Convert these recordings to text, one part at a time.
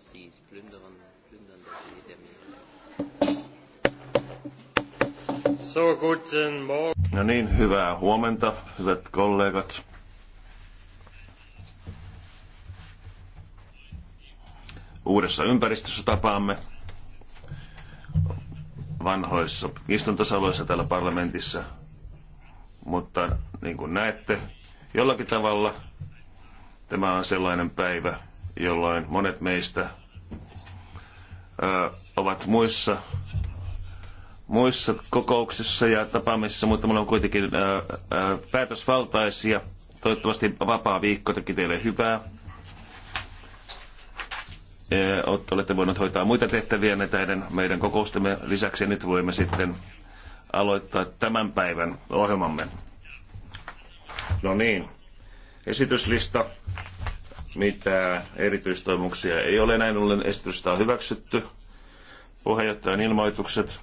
Sie plündern, plündern das So, guten Morgen. No niin, hyvää huomenta, hyvät kollegat. Uudessa ympäristössä tapaamme vanhoissa istuntosaloissa täällä parlamentissa. Mutta niin kuin näette, jollakin tavalla tämä on sellainen päivä, jolloin monet meistä ovat muissa, muissa kokouksissa ja tapaamisissa, mutta me on kuitenkin päätösvaltaisia. Toivottavasti vapaa viikko teki teille hyvää. Olette voineet hoitaa muita tehtäviä näiden meidän kokoustemme lisäksi. Nyt voimme sitten aloittaa tämän päivän ohjelmamme. No niin, esityslista mitä erityistoimuksia ei ole näin ollen esitystä on hyväksytty. Puheenjohtajan ilmoitukset.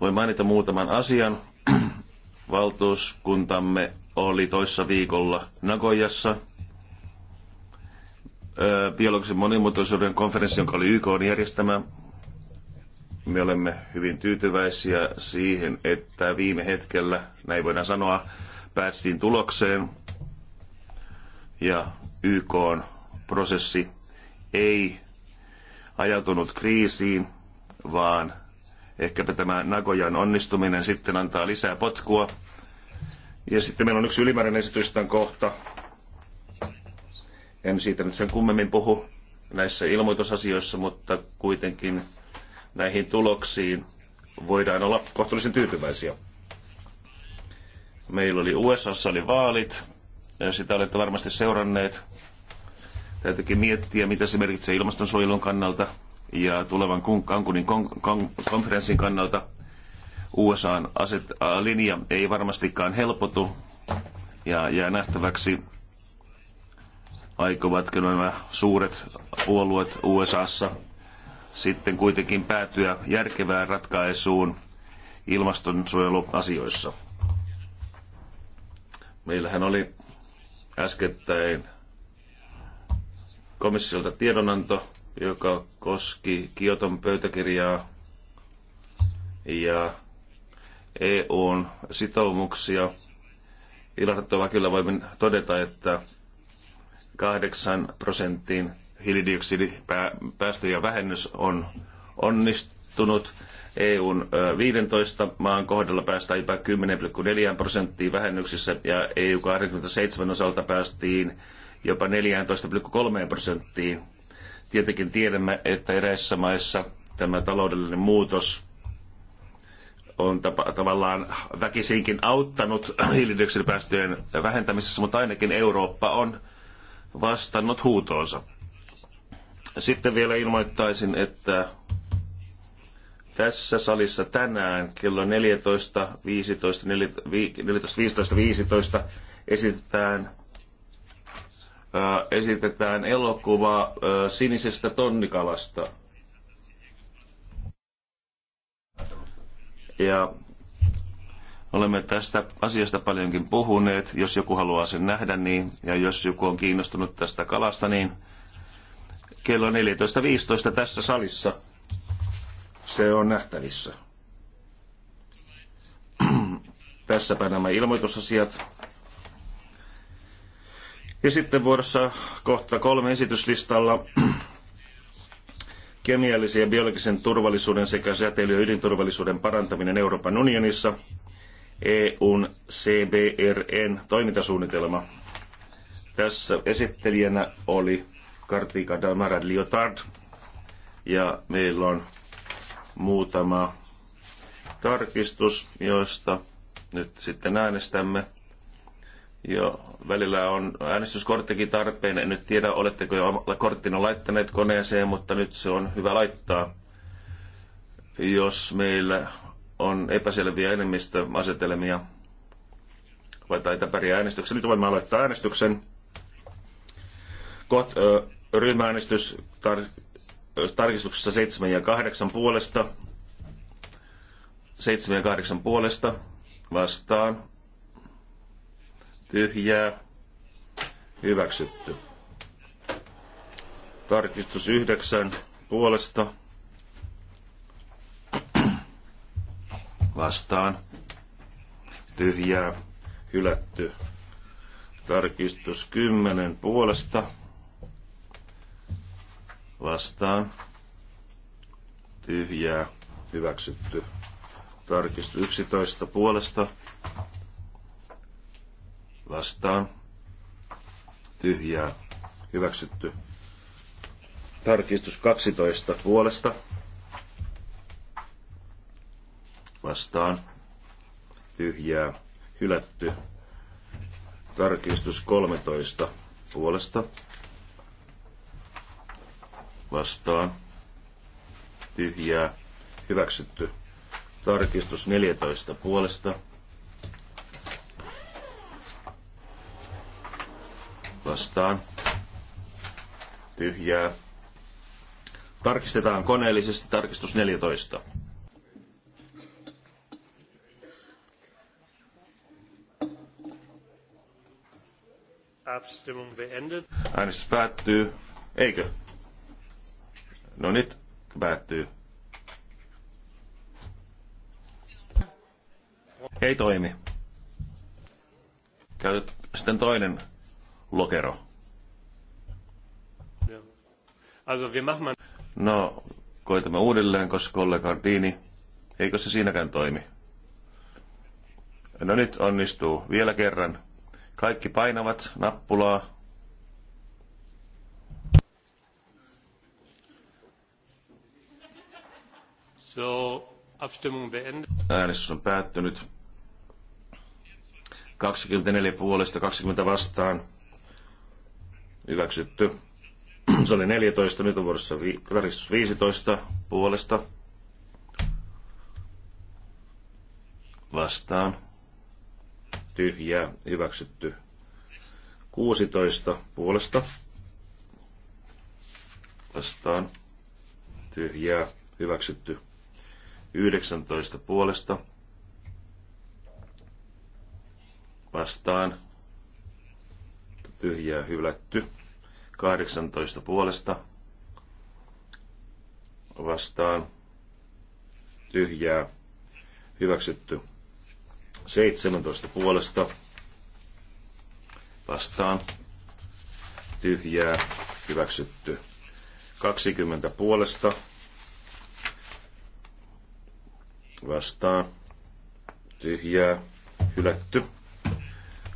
Voin mainita muutaman asian. Valtuuskuntamme oli toissa viikolla Nagoyassa. biologisen monimuotoisuuden konferenssi, jonka oli YK on järjestämä. Me olemme hyvin tyytyväisiä siihen, että viime hetkellä, näin voidaan sanoa, päästiin tulokseen ja YK prosessi ei ajautunut kriisiin, vaan ehkäpä tämä Nagojan onnistuminen sitten antaa lisää potkua. Ja sitten meillä on yksi ylimääräinen esitys tämän kohta. En siitä nyt sen kummemmin puhu näissä ilmoitusasioissa, mutta kuitenkin näihin tuloksiin voidaan olla kohtuullisen tyytyväisiä. Meillä oli USAssa oli vaalit, sitä olette varmasti seuranneet. Täytyykin miettiä, mitä se merkitsee ilmastonsuojelun kannalta ja tulevan Cancunin konferenssin kannalta. USAn aset, linja ei varmastikaan helpotu ja jää nähtäväksi, aikovatko nämä suuret puolueet USAssa sitten kuitenkin päätyä järkevään ratkaisuun ilmastonsuojeluasioissa. Meillähän oli äskettäin komissiolta tiedonanto, joka koski Kioton pöytäkirjaa ja EUn sitoumuksia. Ilahduttavaa kyllä voimme todeta, että 8 prosentin hiilidioksidipäästöjä vähennys on onnistunut EUn 15 maan kohdalla päästään jopa 10,4 prosenttiin vähennyksissä ja EU 27 osalta päästiin jopa 14,3 prosenttiin. Tietenkin tiedämme, että eräissä maissa tämä taloudellinen muutos on tapa, tavallaan väkisinkin auttanut hiilidioksidipäästöjen vähentämisessä, mutta ainakin Eurooppa on vastannut huutoonsa. Sitten vielä ilmoittaisin, että tässä salissa tänään kello 14, 15, 14, esitetään, esitetään elokuva sinisestä tonnikalasta. Ja olemme tästä asiasta paljonkin puhuneet. Jos joku haluaa sen nähdä, niin, ja jos joku on kiinnostunut tästä kalasta, niin kello 14.15 tässä salissa – se on nähtävissä. Tässäpä nämä ilmoitusasiat. Ja sitten vuodessa kohta kolme esityslistalla kemiallisen ja biologisen turvallisuuden sekä säteily- ja ydinturvallisuuden parantaminen Euroopan unionissa, EUn CBRN toimintasuunnitelma. Tässä esittelijänä oli Kartika Damara Lyotard ja meillä on muutama tarkistus, joista nyt sitten äänestämme. Jo välillä on äänestyskorttikin tarpeen. En nyt tiedä, oletteko jo korttina laittaneet koneeseen, mutta nyt se on hyvä laittaa. Jos meillä on epäselviä enemmistöasetelmia vai tai epäriä äänestyksiä, nyt voimme aloittaa äänestyksen. Kot, ö, ryhmääänestys tar- tarkistuksessa 7 ja 8 puolesta. 7 ja 8 puolesta vastaan. Tyhjää. Hyväksytty. Tarkistus 9 puolesta. Vastaan. Tyhjää. Hylätty. Tarkistus 10 puolesta vastaan tyhjää hyväksytty. Tarkistus 11 puolesta vastaan tyhjää hyväksytty. Tarkistus 12 puolesta vastaan tyhjää hylätty. Tarkistus 13 puolesta vastaan tyhjää hyväksytty. Tarkistus 14 puolesta vastaan tyhjää. Tarkistetaan koneellisesti tarkistus 14. Äänestys päättyy. Eikö? No nyt päättyy. Ei toimi. Käy sitten toinen lokero. No, koitamme uudelleen, koska kollega Dini, eikö se siinäkään toimi? No nyt onnistuu vielä kerran. Kaikki painavat nappulaa. So, Abstimmung beendet. Äänestys on päättynyt. 24 puolesta, 20 vastaan. Hyväksytty. Se oli 14, nyt on vuorossa 15 puolesta. Vastaan. Tyhjää, hyväksytty. 16 puolesta. Vastaan. Tyhjää, hyväksytty. 19 puolesta vastaan tyhjää hylätty. 18 puolesta vastaan tyhjää hyväksytty. 17 puolesta vastaan tyhjää hyväksytty. 20 puolesta vastaa tyhjää, hylätty.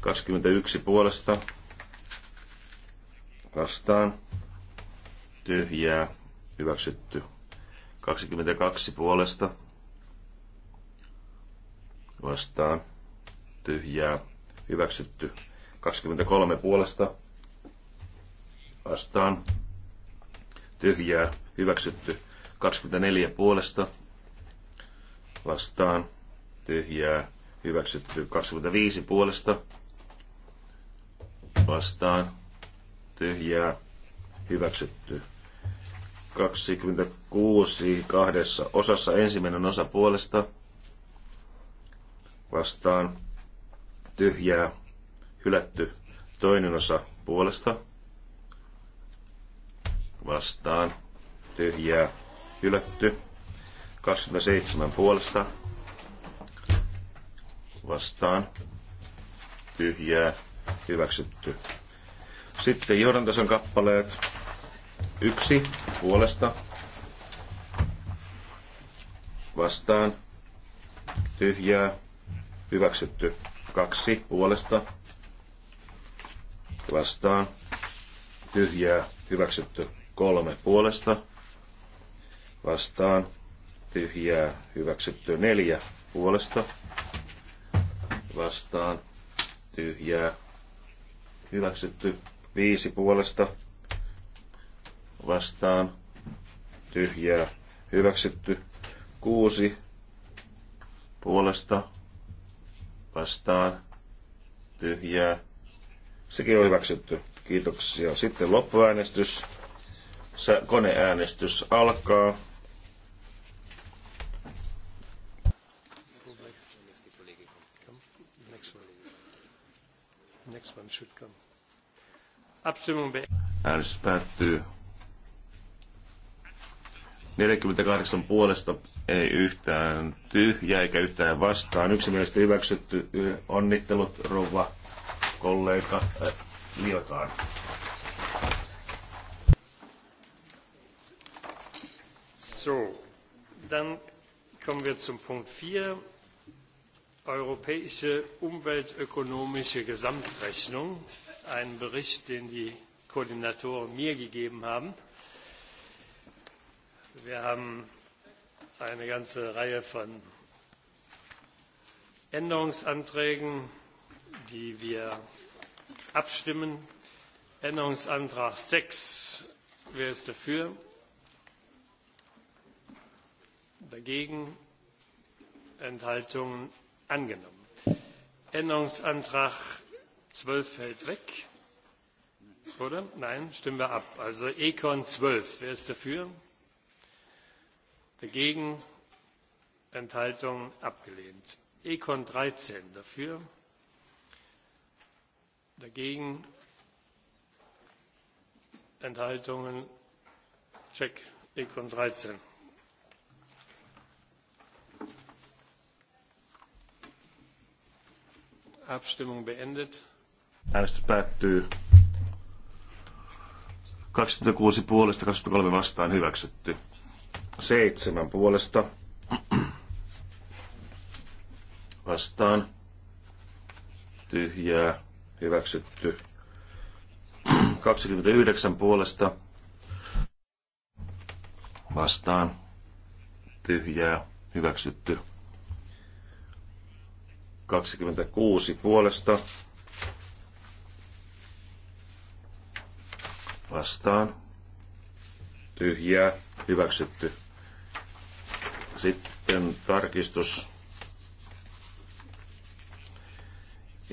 21 puolesta vastaan tyhjää, hyväksytty. 22 puolesta vastaan tyhjää, hyväksytty. 23 puolesta vastaan tyhjää, hyväksytty. 24 puolesta vastaan tyhjää hyväksytty 25 puolesta vastaan tyhjää hyväksytty 26 kahdessa osassa ensimmäinen osa puolesta vastaan tyhjää hylätty toinen osa puolesta vastaan tyhjää hylätty 27 puolesta vastaan tyhjää hyväksytty. Sitten johdantason kappaleet. Yksi puolesta vastaan tyhjää hyväksytty. Kaksi puolesta vastaan tyhjää hyväksytty. Kolme puolesta vastaan tyhjää hyväksytty neljä puolesta vastaan tyhjää hyväksytty viisi puolesta vastaan tyhjää hyväksytty kuusi puolesta vastaan tyhjää sekin on hyväksytty. Kiitoksia. Sitten loppuäänestys. Koneäänestys alkaa. time should come. Abstimmung Äänestys päättyy. 48 puolesta ei yhtään tyhjä eikä yhtään vastaan. Yksimielisesti hyväksytty. Onnittelut rouva kollega äh, Liotaan. So, dann kommen wir zum Punkt 4. Europäische Umweltökonomische Gesamtrechnung, einen Bericht, den die Koordinatoren mir gegeben haben. Wir haben eine ganze Reihe von Änderungsanträgen, die wir abstimmen. Änderungsantrag 6. Wer ist dafür? Dagegen? Enthaltungen angenommen. Änderungsantrag 12 fällt weg. Oder? Nein, stimmen wir ab. Also Econ 12. Wer ist dafür? Dagegen? Enthaltungen abgelehnt. Econ 13 dafür. Dagegen? Enthaltungen? Check. Econ 13. Abstimmung beendet. Äänestys päättyy. 26 puolesta, 23 vastaan hyväksytty. 7 puolesta vastaan tyhjää hyväksytty. 29 puolesta vastaan tyhjää hyväksytty. 26 puolesta vastaan. Tyhjää, hyväksytty. Sitten tarkistus.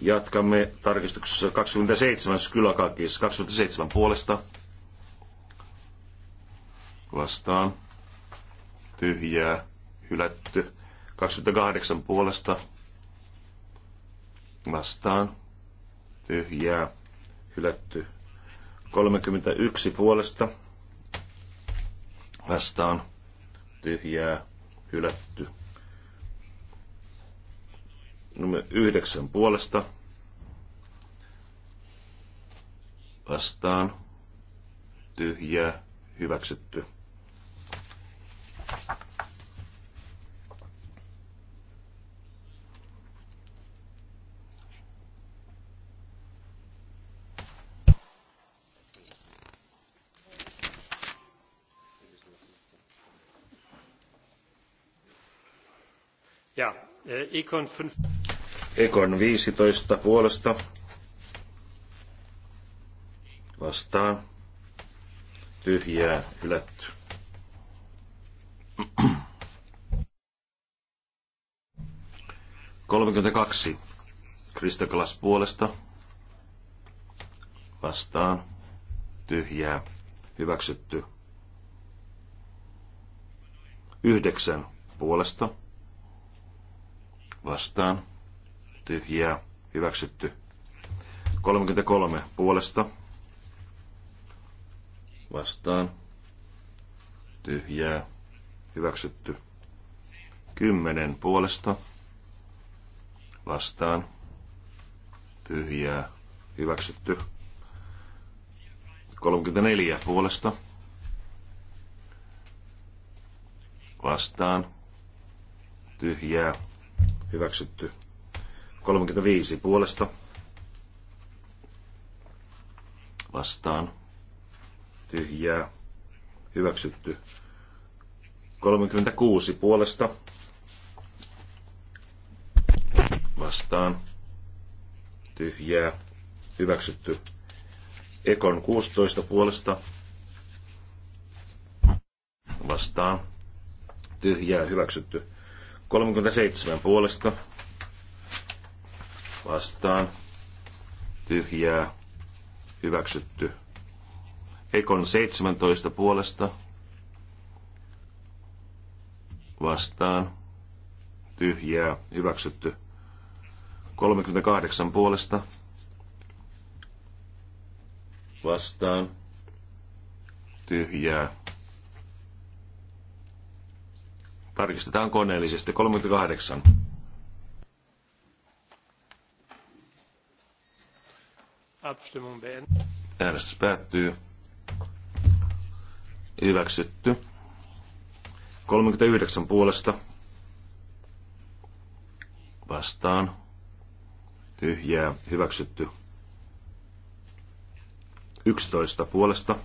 Jatkamme tarkistuksessa 27 Skylakakis, 27 puolesta. Vastaan. Tyhjää, hylätty. 28 puolesta vastaan tyhjää hylätty. 31 puolesta vastaan tyhjää hylätty. Numero 9 puolesta vastaan tyhjää hyväksytty. Eh, Econ Ekon 15 puolesta vastaan tyhjää hylätty. Kolmekymmentäkaksi. kaksi Kalas puolesta vastaan tyhjää hyväksytty. Yhdeksän puolesta vastaan, tyhjää, hyväksytty. 33 puolesta vastaan, tyhjää, hyväksytty. 10 puolesta vastaan, tyhjää, hyväksytty. 34 puolesta vastaan, tyhjää, hyväksytty. 35 puolesta vastaan tyhjää hyväksytty. 36 puolesta vastaan tyhjää hyväksytty. Ekon 16 puolesta vastaan tyhjää hyväksytty. 37 puolesta vastaan tyhjää hyväksytty. Ekon 17 puolesta vastaan tyhjää hyväksytty. 38 puolesta vastaan tyhjää Tarkistetaan koneellisesti. 38. Äänestys päättyy. Hyväksytty. 39 puolesta. Vastaan. Tyhjää. Hyväksytty. 11 puolesta.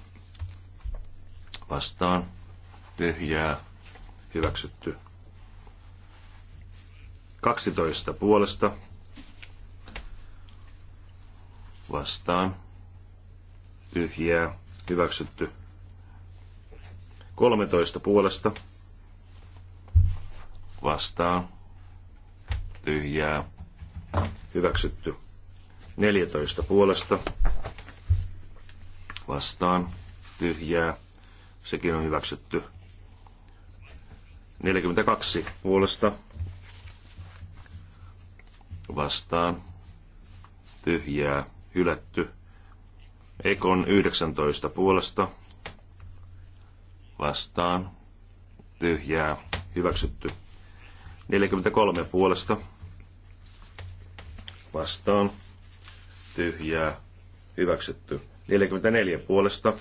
Vastaan. Tyhjää hyväksytty. 12 puolesta vastaan tyhjää hyväksytty. 13 puolesta vastaan tyhjää hyväksytty. 14 puolesta vastaan tyhjää sekin on hyväksytty. 42 puolesta vastaan tyhjää hylätty. Ekon 19 puolesta vastaan tyhjää hyväksytty. 43 puolesta vastaan tyhjää hyväksytty. 44 puolesta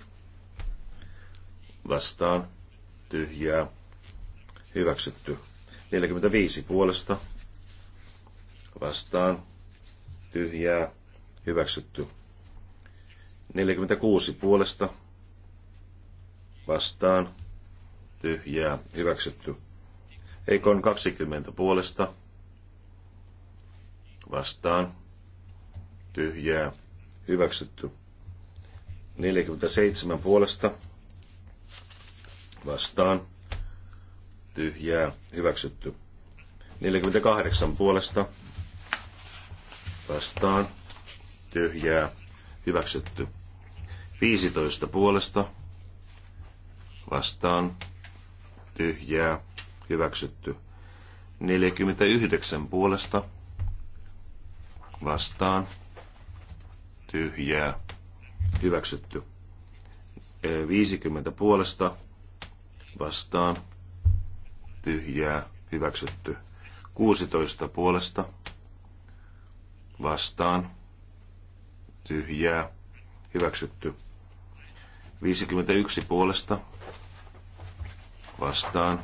vastaan tyhjää hyväksytty. 45 puolesta vastaan tyhjää hyväksytty. 46 puolesta vastaan tyhjää hyväksytty. Eikon 20 puolesta vastaan tyhjää hyväksytty. 47 puolesta vastaan tyhjää hyväksytty. 48 puolesta vastaan tyhjää hyväksytty. 15 puolesta vastaan tyhjää hyväksytty. 49 puolesta vastaan tyhjää hyväksytty. 50 puolesta vastaan tyhjää, hyväksytty. 16 puolesta vastaan, tyhjää, hyväksytty. 51 puolesta vastaan,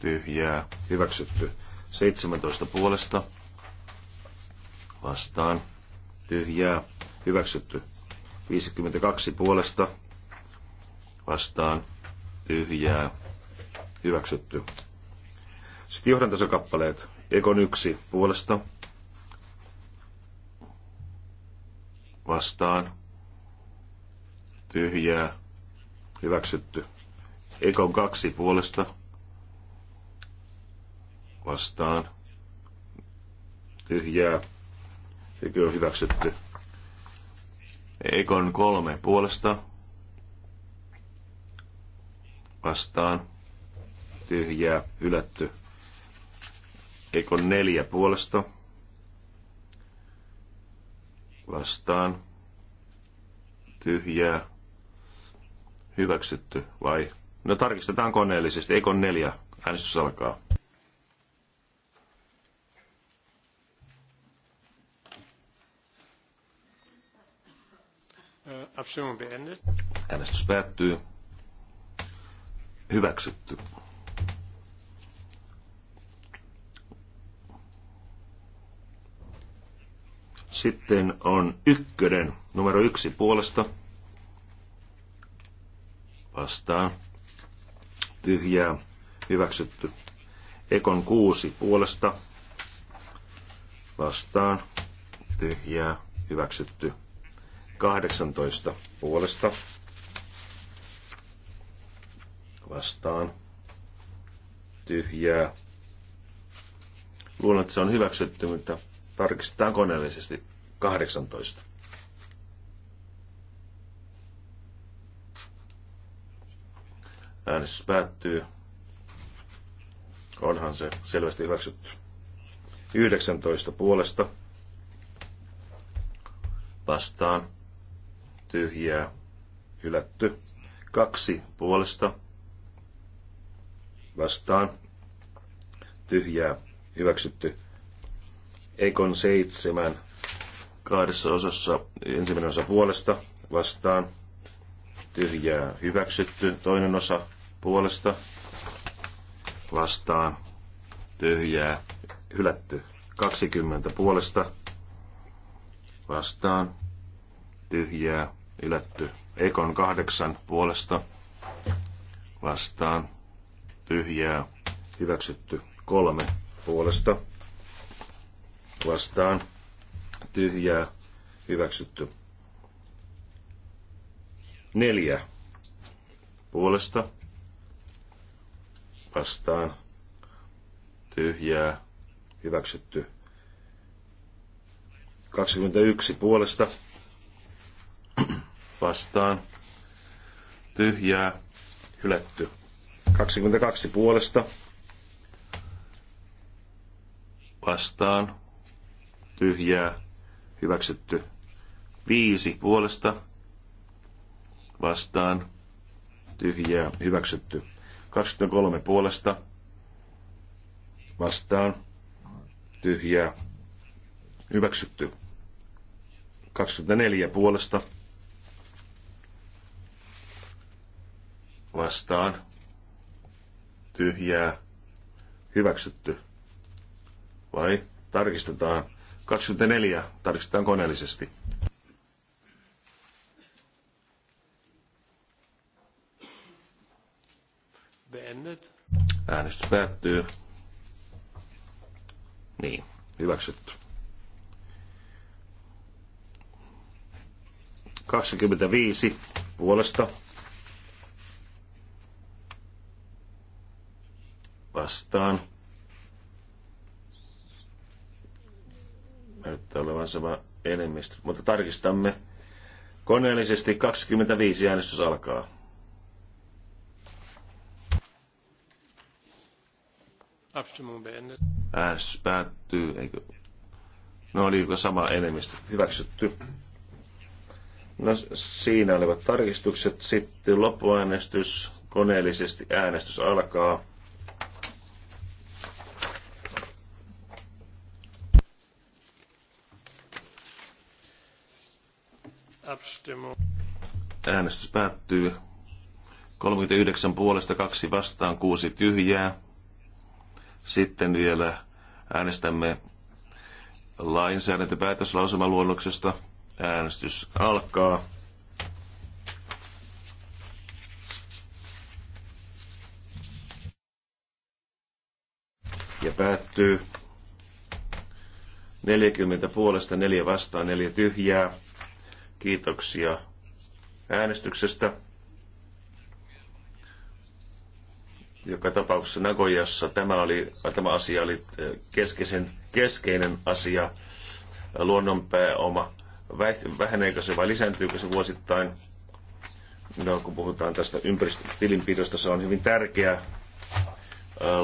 tyhjää, hyväksytty. 17 puolesta vastaan, tyhjää, hyväksytty. 52 puolesta vastaan, tyhjää, hyväksytty. Sitten johdantasokappaleet. Ekon yksi puolesta. Vastaan. Tyhjää. Hyväksytty. Ekon kaksi puolesta. Vastaan. Tyhjää. Sekin on hyväksytty. Ekon kolme puolesta. Vastaan tyhjää hylätty. Eikö neljä puolesta vastaan tyhjää hyväksytty vai? No tarkistetaan koneellisesti. Eikö neljä. Äänestys alkaa. Äh, Äänestys päättyy. Hyväksytty. Sitten on ykkönen, numero yksi puolesta. Vastaan. Tyhjää. Hyväksytty. Ekon kuusi puolesta. Vastaan. Tyhjää. Hyväksytty. 18 puolesta. Vastaan. Tyhjää. Luulen, että se on hyväksytty, mutta Tarkistetaan koneellisesti. 18. Äänestys päättyy. Onhan se selvästi hyväksytty. 19 puolesta. Vastaan. Tyhjää. Hylätty. Kaksi puolesta. Vastaan. Tyhjää. Hyväksytty. Ekon 7 kahdessa osassa. Ensimmäinen osa puolesta vastaan. Tyhjää hyväksytty. Toinen osa puolesta vastaan. Tyhjää hylätty. 20 puolesta vastaan. Tyhjää hylätty. Ekon 8 puolesta vastaan. Tyhjää hyväksytty. Kolme puolesta vastaan tyhjää hyväksytty. Neljä puolesta vastaan tyhjää hyväksytty. 21 puolesta vastaan tyhjää hylätty. 22 puolesta vastaan tyhjää, hyväksytty. Viisi puolesta vastaan, tyhjää, hyväksytty. 23 puolesta vastaan, tyhjää, hyväksytty. 24 puolesta vastaan, tyhjää, hyväksytty. Vai tarkistetaan 24 tarkistetaan koneellisesti. Äänestys päättyy. Niin, hyväksytty. 25 puolesta. Vastaan Näyttää olevan sama enemmistö. Mutta tarkistamme. Koneellisesti 25 äänestys alkaa. Äänestys päättyy, eikö? No joka sama enemmistö? Hyväksytty. No siinä olivat tarkistukset. Sitten loppuäänestys. Koneellisesti äänestys alkaa. Abstimmung. Äänestys päättyy. 39 puolesta, 2 vastaan, 6 tyhjää. Sitten vielä äänestämme lainsäädäntöpäätöslausumaluonnoksesta. Äänestys alkaa. Ja päättyy 40 puolesta, 4 vastaan, 4 tyhjää. Kiitoksia äänestyksestä. Joka tapauksessa Nagojassa tämä, oli, tämä asia oli eh, keskeisen, keskeinen asia, luonnonpääoma. Väheneekö se vai lisääntyykö se vuosittain? No, kun puhutaan tästä ympäristötilinpidosta, se on hyvin tärkeä eh,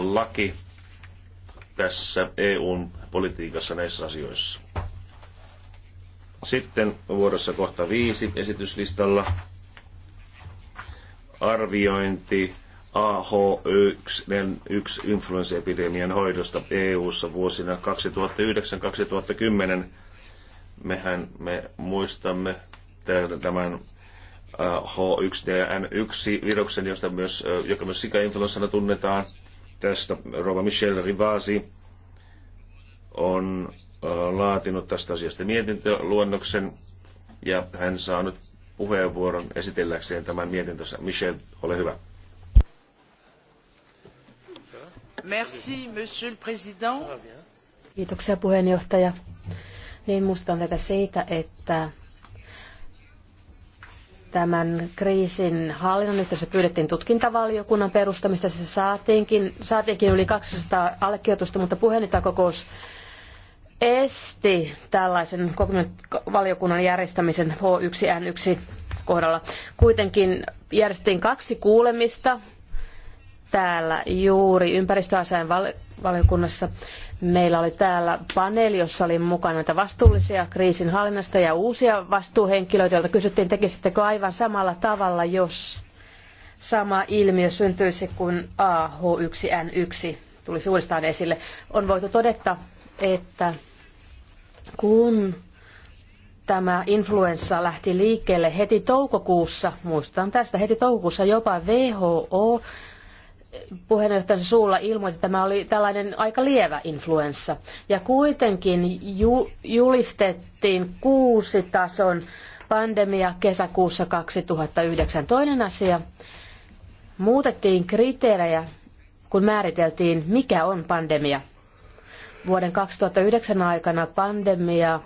laki tässä EUn politiikassa näissä asioissa. Sitten vuorossa kohta viisi esityslistalla arviointi AH1 influenssaepidemian hoidosta EU-ssa vuosina 2009-2010. Mehän me muistamme tämän H1 ja N1 viruksen, josta myös, joka myös sikainfluenssana tunnetaan. Tästä Rova Michelle Rivasi on laatinut tästä asiasta mietintöluonnoksen ja hän saa nyt puheenvuoron esitelläkseen tämän mietintönsä. Michel, ole hyvä. Merci, monsieur le président. Kiitoksia puheenjohtaja. Niin muistan tätä siitä, että tämän kriisin hallinnon yhteydessä pyydettiin tutkintavaliokunnan perustamista. Se saatiinkin, saatiinkin yli 200 allekirjoitusta, mutta puheenjohtajakokous kokous esti tällaisen valiokunnan järjestämisen H1N1 kohdalla. Kuitenkin järjestettiin kaksi kuulemista täällä juuri ympäristöasian valiokunnassa. Meillä oli täällä paneeli, jossa oli mukana näitä vastuullisia kriisinhallinnasta ja uusia vastuuhenkilöitä, joilta kysyttiin, tekisittekö aivan samalla tavalla, jos sama ilmiö syntyisi kuin AH1N1 tulisi uudestaan esille. On voitu todeta, että kun tämä influenssa lähti liikkeelle heti toukokuussa, muistan tästä heti toukokuussa jopa WHO puheenjohtajan suulla ilmoitti, että tämä oli tällainen aika lievä influenssa. Ja kuitenkin ju- julistettiin kuusi tason pandemia kesäkuussa 2009. Toinen asia, muutettiin kriteerejä, kun määriteltiin, mikä on pandemia. Vuoden 2009 aikana pandemia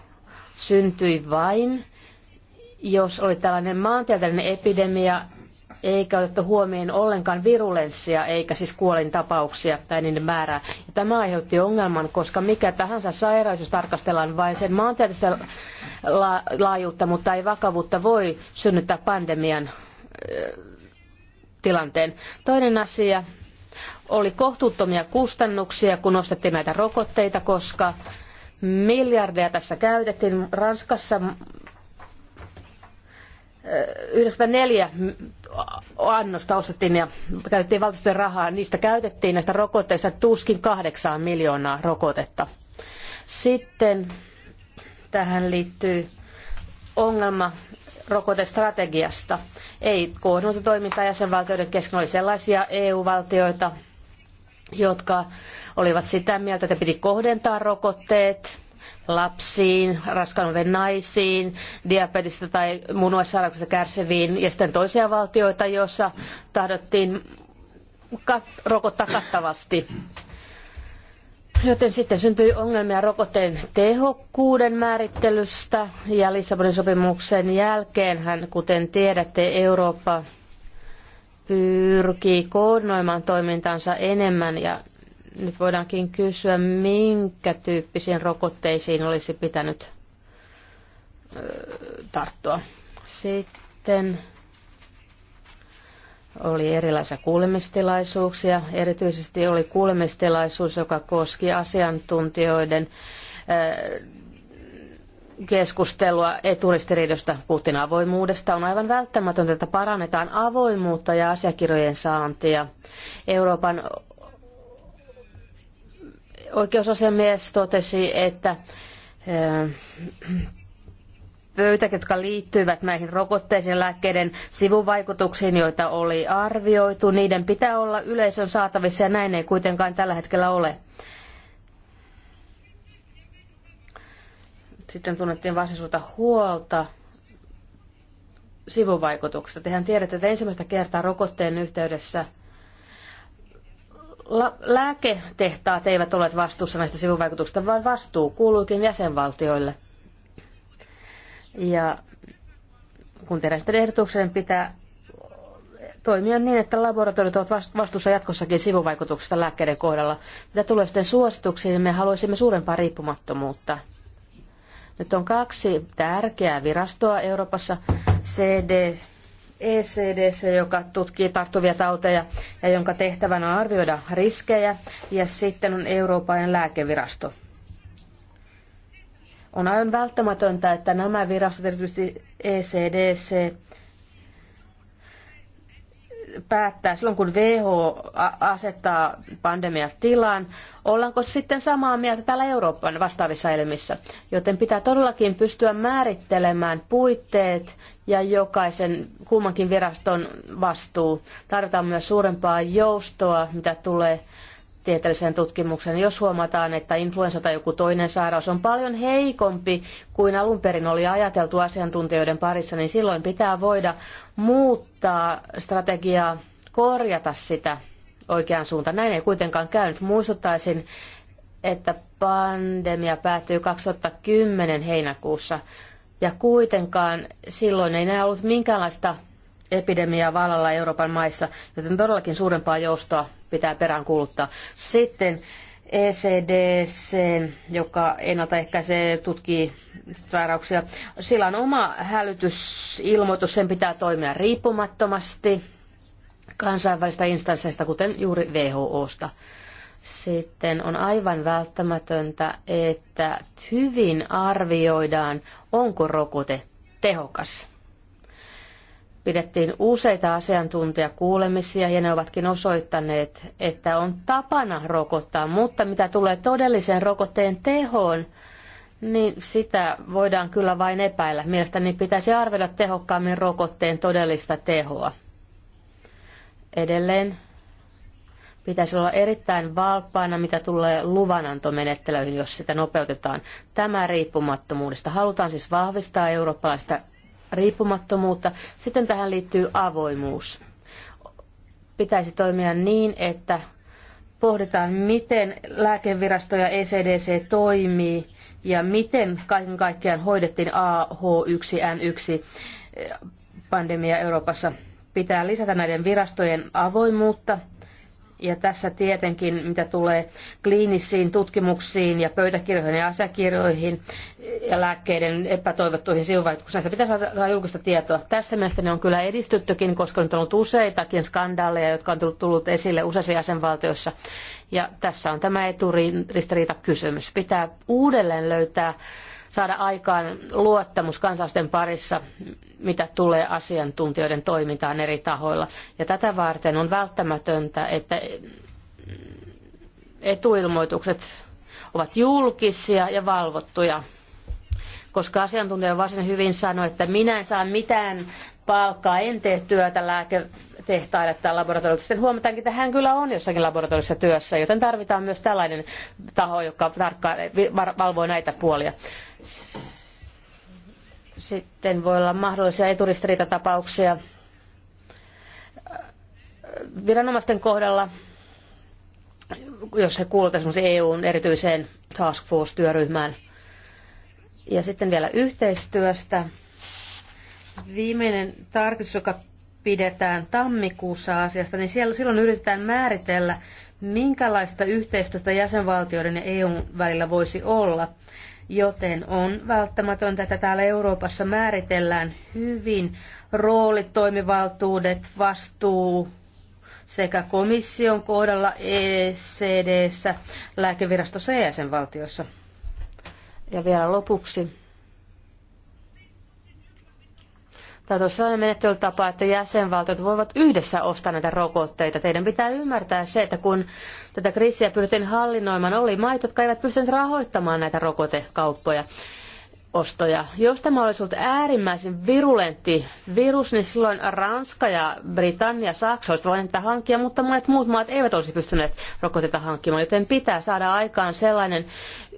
syntyi vain, jos oli tällainen maantieteellinen epidemia, eikä otettu huomioon ollenkaan virulenssia eikä siis kuolintapauksia tai niiden määrää. Ja tämä aiheutti ongelman, koska mikä tahansa sairaus, jos tarkastellaan vain sen maantieteellistä la- laajuutta, mutta ei vakavuutta, voi synnyttää pandemian tilanteen. Toinen asia, oli kohtuuttomia kustannuksia, kun ostettiin näitä rokotteita, koska miljardeja tässä käytettiin. Ranskassa 94 äh, annosta ostettiin ja käytettiin valtioiden rahaa. Niistä käytettiin näistä rokotteista tuskin kahdeksaan miljoonaa rokotetta. Sitten tähän liittyy ongelma rokotestrategiasta. Ei koordinoitu toimintaa jäsenvaltioiden kesken oli sellaisia EU-valtioita, jotka olivat sitä mieltä, että piti kohdentaa rokotteet lapsiin, raskauden naisiin, diabetista tai munuaissairauksista kärsiviin ja sitten toisia valtioita, joissa tahdottiin kat- rokottaa kattavasti. Joten sitten syntyi ongelmia rokotteen tehokkuuden määrittelystä ja Lissabonin sopimuksen jälkeen kuten tiedätte, Eurooppa pyrkii koordinoimaan toimintansa enemmän ja nyt voidaankin kysyä, minkä tyyppisiin rokotteisiin olisi pitänyt tarttua. Sitten oli erilaisia kuulemistilaisuuksia. Erityisesti oli kuulemistilaisuus, joka koski asiantuntijoiden keskustelua eturistiriidosta Putin avoimuudesta. On aivan välttämätöntä, että parannetaan avoimuutta ja asiakirjojen saantia. Euroopan oikeusasiamies totesi, että eh, pöytäkirjat, jotka liittyvät näihin rokotteisiin lääkkeiden sivuvaikutuksiin, joita oli arvioitu, niiden pitää olla yleisön saatavissa ja näin ei kuitenkaan tällä hetkellä ole. sitten tunnettiin varsin suurta huolta sivuvaikutuksista. Tehän tiedätte, että ensimmäistä kertaa rokotteen yhteydessä lääketehtaat eivät ole vastuussa näistä sivuvaikutuksista, vaan vastuu kuuluukin jäsenvaltioille. Ja kun tehdään sitten ehdotuksen, niin pitää toimia niin, että laboratoriot ovat vastuussa jatkossakin sivuvaikutuksista lääkkeiden kohdalla. Mitä tulee sitten suosituksiin, niin me haluaisimme suurempaa riippumattomuutta – nyt on kaksi tärkeää virastoa Euroopassa, CD, ECDC, joka tutkii tarttuvia tauteja ja jonka tehtävänä on arvioida riskejä, ja sitten on Euroopan lääkevirasto. On aivan välttämätöntä, että nämä virastot, erityisesti ECDC, päättää silloin, kun WHO asettaa pandemiatilan, ollaanko sitten samaa mieltä täällä Euroopan vastaavissa elimissä. Joten pitää todellakin pystyä määrittelemään puitteet ja jokaisen kummankin viraston vastuu. Tarvitaan myös suurempaa joustoa, mitä tulee tieteelliseen tutkimukseen, jos huomataan, että influenssa tai joku toinen sairaus on paljon heikompi kuin alun perin oli ajateltu asiantuntijoiden parissa, niin silloin pitää voida muuttaa strategiaa, korjata sitä oikeaan suuntaan. Näin ei kuitenkaan käynyt. Muistuttaisin, että pandemia päättyi 2010 heinäkuussa ja kuitenkaan silloin ei enää ollut minkäänlaista epidemiaa vallalla Euroopan maissa, joten todellakin suurempaa joustoa pitää peräänkuuluttaa. Sitten ECDC, joka ennaltaehkäisee, tutkii sairauksia. Sillä on oma hälytysilmoitus, sen pitää toimia riippumattomasti kansainvälistä instansseista, kuten juuri WHOsta. Sitten on aivan välttämätöntä, että hyvin arvioidaan, onko rokote tehokas pidettiin useita asiantuntijakuulemisia ja ne ovatkin osoittaneet, että on tapana rokottaa, mutta mitä tulee todelliseen rokotteen tehoon, niin sitä voidaan kyllä vain epäillä. Mielestäni pitäisi arvioida tehokkaammin rokotteen todellista tehoa. Edelleen pitäisi olla erittäin valppaana, mitä tulee luvanantomenettelyihin, jos sitä nopeutetaan. Tämä riippumattomuudesta. Halutaan siis vahvistaa eurooppalaista riippumattomuutta. Sitten tähän liittyy avoimuus. Pitäisi toimia niin, että pohditaan, miten lääkevirasto ja ECDC toimii ja miten kaiken kaikkiaan hoidettiin AH1N1 pandemia Euroopassa. Pitää lisätä näiden virastojen avoimuutta ja tässä tietenkin, mitä tulee kliinisiin tutkimuksiin ja pöytäkirjoihin ja asiakirjoihin ja lääkkeiden epätoivottuihin sivuvaikutuksiin, näissä pitäisi saada julkista tietoa. Tässä ne on kyllä edistyttykin, koska nyt on ollut useitakin skandaaleja, jotka on tullut, tullut esille useissa jäsenvaltioissa. Ja tässä on tämä eturistiriita kysymys. Pitää uudelleen löytää saada aikaan luottamus kansalaisten parissa, mitä tulee asiantuntijoiden toimintaan eri tahoilla. Ja tätä varten on välttämätöntä, että etuilmoitukset ovat julkisia ja valvottuja koska asiantuntija varsin hyvin sanoi, että minä en saa mitään palkkaa, en tee työtä lääketehtaille tai laboratoriolle. Sitten huomataankin, että hän kyllä on jossakin laboratoriossa työssä, joten tarvitaan myös tällainen taho, joka tarkkailee, valvoo näitä puolia. Sitten voi olla mahdollisia eturistiriitatapauksia. Viranomaisten kohdalla, jos he kuuluvat esimerkiksi EUn erityiseen task force-työryhmään. Ja sitten vielä yhteistyöstä Viimeinen tarkistus, joka pidetään tammikuussa asiasta, niin siellä silloin yritetään määritellä, minkälaista yhteistyötä jäsenvaltioiden ja EUn välillä voisi olla. Joten on välttämätöntä, että täällä Euroopassa määritellään hyvin roolit, toimivaltuudet, vastuu sekä komission kohdalla ECD-ssä, lääkevirastossa ja jäsenvaltioissa. Ja vielä lopuksi Tämä on sellainen menettelytapa, että jäsenvaltiot voivat yhdessä ostaa näitä rokotteita. Teidän pitää ymmärtää se, että kun tätä kriisiä pyrittiin hallinnoimaan, oli maita, jotka eivät pystyneet rahoittamaan näitä rokotekauppoja ostoja. Jos tämä olisi ollut äärimmäisen virulentti virus, niin silloin Ranska ja Britannia, Saksa olisivat voineet hankkia, mutta monet muut maat eivät olisi pystyneet rokotetta hankkimaan, joten pitää saada aikaan sellainen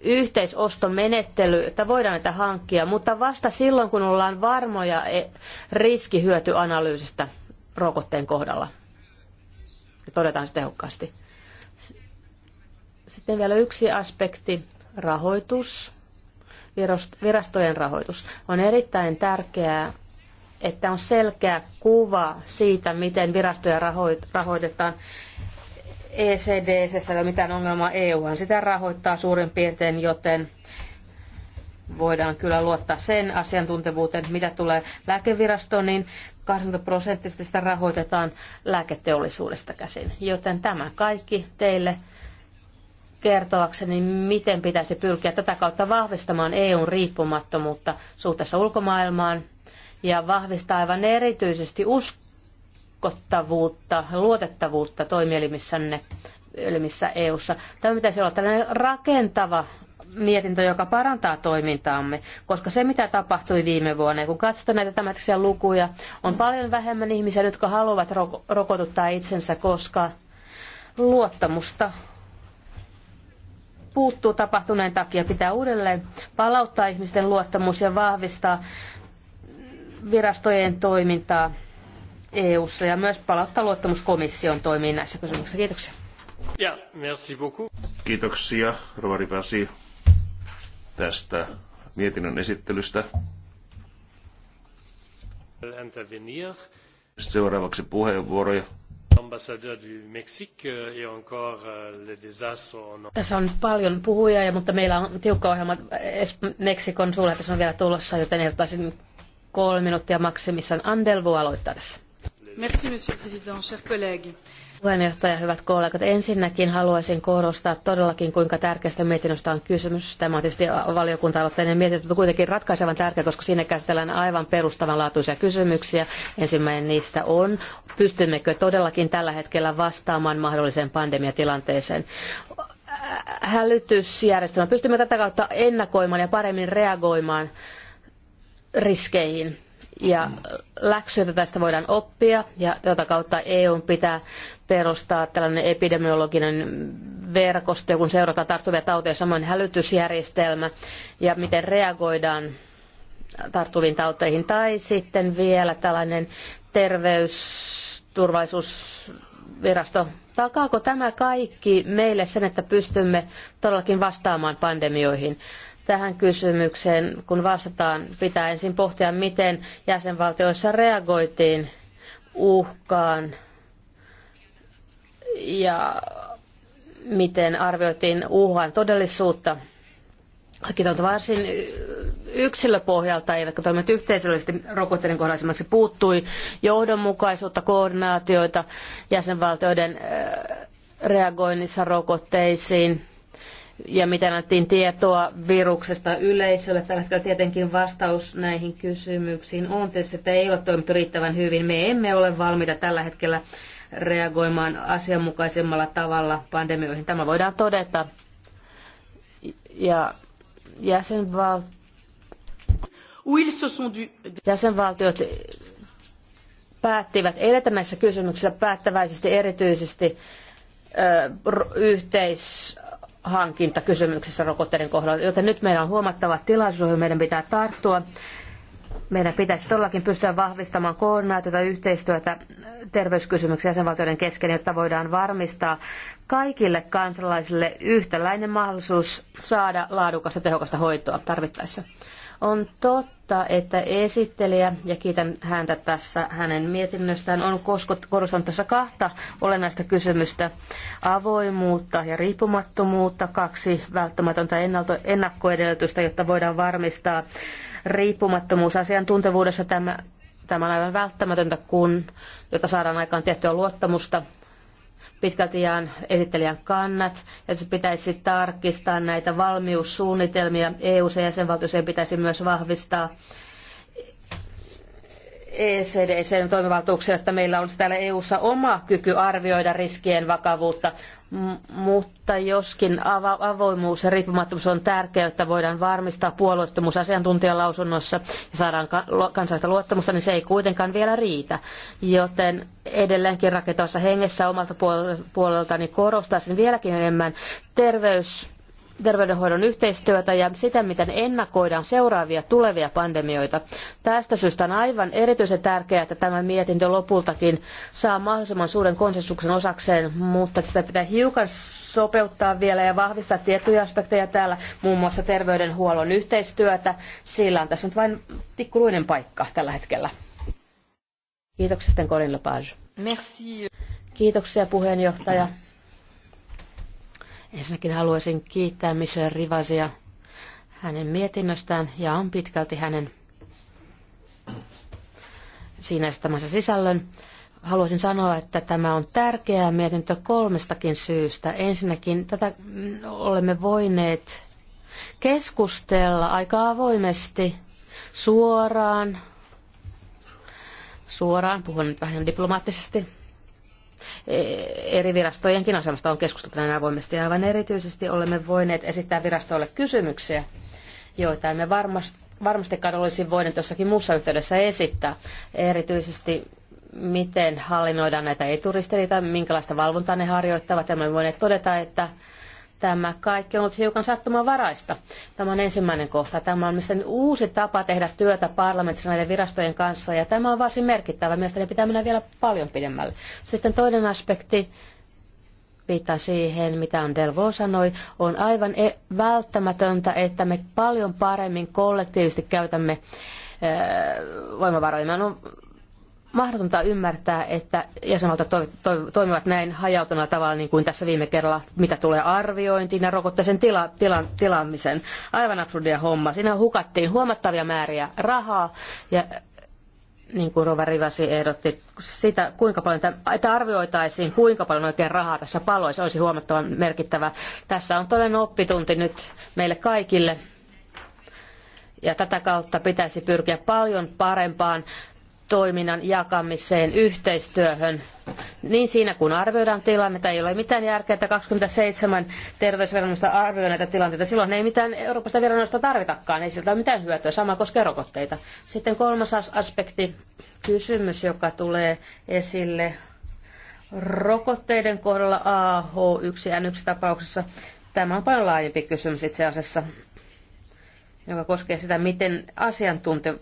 yhteisostomenettely, että voidaan näitä hankkia, mutta vasta silloin, kun ollaan varmoja e- riskihyötyanalyysistä rokotteen kohdalla. Ja todetaan se tehokkaasti. Sitten vielä yksi aspekti, rahoitus virastojen rahoitus. On erittäin tärkeää, että on selkeä kuva siitä, miten virastoja rahoitetaan. ECDC ei ole mitään ongelmaa, EUhan sitä rahoittaa suurin piirtein, joten voidaan kyllä luottaa sen asiantuntevuuteen, mitä tulee lääkevirastoon, niin 80 prosenttisesti sitä rahoitetaan lääketeollisuudesta käsin. Joten tämä kaikki teille kertoakseni, miten pitäisi pyrkiä tätä kautta vahvistamaan EUn riippumattomuutta suhteessa ulkomaailmaan ja vahvistaa aivan erityisesti uskottavuutta, luotettavuutta toimielimissänne elimissä EUssa. Tämä pitäisi olla tällainen rakentava mietintö, joka parantaa toimintaamme, koska se mitä tapahtui viime vuonna, kun katsotaan näitä tämmöisiä lukuja, on paljon vähemmän ihmisiä, jotka haluavat rokotuttaa itsensä, koska luottamusta puuttuu tapahtuneen takia. Pitää uudelleen palauttaa ihmisten luottamus ja vahvistaa virastojen toimintaa EU-ssa ja myös palauttaa luottamus komission toimiin näissä kysymyksissä. Kiitoksia. Ja, merci beaucoup. Kiitoksia, Rovari Pasi, tästä mietinnön esittelystä. Seuraavaksi puheenvuoroja Ambassadeur du Mexique euh, et encore euh, le désastre Tässä on paljon puhujia, mutta meillä on tiukka ohjelma Meksikon suunnitelmassa on vielä tulossa, joten ehdottaisin kolme minuuttia maksimissaan. Andel voi aloittaa tässä. Merci, monsieur le président, chers collègues. Puheenjohtaja, hyvät kollegat, ensinnäkin haluaisin korostaa todellakin, kuinka tärkeästä mietinnöstä on kysymys. Tämä on tietysti valiokunta-aloitteinen mietintö, mutta kuitenkin ratkaisevan tärkeä, koska siinä käsitellään aivan perustavanlaatuisia kysymyksiä. Ensimmäinen niistä on, pystymmekö todellakin tällä hetkellä vastaamaan mahdolliseen pandemiatilanteeseen hälytysjärjestelmä. Pystymme tätä kautta ennakoimaan ja paremmin reagoimaan riskeihin ja läksyjä tästä voidaan oppia ja tätä kautta EUn pitää perustaa tällainen epidemiologinen verkosto, kun seurataan tarttuvia tauteja, samoin hälytysjärjestelmä ja miten reagoidaan tarttuviin tauteihin. Tai sitten vielä tällainen terveysturvallisuusvirasto. Takaako tämä kaikki meille sen, että pystymme todellakin vastaamaan pandemioihin? tähän kysymykseen, kun vastataan, pitää ensin pohtia, miten jäsenvaltioissa reagoitiin uhkaan ja miten arvioitiin uhan todellisuutta. Kaikki on varsin yksilöpohjalta, eivätkä toimet yhteisöllisesti rokotteiden kohdalla esimerkiksi puuttui johdonmukaisuutta, koordinaatioita jäsenvaltioiden äh, reagoinnissa rokotteisiin ja miten annettiin tietoa viruksesta yleisölle. Tällä hetkellä tietenkin vastaus näihin kysymyksiin on tietysti, että ei ole toimittu riittävän hyvin. Me emme ole valmiita tällä hetkellä reagoimaan asianmukaisemmalla tavalla pandemioihin. Tämä voidaan todeta. Ja jäsenval... jäsenvaltiot päättivät edetä näissä kysymyksissä päättäväisesti erityisesti ö, yhteis hankintakysymyksessä rokotteiden kohdalla. Joten nyt meillä on huomattava tilaisuus, johon meidän pitää tarttua. Meidän pitäisi todellakin pystyä vahvistamaan koordinaatiota yhteistyötä terveyskysymyksiä jäsenvaltioiden kesken, jotta voidaan varmistaa kaikille kansalaisille yhtäläinen mahdollisuus saada laadukasta tehokasta hoitoa tarvittaessa. On totta, että esittelijä, ja kiitän häntä tässä hänen mietinnöstään, on korostanut tässä kahta olennaista kysymystä. Avoimuutta ja riippumattomuutta, kaksi välttämätöntä ennakkoedellytystä, jotta voidaan varmistaa riippumattomuus asiantuntevuudessa. Tämä, tämä on aivan välttämätöntä, kun, jotta saadaan aikaan tiettyä luottamusta pitkälti jaan esittelijän kannat, ja se pitäisi tarkistaa näitä valmiussuunnitelmia. EU-jäsenvaltioiden pitäisi myös vahvistaa ECDCn toimivaltuuksia, että meillä olisi täällä EU:ssa oma kyky arvioida riskien vakavuutta, mutta joskin avoimuus ja riippumattomuus on tärkeää, että voidaan varmistaa puolueettomuus asiantuntijalausunnossa ja saadaan kansallista luottamusta, niin se ei kuitenkaan vielä riitä. Joten edelleenkin rakentavassa hengessä omalta puoleltani korostaisin vieläkin enemmän terveys terveydenhoidon yhteistyötä ja sitä, miten ennakoidaan seuraavia tulevia pandemioita. Tästä syystä on aivan erityisen tärkeää, että tämä mietintö lopultakin saa mahdollisimman suuren konsensuksen osakseen, mutta sitä pitää hiukan sopeuttaa vielä ja vahvistaa tiettyjä aspekteja täällä, muun muassa terveydenhuollon yhteistyötä. Sillä on tässä nyt vain tikkuluinen paikka tällä hetkellä. Kiitoksia sitten Corinne Lepage. Merci. Kiitoksia puheenjohtaja. Mm Ensinnäkin haluaisin kiittää Michel Rivasia hänen mietinnöstään ja on pitkälti hänen siinä estämänsä sisällön. Haluaisin sanoa, että tämä on tärkeä mietintö kolmestakin syystä. Ensinnäkin tätä mm, olemme voineet keskustella aika avoimesti suoraan, suoraan, puhun nyt vähän diplomaattisesti, E, eri virastojenkin asemasta on keskusteltu näin avoimesti. Ja aivan erityisesti olemme voineet esittää virastoille kysymyksiä, joita emme varmasti varmastikaan olisi voineet jossakin muussa yhteydessä esittää. Erityisesti miten hallinnoidaan näitä eturistiriitoja, minkälaista valvontaa ne harjoittavat. Ja me voineet todeta, että Tämä kaikki on ollut hiukan sattumanvaraista. Tämä on ensimmäinen kohta. Tämä on mielestäni uusi tapa tehdä työtä parlamentissa näiden virastojen kanssa, ja tämä on varsin merkittävä. Mielestäni pitää mennä vielä paljon pidemmälle. Sitten toinen aspekti, viittaan siihen, mitä on Delvo sanoi, on aivan e- välttämätöntä, että me paljon paremmin kollektiivisesti käytämme voimavaroja. On mahdotonta ymmärtää, että jäsenvaltiot to, to, toimivat näin hajautuna tavalla, niin kuin tässä viime kerralla, mitä tulee arviointiin ja rokotteisen tila, tila, tilaamisen. Aivan absurdia homma. Siinä hukattiin huomattavia määriä rahaa ja niin kuin Rova Rivasi ehdotti, sitä, kuinka paljon, että arvioitaisiin, kuinka paljon oikein rahaa tässä paloi, se olisi huomattavan merkittävä. Tässä on todellinen oppitunti nyt meille kaikille. Ja tätä kautta pitäisi pyrkiä paljon parempaan toiminnan jakamiseen yhteistyöhön. Niin siinä kun arvioidaan tilannetta, ei ole mitään järkeä, että 27 terveysviranomaista arvioi näitä tilanteita. Silloin ei mitään Euroopasta viranomaista tarvitakaan, ei siltä ole mitään hyötyä. Sama koskee rokotteita. Sitten kolmas aspekti, kysymys, joka tulee esille rokotteiden kohdalla AH1N1-tapauksessa. Tämä on paljon laajempi kysymys itse asiassa, joka koskee sitä, miten asiantunte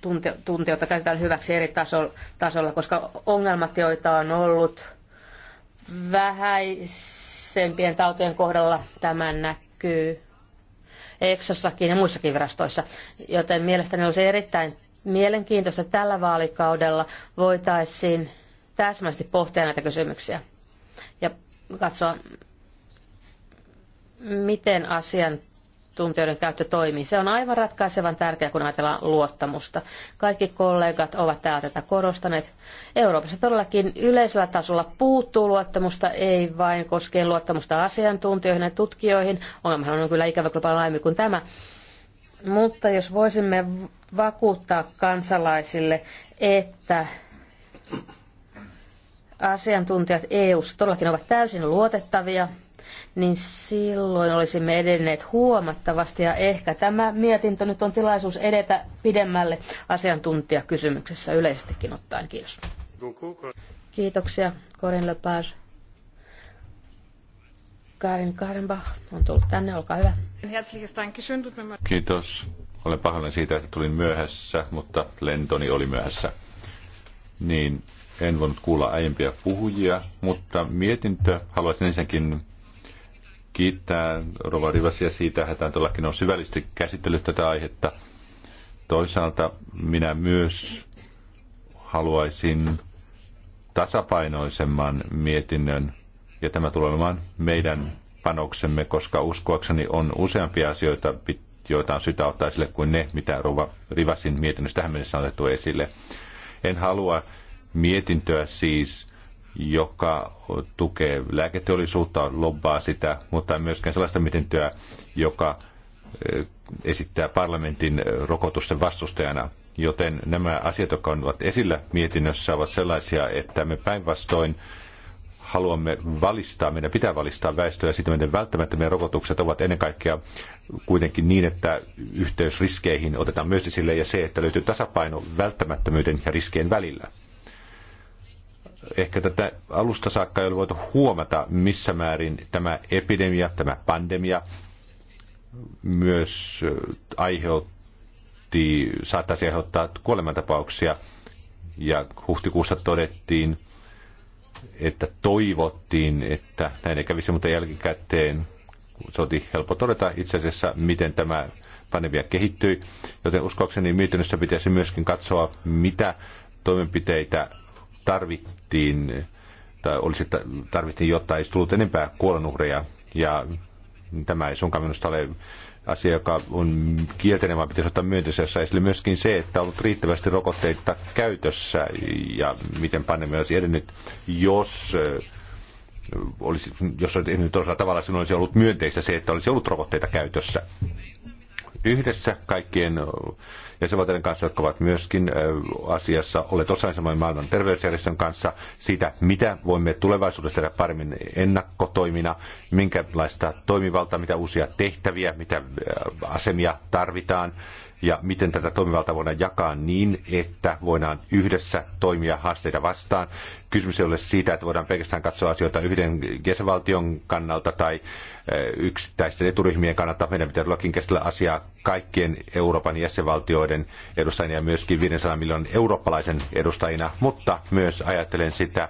tunte, käytetään hyväksi eri taso, tasolla, koska ongelmat, joita on ollut vähäisempien tautien kohdalla, tämän näkyy EFSassakin ja muissakin virastoissa. Joten mielestäni olisi erittäin mielenkiintoista tällä vaalikaudella voitaisiin täsmästi pohtia näitä kysymyksiä ja katsoa, miten asian asiantuntijoiden käyttö toimii. Se on aivan ratkaisevan tärkeää, kun ajatellaan luottamusta. Kaikki kollegat ovat täällä tätä korostaneet. Euroopassa todellakin yleisellä tasolla puuttuu luottamusta, ei vain koskien luottamusta asiantuntijoihin ja tutkijoihin. Ongelmahan on kyllä ikävä kyllä laajemmin kuin tämä. Mutta jos voisimme vakuuttaa kansalaisille, että asiantuntijat EU-ssa todellakin ovat täysin luotettavia, niin silloin olisimme edenneet huomattavasti ja ehkä tämä mietintö nyt on tilaisuus edetä pidemmälle asiantuntijakysymyksessä yleisestikin ottaen. Kiitos. Kiitoksia, Corinne Lepage. Karin Karenbach on tullut tänne, olkaa hyvä. Kiitos. Olen pahoillani siitä, että tulin myöhässä, mutta lentoni oli myöhässä. Niin, en voinut kuulla aiempia puhujia, mutta mietintö haluaisin ensinnäkin kiittää Rova Rivasia siitä, että hän todellakin on syvällisesti käsitellyt tätä aihetta. Toisaalta minä myös haluaisin tasapainoisemman mietinnön, ja tämä tulee olemaan meidän panoksemme, koska uskoakseni on useampia asioita, joita on syytä ottaa esille kuin ne, mitä Rova Rivasin mietinnössä tähän mennessä on otettu esille. En halua mietintöä siis joka tukee lääketeollisuutta, lobbaa sitä, mutta myöskään sellaista mietintöä, joka eh, esittää parlamentin eh, rokotusten vastustajana. Joten nämä asiat, jotka ovat esillä mietinnössä, ovat sellaisia, että me päinvastoin haluamme valistaa, meidän pitää valistaa väestöä siitä, miten meidän rokotukset ovat ennen kaikkea kuitenkin niin, että yhteys riskeihin otetaan myös esille ja se, että löytyy tasapaino välttämättömyyden ja riskien välillä ehkä tätä alusta saakka ei ole voitu huomata, missä määrin tämä epidemia, tämä pandemia myös äh, aiheutti, saattaisi aiheuttaa kuolemantapauksia. Ja huhtikuussa todettiin, että toivottiin, että näin ei kävisi, mutta jälkikäteen se oli helppo todeta itse asiassa, miten tämä pandemia kehittyi. Joten uskoakseni mietinnössä pitäisi myöskin katsoa, mitä toimenpiteitä tarvittiin, tai olisi, tarvittiin, jotta ei tullut enempää kuolonuhreja. Ja tämä ei suinkaan minusta ole asia, joka on kielteinen, vaan pitäisi ottaa myönteisessä jossa esille myöskin se, että on ollut riittävästi rokotteita käytössä ja miten pandemia olisi edennyt, jos äh, olisi, jos olisi edennyt toisella tavalla, sinulla olisi ollut myönteistä se, että olisi ollut rokotteita käytössä. Yhdessä kaikkien jäsenvaltioiden kanssa, jotka ovat myöskin asiassa olleet samoin maailman terveysjärjestön kanssa siitä, mitä voimme tulevaisuudessa tehdä paremmin ennakkotoimina, minkälaista toimivaltaa, mitä uusia tehtäviä, mitä asemia tarvitaan ja miten tätä toimivaltaa voidaan jakaa niin, että voidaan yhdessä toimia haasteita vastaan. Kysymys ei ole siitä, että voidaan pelkästään katsoa asioita yhden jäsenvaltion kannalta tai yksittäisten eturyhmien kannalta. Meidän pitää todellakin käsitellä asiaa kaikkien Euroopan jäsenvaltioiden edustajina ja myöskin 500 miljoonan eurooppalaisen edustajina, mutta myös ajattelen sitä,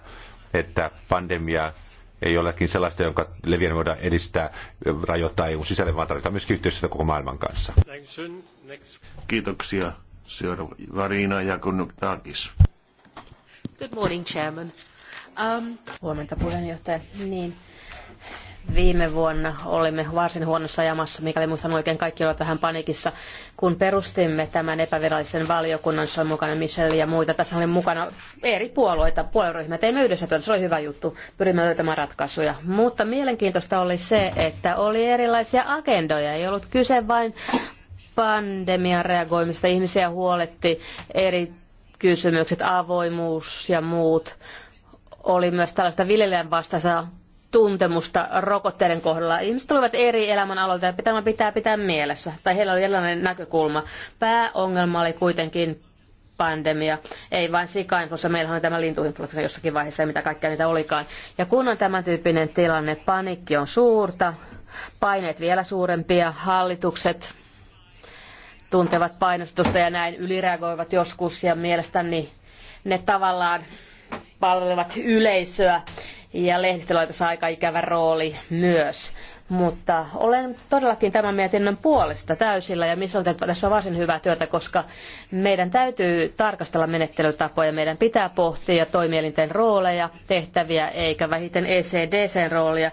että pandemia ei olekin sellaista, jonka leviäminen voidaan edistää, rajoittaa EUn sisälle, vaan tarvitaan myöskin yhteistyötä koko maailman kanssa. Kiitoksia, Seuraava Varina Jakunnuktakis. Good morning, Chairman. Um... Huomenta puheenjohtaja. Niin, Viime vuonna olimme varsin huonossa ajamassa, mikäli muistan oikein kaikki olivat vähän panikissa, kun perustimme tämän epävirallisen valiokunnan, jossa oli mukana Michelle ja muita. Tässä oli mukana eri puolueita, puolueryhmät Teimme yhdessä tätä, se oli hyvä juttu. Pyrimme löytämään ratkaisuja. Mutta mielenkiintoista oli se, että oli erilaisia agendoja. Ei ollut kyse vain pandemian reagoimista. Ihmisiä huoletti eri kysymykset, avoimuus ja muut. Oli myös tällaista viljelijän vastaista tuntemusta rokotteiden kohdalla. Ihmiset tulevat eri elämänaloilta ja pitää, pitää pitää mielessä, tai heillä oli erilainen näkökulma. Pääongelma oli kuitenkin pandemia, ei vain sikainfluenssa, meillähän on tämä lintuinfluenssa jossakin vaiheessa, mitä kaikkea niitä olikaan. Ja kun on tämän tyyppinen tilanne, panikki on suurta, paineet vielä suurempia, hallitukset tuntevat painostusta ja näin ylireagoivat joskus ja mielestäni ne tavallaan palvelevat yleisöä ja lehdistöllä oli aika ikävä rooli myös. Mutta olen todellakin tämän mietinnön puolesta täysillä ja missä on tässä varsin hyvää työtä, koska meidän täytyy tarkastella menettelytapoja, meidän pitää pohtia toimielinten rooleja, tehtäviä eikä vähiten ECDCn roolia.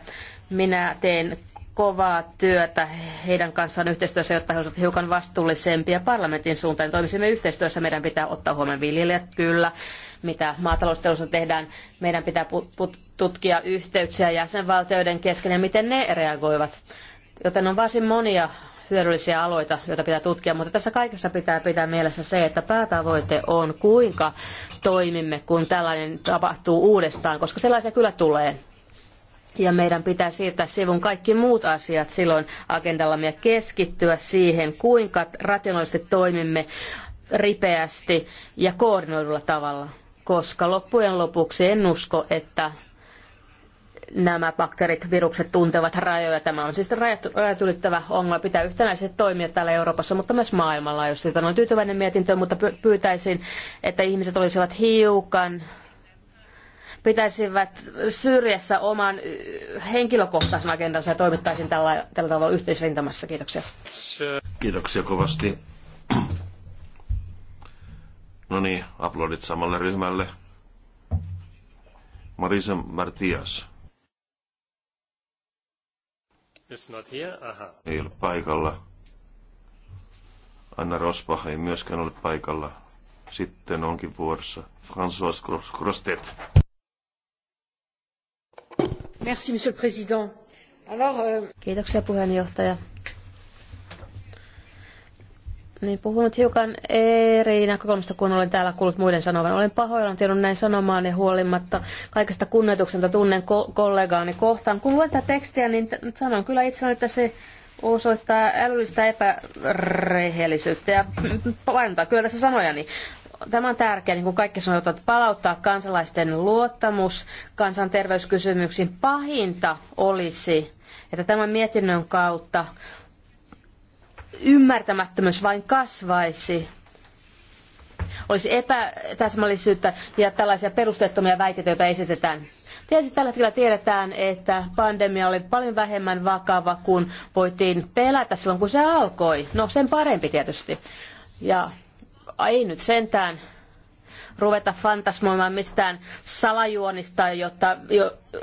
Minä teen kovaa työtä heidän kanssaan yhteistyössä, jotta he olisivat hiukan vastuullisempia parlamentin suuntaan. Toimisimme yhteistyössä, meidän pitää ottaa huomioon viljelijät, kyllä, mitä maatalousteollisuudessa tehdään. Meidän pitää put- put- tutkia yhteyksiä jäsenvaltioiden kesken ja miten ne reagoivat. Joten on varsin monia hyödyllisiä aloita, joita pitää tutkia, mutta tässä kaikessa pitää pitää mielessä se, että päätavoite on kuinka toimimme, kun tällainen tapahtuu uudestaan, koska sellaisia kyllä tulee. Ja meidän pitää siirtää sivun kaikki muut asiat silloin agendallamme ja keskittyä siihen, kuinka rationaalisesti toimimme ripeästi ja koordinoidulla tavalla. Koska loppujen lopuksi en usko, että nämä bakteerit, virukset tuntevat rajoja. Tämä on siis rajat ylittävä ongelma. Pitää yhtenäisesti toimia täällä Euroopassa, mutta myös maailmalla, jos siitä on tyytyväinen mietintö, mutta pyytäisin, että ihmiset olisivat hiukan pitäisivät syrjässä oman henkilökohtaisen agendansa ja toimittaisiin tällä, tällä tavalla yhteisrintamassa. Kiitoksia. Kiitoksia kovasti. No niin, aplodit samalle ryhmälle. Marisa Martias. It's not here? Aha. Ei ole paikalla. Anna Rosbach ei myöskään ole paikalla. Sitten onkin vuorossa François Crostet. Merci, monsieur le président. Alors, euh... Kiitoksia puheenjohtaja niin puhunut hiukan eri näkökulmasta kun olen täällä kuullut muiden sanovan. Olen pahoillani tiedon näin sanomaan ja huolimatta kaikesta kunnioituksesta tunnen ko- kollegaani kohtaan. Kun luen tätä tekstiä, niin sanon kyllä itselleni, että se osoittaa älyllistä epärehellisyyttä ja painottaa kyllä tässä sanoja. Tämä on tärkeää, niin kuin kaikki sanotaan, että palauttaa kansalaisten luottamus kansanterveyskysymyksiin. Pahinta olisi, että tämän mietinnön kautta ymmärtämättömyys vain kasvaisi. Olisi epätäsmällisyyttä ja tällaisia perusteettomia väitteitä, joita esitetään. Tietysti siis tällä hetkellä tiedetään, että pandemia oli paljon vähemmän vakava kuin voitiin pelätä silloin, kun se alkoi. No sen parempi tietysti. Ja ei nyt sentään ruveta fantasmoimaan mistään salajuonista, jotta,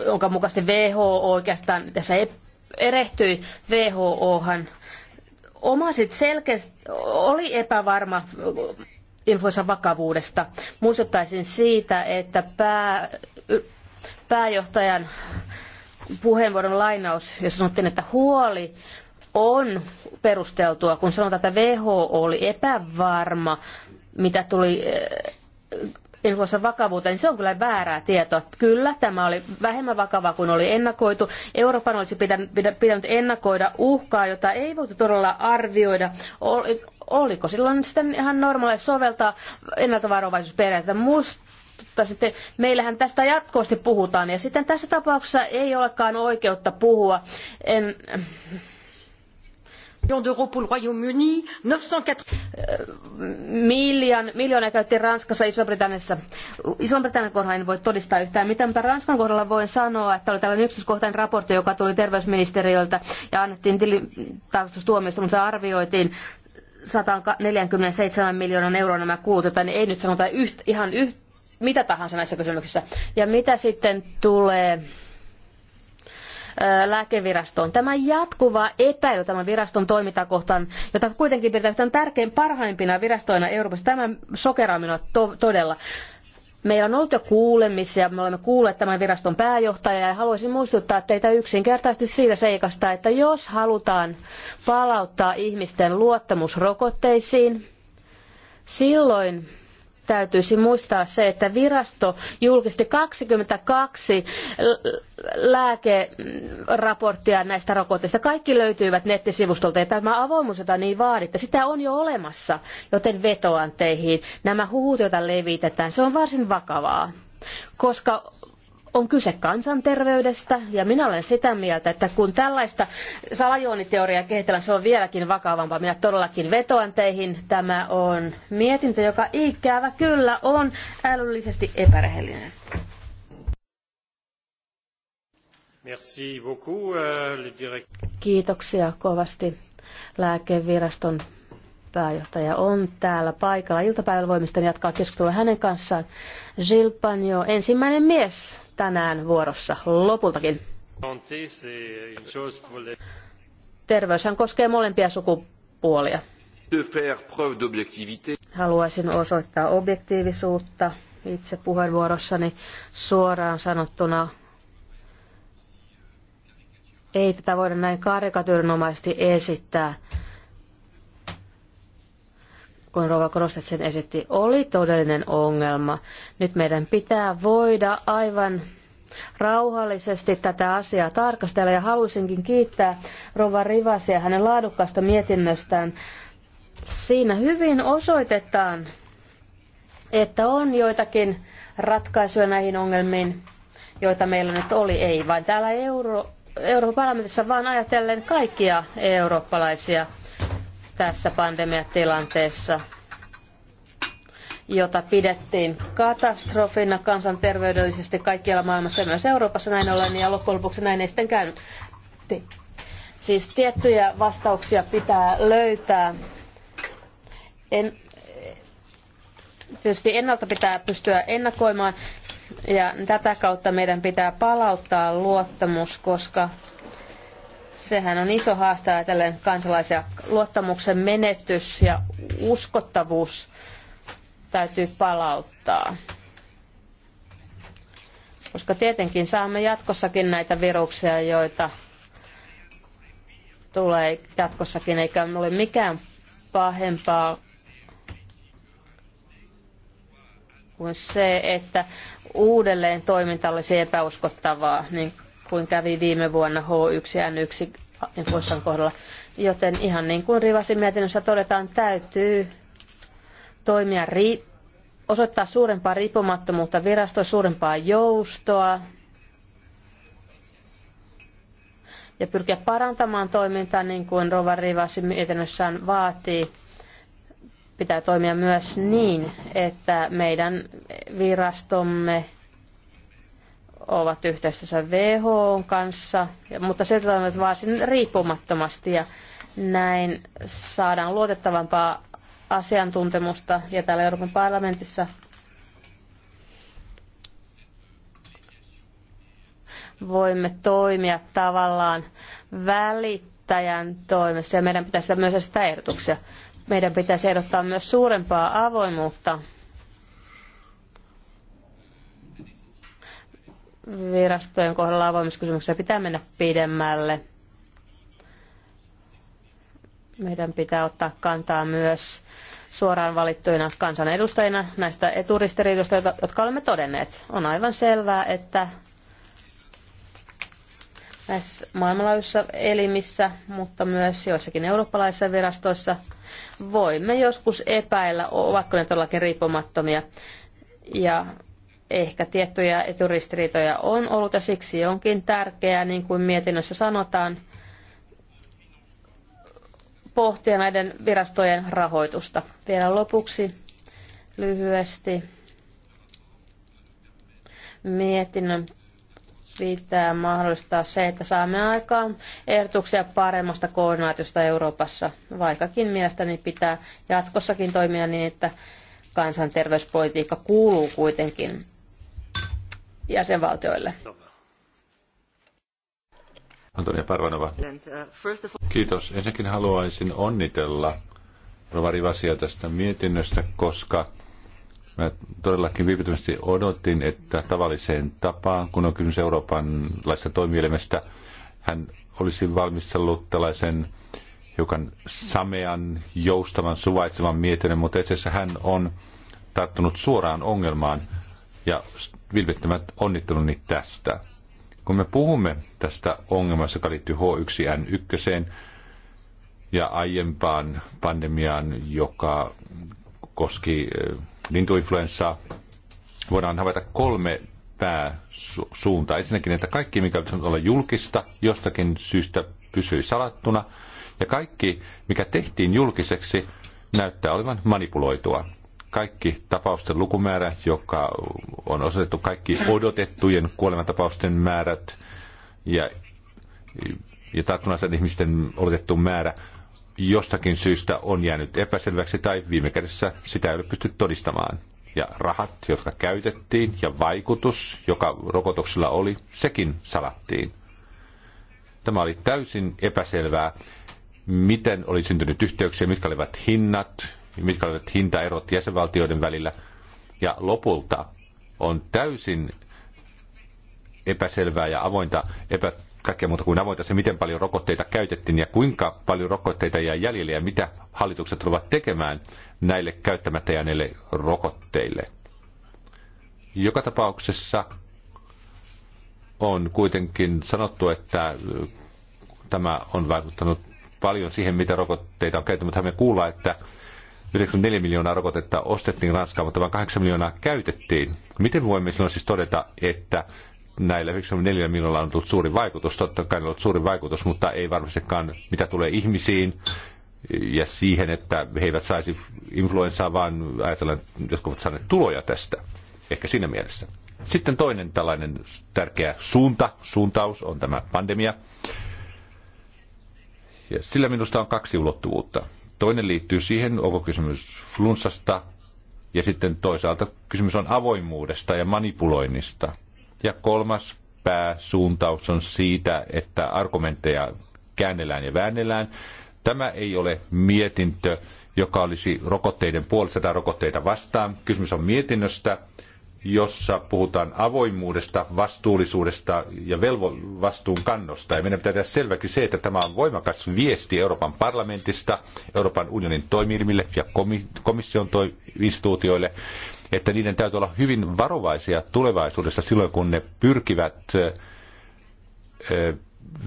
jonka mukaisesti WHO oikeastaan tässä e-, erehtyi. WHOhan omasit selkeästi oli epävarma infoissa vakavuudesta. Muistuttaisin siitä, että pää, pääjohtajan puheenvuoron lainaus, jos sanottiin, että huoli on perusteltua, kun sanotaan, että WHO oli epävarma, mitä tuli influenssan vakavuuteen, niin se on kyllä väärää tietoa. Kyllä, tämä oli vähemmän vakava kuin oli ennakoitu. Euroopan olisi pitänyt, pitänyt ennakoida uhkaa, jota ei voitu todella arvioida. Oliko silloin sitten ihan normaalia soveltaa ennaltavarovaisuusperiaatetta? Musta mutta sitten meillähän tästä jatkuvasti puhutaan ja sitten tässä tapauksessa ei olekaan oikeutta puhua. En, Miljoon, miljoona käytti Ranskassa ja Iso-Britanniassa. Iso-Britannian kohdalla en voi todistaa yhtään mitä mutta Ranskan kohdalla voin sanoa, että oli tällainen yksityiskohtainen raportti, joka tuli terveysministeriöltä ja annettiin se arvioitiin 147 miljoonan euroa nämä kulut, joten ei nyt sanota yht, ihan yht, mitä tahansa näissä kysymyksissä. Ja mitä sitten tulee lääkevirastoon. Tämä jatkuva epäily tämän viraston toimintakohtaan, jota kuitenkin pidetään tärkein parhaimpina virastoina Euroopassa, tämä sokeraa minua to- todella. Meillä on ollut jo kuulemisia, me olemme kuulleet tämän viraston pääjohtajaa ja haluaisin muistuttaa teitä yksinkertaisesti siitä seikasta, että jos halutaan palauttaa ihmisten luottamus rokotteisiin, silloin täytyisi muistaa se, että virasto julkisti 22 lääkeraporttia näistä rokotteista. Kaikki löytyivät nettisivustolta ja tämä avoimuus, jota niin vaaditte, sitä on jo olemassa, joten vetoan teihin. Nämä huhut, joita levitetään, se on varsin vakavaa koska on kyse kansanterveydestä ja minä olen sitä mieltä, että kun tällaista salajuoniteoriaa kehitellään, se on vieläkin vakavampaa. Minä todellakin vetoan teihin. Tämä on mietintö, joka ikävä kyllä on älyllisesti epärehellinen. Merci beaucoup, euh, Kiitoksia kovasti. Lääkeviraston pääjohtaja on täällä paikalla. Iltapäivällä voimme sitten jatkaa keskustelua hänen kanssaan. Gilles Pagno, ensimmäinen mies tänään vuorossa lopultakin. Terveyshän koskee molempia sukupuolia. Haluaisin osoittaa objektiivisuutta itse puheenvuorossani suoraan sanottuna. Ei tätä voida näin karikatyyrinomaisesti esittää kun Rova Krosset sen esitti, oli todellinen ongelma. Nyt meidän pitää voida aivan rauhallisesti tätä asiaa tarkastella ja haluaisinkin kiittää Rova Rivasia hänen laadukkaasta mietinnöstään. Siinä hyvin osoitetaan, että on joitakin ratkaisuja näihin ongelmiin, joita meillä nyt oli, ei vain täällä Euro, Euroopan parlamentissa, vaan ajatellen kaikkia eurooppalaisia tässä pandemiatilanteessa, jota pidettiin katastrofina kansanterveydellisesti kaikkialla maailmassa ja myös Euroopassa näin ollen, ja loppujen lopuksi näin ei sitten käynyt. Siis tiettyjä vastauksia pitää löytää. En, tietysti ennalta pitää pystyä ennakoimaan ja tätä kautta meidän pitää palauttaa luottamus, koska Sehän on iso haaste ajatellen kansalaisia. Luottamuksen menetys ja uskottavuus täytyy palauttaa. Koska tietenkin saamme jatkossakin näitä viruksia, joita tulee jatkossakin, eikä ole mikään pahempaa kuin se, että uudelleen toiminta olisi epäuskottavaa, niin kuin kävi viime vuonna H1N1 influenssan kohdalla. Joten ihan niin kuin Rivasin mietinnössä todetaan, täytyy toimia ri- osoittaa suurempaa riippumattomuutta virastoa, suurempaa joustoa ja pyrkiä parantamaan toimintaa niin kuin Rova Rivasi mietinnössään vaatii. Pitää toimia myös niin, että meidän virastomme ovat yhteistyössä WHO kanssa, mutta se toimivat varsin riippumattomasti ja näin saadaan luotettavampaa asiantuntemusta ja täällä Euroopan parlamentissa voimme toimia tavallaan välittäjän toimessa ja meidän pitäisi myös sitä ehdotuksia. Meidän pitäisi ehdottaa myös suurempaa avoimuutta virastojen kohdalla avoimiskysymyksiä pitää mennä pidemmälle. Meidän pitää ottaa kantaa myös suoraan valittuina kansanedustajina näistä eturistiriidoista, jotka olemme todenneet. On aivan selvää, että näissä maailmanlaajuisissa elimissä, mutta myös joissakin eurooppalaisissa virastoissa voimme joskus epäillä, ovatko ne todellakin riippumattomia. Ja Ehkä tiettyjä eturistiriitoja on ollut ja siksi onkin tärkeää, niin kuin mietinnössä sanotaan, pohtia näiden virastojen rahoitusta. Vielä lopuksi lyhyesti mietinnön pitää mahdollistaa se, että saamme aikaan ehdotuksia paremmasta koordinaatiosta Euroopassa, vaikkakin mielestäni pitää jatkossakin toimia niin, että kansanterveyspolitiikka kuuluu kuitenkin jäsenvaltioille. Antonia Parvanova. Kiitos. Ensinnäkin haluaisin onnitella Rovari Vasia tästä mietinnöstä, koska mä todellakin viipytävästi odotin, että tavalliseen tapaan, kun on kysymys eurooppalaisesta toimielimestä, hän olisi valmistellut tällaisen hiukan samean, joustavan, suvaitsevan mietinnön, mutta itse asiassa hän on tarttunut suoraan ongelmaan – ja vilpittömät onnitteluni tästä. Kun me puhumme tästä ongelmasta, joka liittyy H1N1 ja aiempaan pandemiaan, joka koski eh, lintuinfluenssaa, voidaan havaita kolme pääsuuntaa. Ensinnäkin, että kaikki, mikä on olla julkista, jostakin syystä pysyi salattuna, ja kaikki, mikä tehtiin julkiseksi, näyttää olevan manipuloitua kaikki tapausten lukumäärä, joka on osoitettu kaikki odotettujen kuolematapausten määrät ja, ja tartunnaisten ihmisten odotettu määrä jostakin syystä on jäänyt epäselväksi tai viime kädessä sitä ei ole pystytty todistamaan. Ja rahat, jotka käytettiin ja vaikutus, joka rokotuksilla oli, sekin salattiin. Tämä oli täysin epäselvää, miten oli syntynyt yhteyksiä, mitkä olivat hinnat, mitkä olivat hintaerot jäsenvaltioiden välillä. Ja lopulta on täysin epäselvää ja avointa, epä, kaikkea muuta kuin avointa se, miten paljon rokotteita käytettiin ja kuinka paljon rokotteita jää jäljelle ja mitä hallitukset tulevat tekemään näille käyttämättä jääneille rokotteille. Joka tapauksessa on kuitenkin sanottu, että äh, tämä on vaikuttanut paljon siihen, mitä rokotteita on käytetty, mutta me kuullaan, että 94 miljoonaa rokotetta ostettiin Ranskaan, mutta vain 8 miljoonaa käytettiin. Miten voimme silloin siis todeta, että näillä 94 miljoonalla on tullut suuri vaikutus? Totta kai on ollut suuri vaikutus, mutta ei varmastikaan mitä tulee ihmisiin ja siihen, että he eivät saisi influenssaa, vaan ajatellaan, jotkut ovat saaneet tuloja tästä. Ehkä siinä mielessä. Sitten toinen tällainen tärkeä suunta, suuntaus on tämä pandemia. Ja sillä minusta on kaksi ulottuvuutta. Toinen liittyy siihen, onko kysymys flunssasta, ja sitten toisaalta kysymys on avoimuudesta ja manipuloinnista. Ja kolmas pääsuuntaus on siitä, että argumentteja käännellään ja väännellään. Tämä ei ole mietintö, joka olisi rokotteiden puolesta tai rokotteita vastaan. Kysymys on mietinnöstä, jossa puhutaan avoimuudesta, vastuullisuudesta ja velvo- vastuunkannosta. Ja meidän pitää tehdä selväksi se, että tämä on voimakas viesti Euroopan parlamentista, Euroopan unionin toimielimille ja komission toi- instituutioille, että niiden täytyy olla hyvin varovaisia tulevaisuudessa silloin, kun ne pyrkivät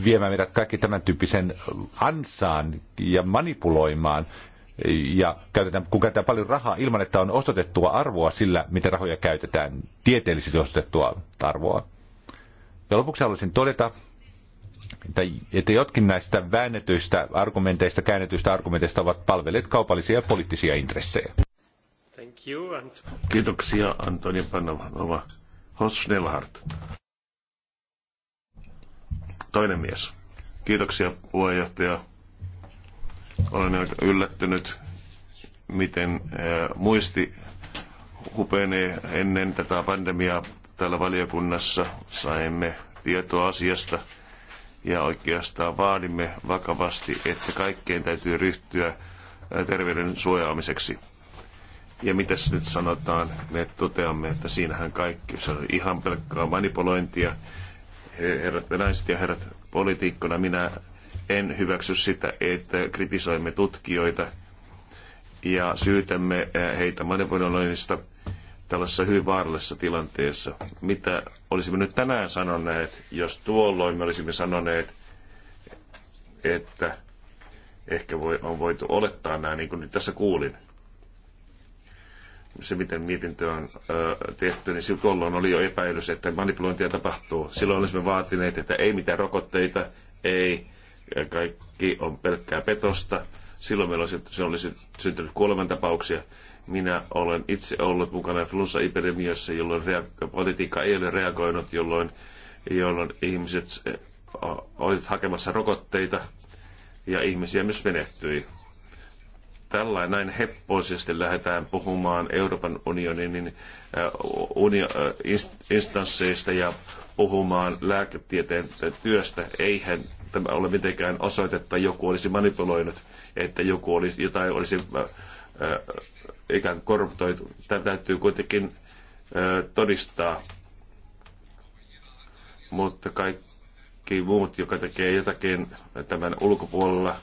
viemään meidät kaikki tämän tyyppisen ansaan ja manipuloimaan ja käytetään, kun käytetään paljon rahaa ilman, että on osoitettua arvoa sillä, miten rahoja käytetään, tieteellisesti osoitettua arvoa. Ja lopuksi haluaisin todeta, että, että jotkin näistä väännetyistä argumenteista, käännetyistä argumenteista ovat palvelleet kaupallisia ja poliittisia intressejä. Thank you, Ant- Kiitoksia Antoni Panova. Hosnelhart. Toinen mies. Kiitoksia puheenjohtaja. Olen aika yllättynyt, miten äh, muisti hupenee ennen tätä pandemiaa täällä valiokunnassa. Saimme tietoa asiasta ja oikeastaan vaadimme vakavasti, että kaikkeen täytyy ryhtyä äh, terveyden suojaamiseksi. Ja mitä nyt sanotaan, me toteamme, että siinähän kaikki, se on ihan pelkkää manipulointia. Herrat venäläiset ja herrat politiikkona, minä en hyväksy sitä, että kritisoimme tutkijoita ja syytämme eh, heitä manipuloinnista tällaisessa hyvin vaarallisessa tilanteessa. Mitä olisimme nyt tänään sanoneet, jos tuolloin me olisimme sanoneet, että ehkä voi, on voitu olettaa nämä, niin kuin nyt tässä kuulin. Se, miten mietintö on ö, eh, tehty, niin silloin tuolloin oli jo epäilys, että manipulointia tapahtuu. Silloin olisimme vaatineet, että ei mitään rokotteita, ei kaikki on pelkkää petosta. Silloin meillä olisi, se olisi syntynyt kuolemantapauksia. Minä olen itse ollut mukana flunssa-epidemiassa, jolloin rea- politiikka ei ole reagoinut, jolloin, jolloin ihmiset eh, olivat hakemassa rokotteita ja ihmisiä myös menehtyi. Tällainen näin heppoisesti lähdetään puhumaan Euroopan unionin eh, unio, eh, instansseista ja puhumaan lääketieteen työstä. Eihän tämä ole mitenkään osoite, että joku olisi manipuloinut, että joku olisi, jotain olisi äh, äh ikään korruptoitu. Tämä täytyy kuitenkin äh, todistaa. Mutta kaikki muut, joka tekee jotakin tämän ulkopuolella,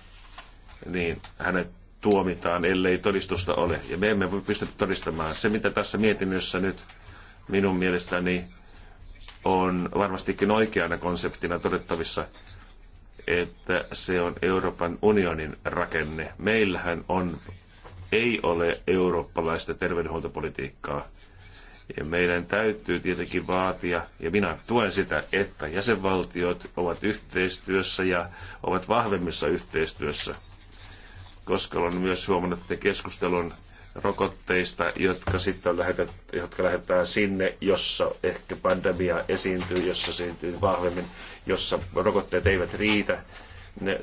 niin hänet tuomitaan, ellei todistusta ole. Ja me emme voi pysty todistamaan. Se, mitä tässä mietinnössä nyt minun mielestäni on varmastikin oikeana konseptina todettavissa, että se on Euroopan unionin rakenne. Meillähän on, ei ole eurooppalaista terveydenhuoltopolitiikkaa. Ja meidän täytyy tietenkin vaatia, ja minä tuen sitä, että jäsenvaltiot ovat yhteistyössä ja ovat vahvemmissa yhteistyössä. Koska olen myös huomannut että keskustelun rokotteista, jotka sitten lähetet, jotka lähetetään sinne, jossa ehkä pandemia esiintyy, jossa esiintyy vahvemmin, jossa rokotteet eivät riitä. Ne,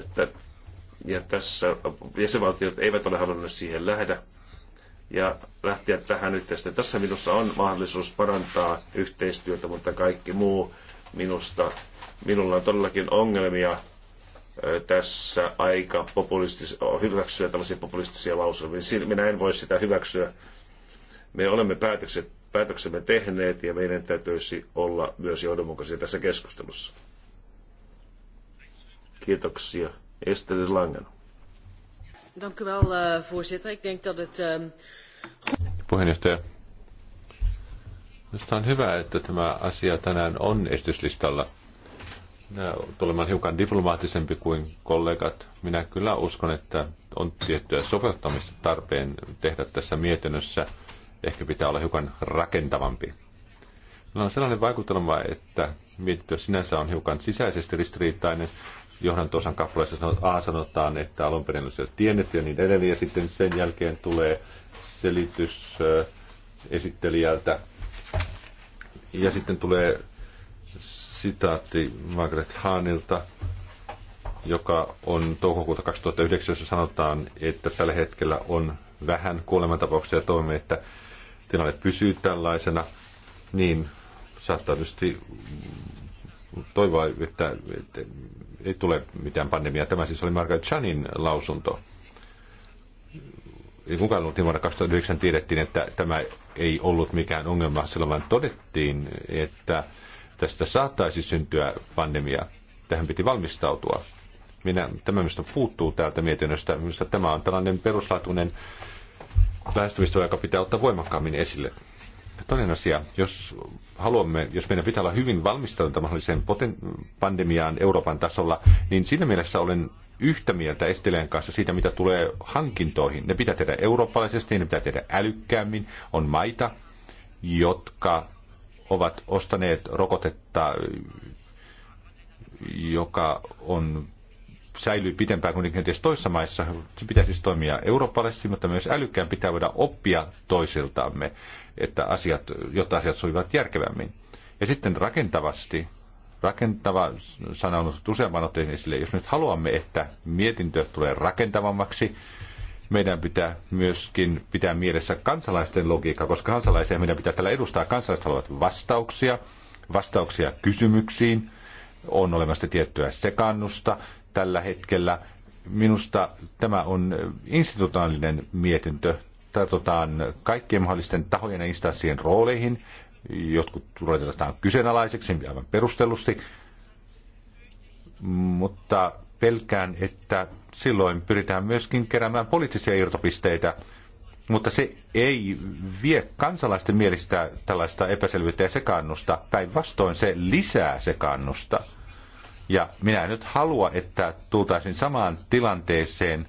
ja tässä jäsenvaltiot eivät ole halunneet siihen lähdä ja lähteä tähän yhteistyöhön. Tässä minussa on mahdollisuus parantaa yhteistyötä, mutta kaikki muu minusta, minulla on todellakin ongelmia tässä aika populistis, hyväksyä tällaisia populistisia lausumia. Niin minä en voi sitä hyväksyä. Me olemme päätökset, päätöksemme tehneet ja meidän täytyisi olla myös johdonmukaisia tässä keskustelussa. Kiitoksia. Estelle Langen. Eh, ehm, Puheenjohtaja. Minusta on hyvä, että tämä asia tänään on esityslistalla – tulemaan hiukan diplomaattisempi kuin kollegat. Minä kyllä uskon, että on tiettyä sopeuttamista tarpeen tehdä tässä mietinnössä. Ehkä pitää olla hiukan rakentavampi. Minulla on sellainen vaikutelma, että mietintö sinänsä on hiukan sisäisesti ristiriitainen. tuossa kappaleessa A sanotaan, että alun perin on tiennyt ja niin edelleen, ja sitten sen jälkeen tulee selitys esittelijältä. Ja sitten tulee sitaatti Margaret Hanilta, joka on toukokuuta 2009, jossa sanotaan, että tällä hetkellä on vähän kuolemantapauksia ja toimme, että tilanne pysyy tällaisena, niin saattaa tietysti toivoa, että, ei tule mitään pandemiaa. Tämä siis oli Margaret Chanin lausunto. Ei kukaan ollut niin vuonna 2009 tiedettiin, että tämä ei ollut mikään ongelma. Silloin vain todettiin, että tästä saattaisi syntyä pandemia. Tähän piti valmistautua. Minä, tämä minusta puuttuu täältä mietinnöstä. Minusta tämä on tällainen peruslaatuinen lähestymistapa, joka pitää ottaa voimakkaammin esille. Toinen asia, jos haluamme, jos meidän pitää olla hyvin valmistautunut mahdolliseen pandemiaan Euroopan tasolla, niin siinä mielessä olen yhtä mieltä Estelän kanssa siitä, mitä tulee hankintoihin. Ne pitää tehdä eurooppalaisesti, ne pitää tehdä älykkäämmin. On maita, jotka ovat ostaneet rokotetta, joka on säilyy pitempään kuin kenties toissa maissa. Se pitäisi siis toimia eurooppalaisesti, mutta myös älykkään pitää voida oppia toisiltamme, että asiat, jotta asiat sujuvat järkevämmin. Ja sitten rakentavasti, rakentava sana on useamman otteen esille, jos nyt haluamme, että mietintö tulee rakentavammaksi, meidän pitää myöskin pitää mielessä kansalaisten logiikka, koska kansalaisia meidän pitää täällä edustaa. Kansalaiset haluavat vastauksia, vastauksia kysymyksiin, on olemassa tiettyä sekannusta tällä hetkellä. Minusta tämä on institutionaalinen mietintö. Tartutaan kaikkien mahdollisten tahojen ja instanssien rooleihin. Jotkut ruvetaan kyseenalaiseksi, aivan perustellusti. Mutta pelkään, että silloin pyritään myöskin keräämään poliittisia irtopisteitä, mutta se ei vie kansalaisten mielestä tällaista epäselvyyttä ja sekaannusta. Päinvastoin se lisää sekaannusta. Ja minä en nyt halua, että tultaisiin samaan tilanteeseen,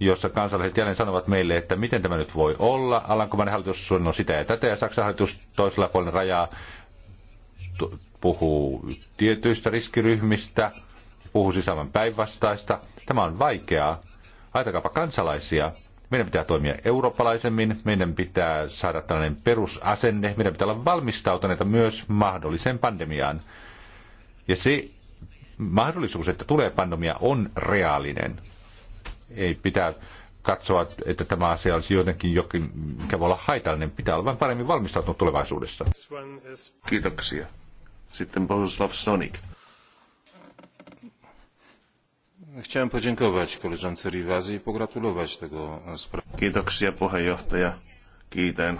jossa kansalaiset jälleen sanovat meille, että miten tämä nyt voi olla. Alankomainen hallitus on sitä ja tätä ja Saksan hallitus toisella puolella rajaa puhuu tietyistä riskiryhmistä – puhuisi saman päinvastaista. Tämä on vaikeaa. Ajatakaapa kansalaisia. Meidän pitää toimia eurooppalaisemmin, meidän pitää saada tällainen perusasenne, meidän pitää olla valmistautuneita myös mahdolliseen pandemiaan. Ja se mahdollisuus, että tulee pandemia, on reaalinen. Ei pitää katsoa, että tämä asia olisi jotenkin jokin, mikä voi olla haitallinen. Pitää olla vain paremmin valmistautunut tulevaisuudessa. Kiitoksia. Sitten Bohuslav Sonic. Chciałem podziękować koleżance Rivazi i pogratulować tego e, sprawozdania. Kiitoksia puheenjohtaja. Kiitän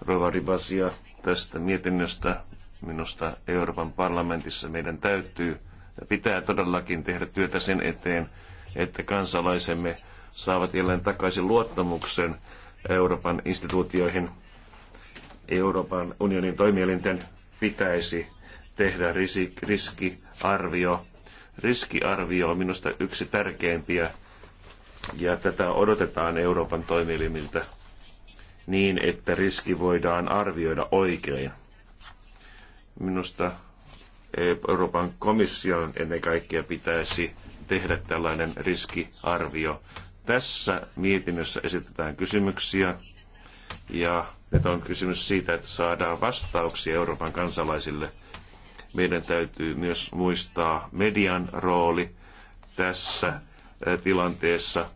Rova Rivasia tästä mietinnöstä. Minusta Euroopan parlamentissa meidän täytyy ja pitää todellakin tehdä työtä sen eteen, että kansalaisemme saavat jälleen takaisin luottamuksen Euroopan instituutioihin. Euroopan unionin toimielinten pitäisi tehdä riskiarvio riskiarvio on minusta yksi tärkeimpiä ja tätä odotetaan Euroopan toimielimiltä niin, että riski voidaan arvioida oikein. Minusta Euroopan komission ennen kaikkea pitäisi tehdä tällainen riskiarvio. Tässä mietinnössä esitetään kysymyksiä ja nyt on kysymys siitä, että saadaan vastauksia Euroopan kansalaisille – meidän täytyy myös muistaa median rooli tässä tilanteessa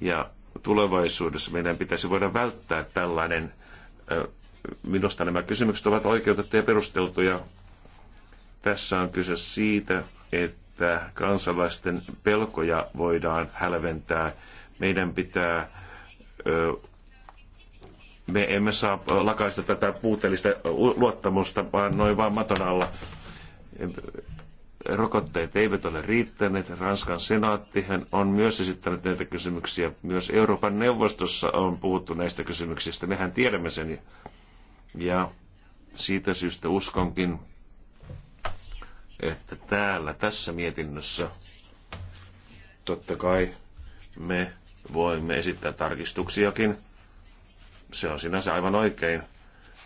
ja tulevaisuudessa meidän pitäisi voida välttää tällainen. Minusta nämä kysymykset ovat oikeutettuja ja perusteltuja. Tässä on kyse siitä, että kansalaisten pelkoja voidaan hälventää. Meidän pitää, me emme saa lakaista tätä puutteellista luottamusta, vaan noin vaan maton alla rokotteet eivät ole riittäneet. Ranskan hän on myös esittänyt näitä kysymyksiä. Myös Euroopan neuvostossa on puhuttu näistä kysymyksistä. Mehän tiedämme sen. Ja siitä syystä uskonkin, että täällä tässä mietinnössä totta kai me voimme esittää tarkistuksiakin. Se on sinänsä aivan oikein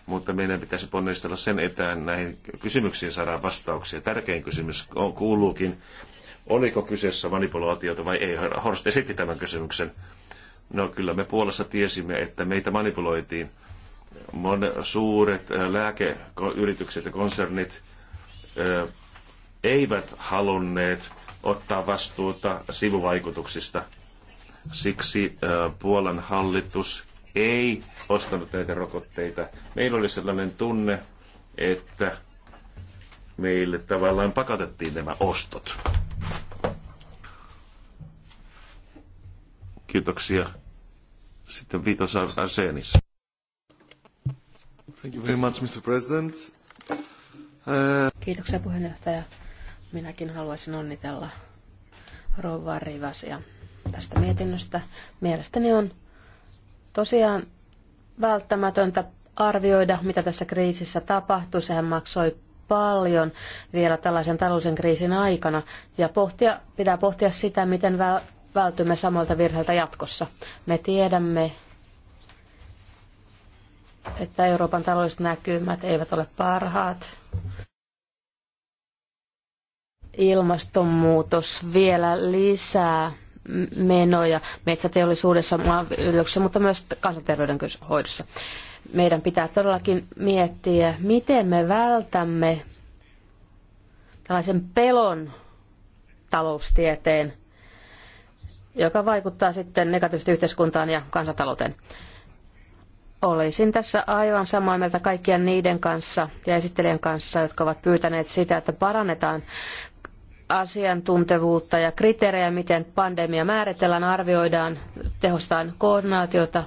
mutta meidän pitäisi ponnistella sen etään näihin kysymyksiin saadaan vastauksia. Tärkein kysymys on, kuuluukin, oliko kyseessä manipulaatiota vai ei. Horst esitti tämän kysymyksen. No kyllä me Puolassa tiesimme, että meitä manipuloitiin. Mon, suuret äh, lääkeyritykset ja konsernit äh, eivät halunneet ottaa vastuuta sivuvaikutuksista. Siksi äh, Puolan hallitus ei ostanut näitä rokotteita. Meillä oli sellainen tunne, että meille tavallaan pakotettiin nämä ostot. Kiitoksia. Sitten Viitos Arsenis. Thank you very much, Mr. President. Uh, Kiitoksia puheenjohtaja. Minäkin haluaisin onnitella Rova Rivasia tästä mietinnöstä. Mielestäni on Tosiaan välttämätöntä arvioida, mitä tässä kriisissä tapahtui. Sehän maksoi paljon vielä tällaisen taloudellisen kriisin aikana ja pohtia, pitää pohtia sitä, miten vältymme samalta virheiltä jatkossa. Me tiedämme, että Euroopan taloudelliset näkymät eivät ole parhaat. Ilmastonmuutos vielä lisää menoja metsäteollisuudessa, maanviljelyksessä, mutta myös kansanterveyden hoidossa. Meidän pitää todellakin miettiä, miten me vältämme tällaisen pelon taloustieteen, joka vaikuttaa sitten negatiivisesti yhteiskuntaan ja kansantalouteen. Olisin tässä aivan samaa mieltä kaikkien niiden kanssa ja esittelijän kanssa, jotka ovat pyytäneet sitä, että parannetaan asiantuntevuutta ja kriteerejä, miten pandemia määritellään, arvioidaan, tehostetaan koordinaatiota,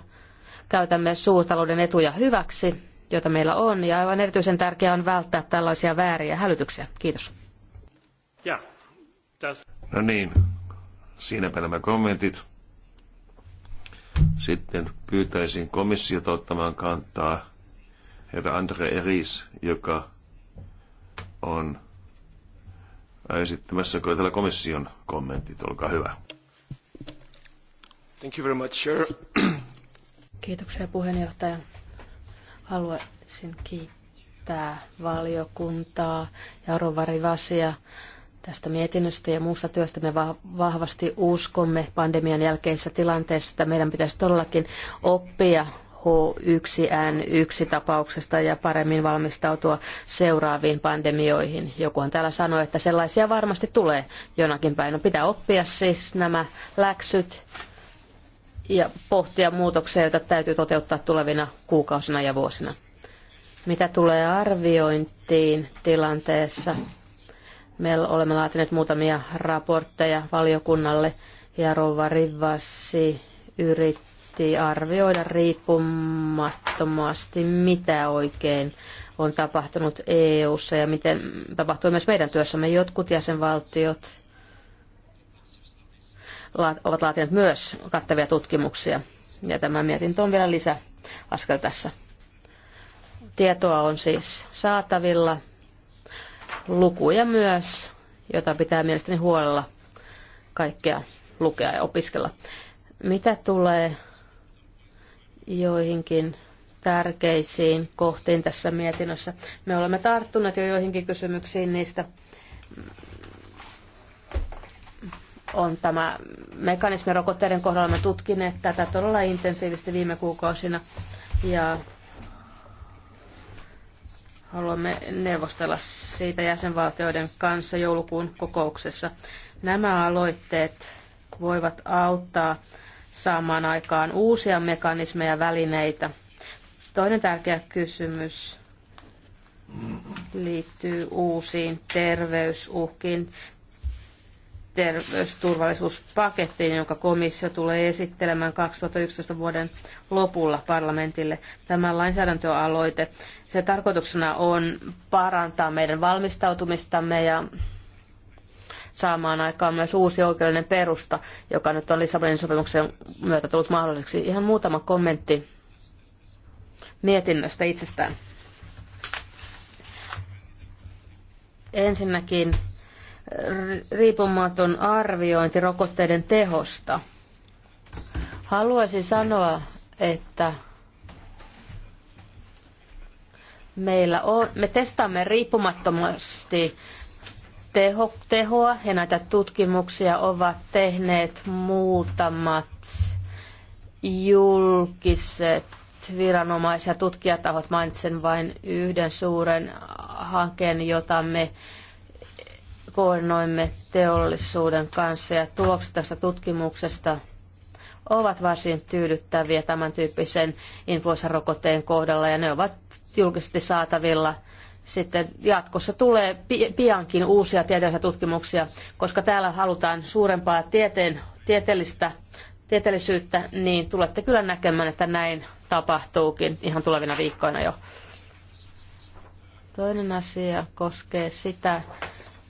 käytämme suurtalouden etuja hyväksi, joita meillä on, ja aivan erityisen tärkeää on välttää tällaisia vääriä hälytyksiä. Kiitos. Ja, no niin, siinäpä nämä kommentit. Sitten pyytäisin komissiota ottamaan kantaa herra Andre Eris, joka on esittämässä täällä komission kommentit. Olkaa hyvä. Thank you very much, sir. Kiitoksia puheenjohtaja. Haluaisin kiittää valiokuntaa ja Rovari Vasia tästä mietinnöstä ja muusta työstä. Me vahvasti uskomme pandemian jälkeisessä tilanteessa, että meidän pitäisi todellakin oppia H1N1 tapauksesta ja paremmin valmistautua seuraaviin pandemioihin. Jokuhan täällä sanoi, että sellaisia varmasti tulee jonakin päin. No, pitää oppia siis nämä läksyt ja pohtia muutoksia, joita täytyy toteuttaa tulevina kuukausina ja vuosina. Mitä tulee arviointiin tilanteessa? Me olemme laatineet muutamia raportteja valiokunnalle ja Rouva Rivasi yritti piti arvioida riippumattomasti, mitä oikein on tapahtunut EU:ssa ja miten tapahtui myös meidän työssämme. Jotkut jäsenvaltiot ovat laatineet myös kattavia tutkimuksia. Ja tämä mietintö on vielä lisä askel tässä. Tietoa on siis saatavilla, lukuja myös, jota pitää mielestäni huolella kaikkea lukea ja opiskella. Mitä tulee joihinkin tärkeisiin kohtiin tässä mietinnössä. Me olemme tarttuneet jo joihinkin kysymyksiin niistä. On tämä mekanismi rokotteiden kohdalla. Me tutkineet tätä todella intensiivisesti viime kuukausina ja haluamme neuvostella siitä jäsenvaltioiden kanssa joulukuun kokouksessa. Nämä aloitteet voivat auttaa saamaan aikaan uusia mekanismeja ja välineitä. Toinen tärkeä kysymys liittyy uusiin terveysuhkiin terveysturvallisuuspakettiin, jonka komissio tulee esittelemään 2011 vuoden lopulla parlamentille. Tämä lainsäädäntöaloite, se tarkoituksena on parantaa meidän valmistautumistamme ja saamaan aikaan myös uusi oikeudellinen perusta, joka nyt on Lissabonin sopimuksen myötä tullut mahdolliseksi. Ihan muutama kommentti mietinnöstä itsestään. Ensinnäkin riippumaton arviointi rokotteiden tehosta. Haluaisin sanoa, että meillä on, me testaamme riippumattomasti teho, tehoa ja näitä tutkimuksia ovat tehneet muutamat julkiset viranomais- ja tutkijatahot. Mainitsen vain yhden suuren hankkeen, jota me koordinoimme teollisuuden kanssa ja tulokset tästä tutkimuksesta ovat varsin tyydyttäviä tämän tyyppisen influenssarokotteen kohdalla ja ne ovat julkisesti saatavilla – sitten jatkossa tulee piankin uusia tieteellisiä tutkimuksia, koska täällä halutaan suurempaa tieteen, tieteellistä, tieteellisyyttä, niin tulette kyllä näkemään, että näin tapahtuukin ihan tulevina viikkoina jo. Toinen asia koskee sitä,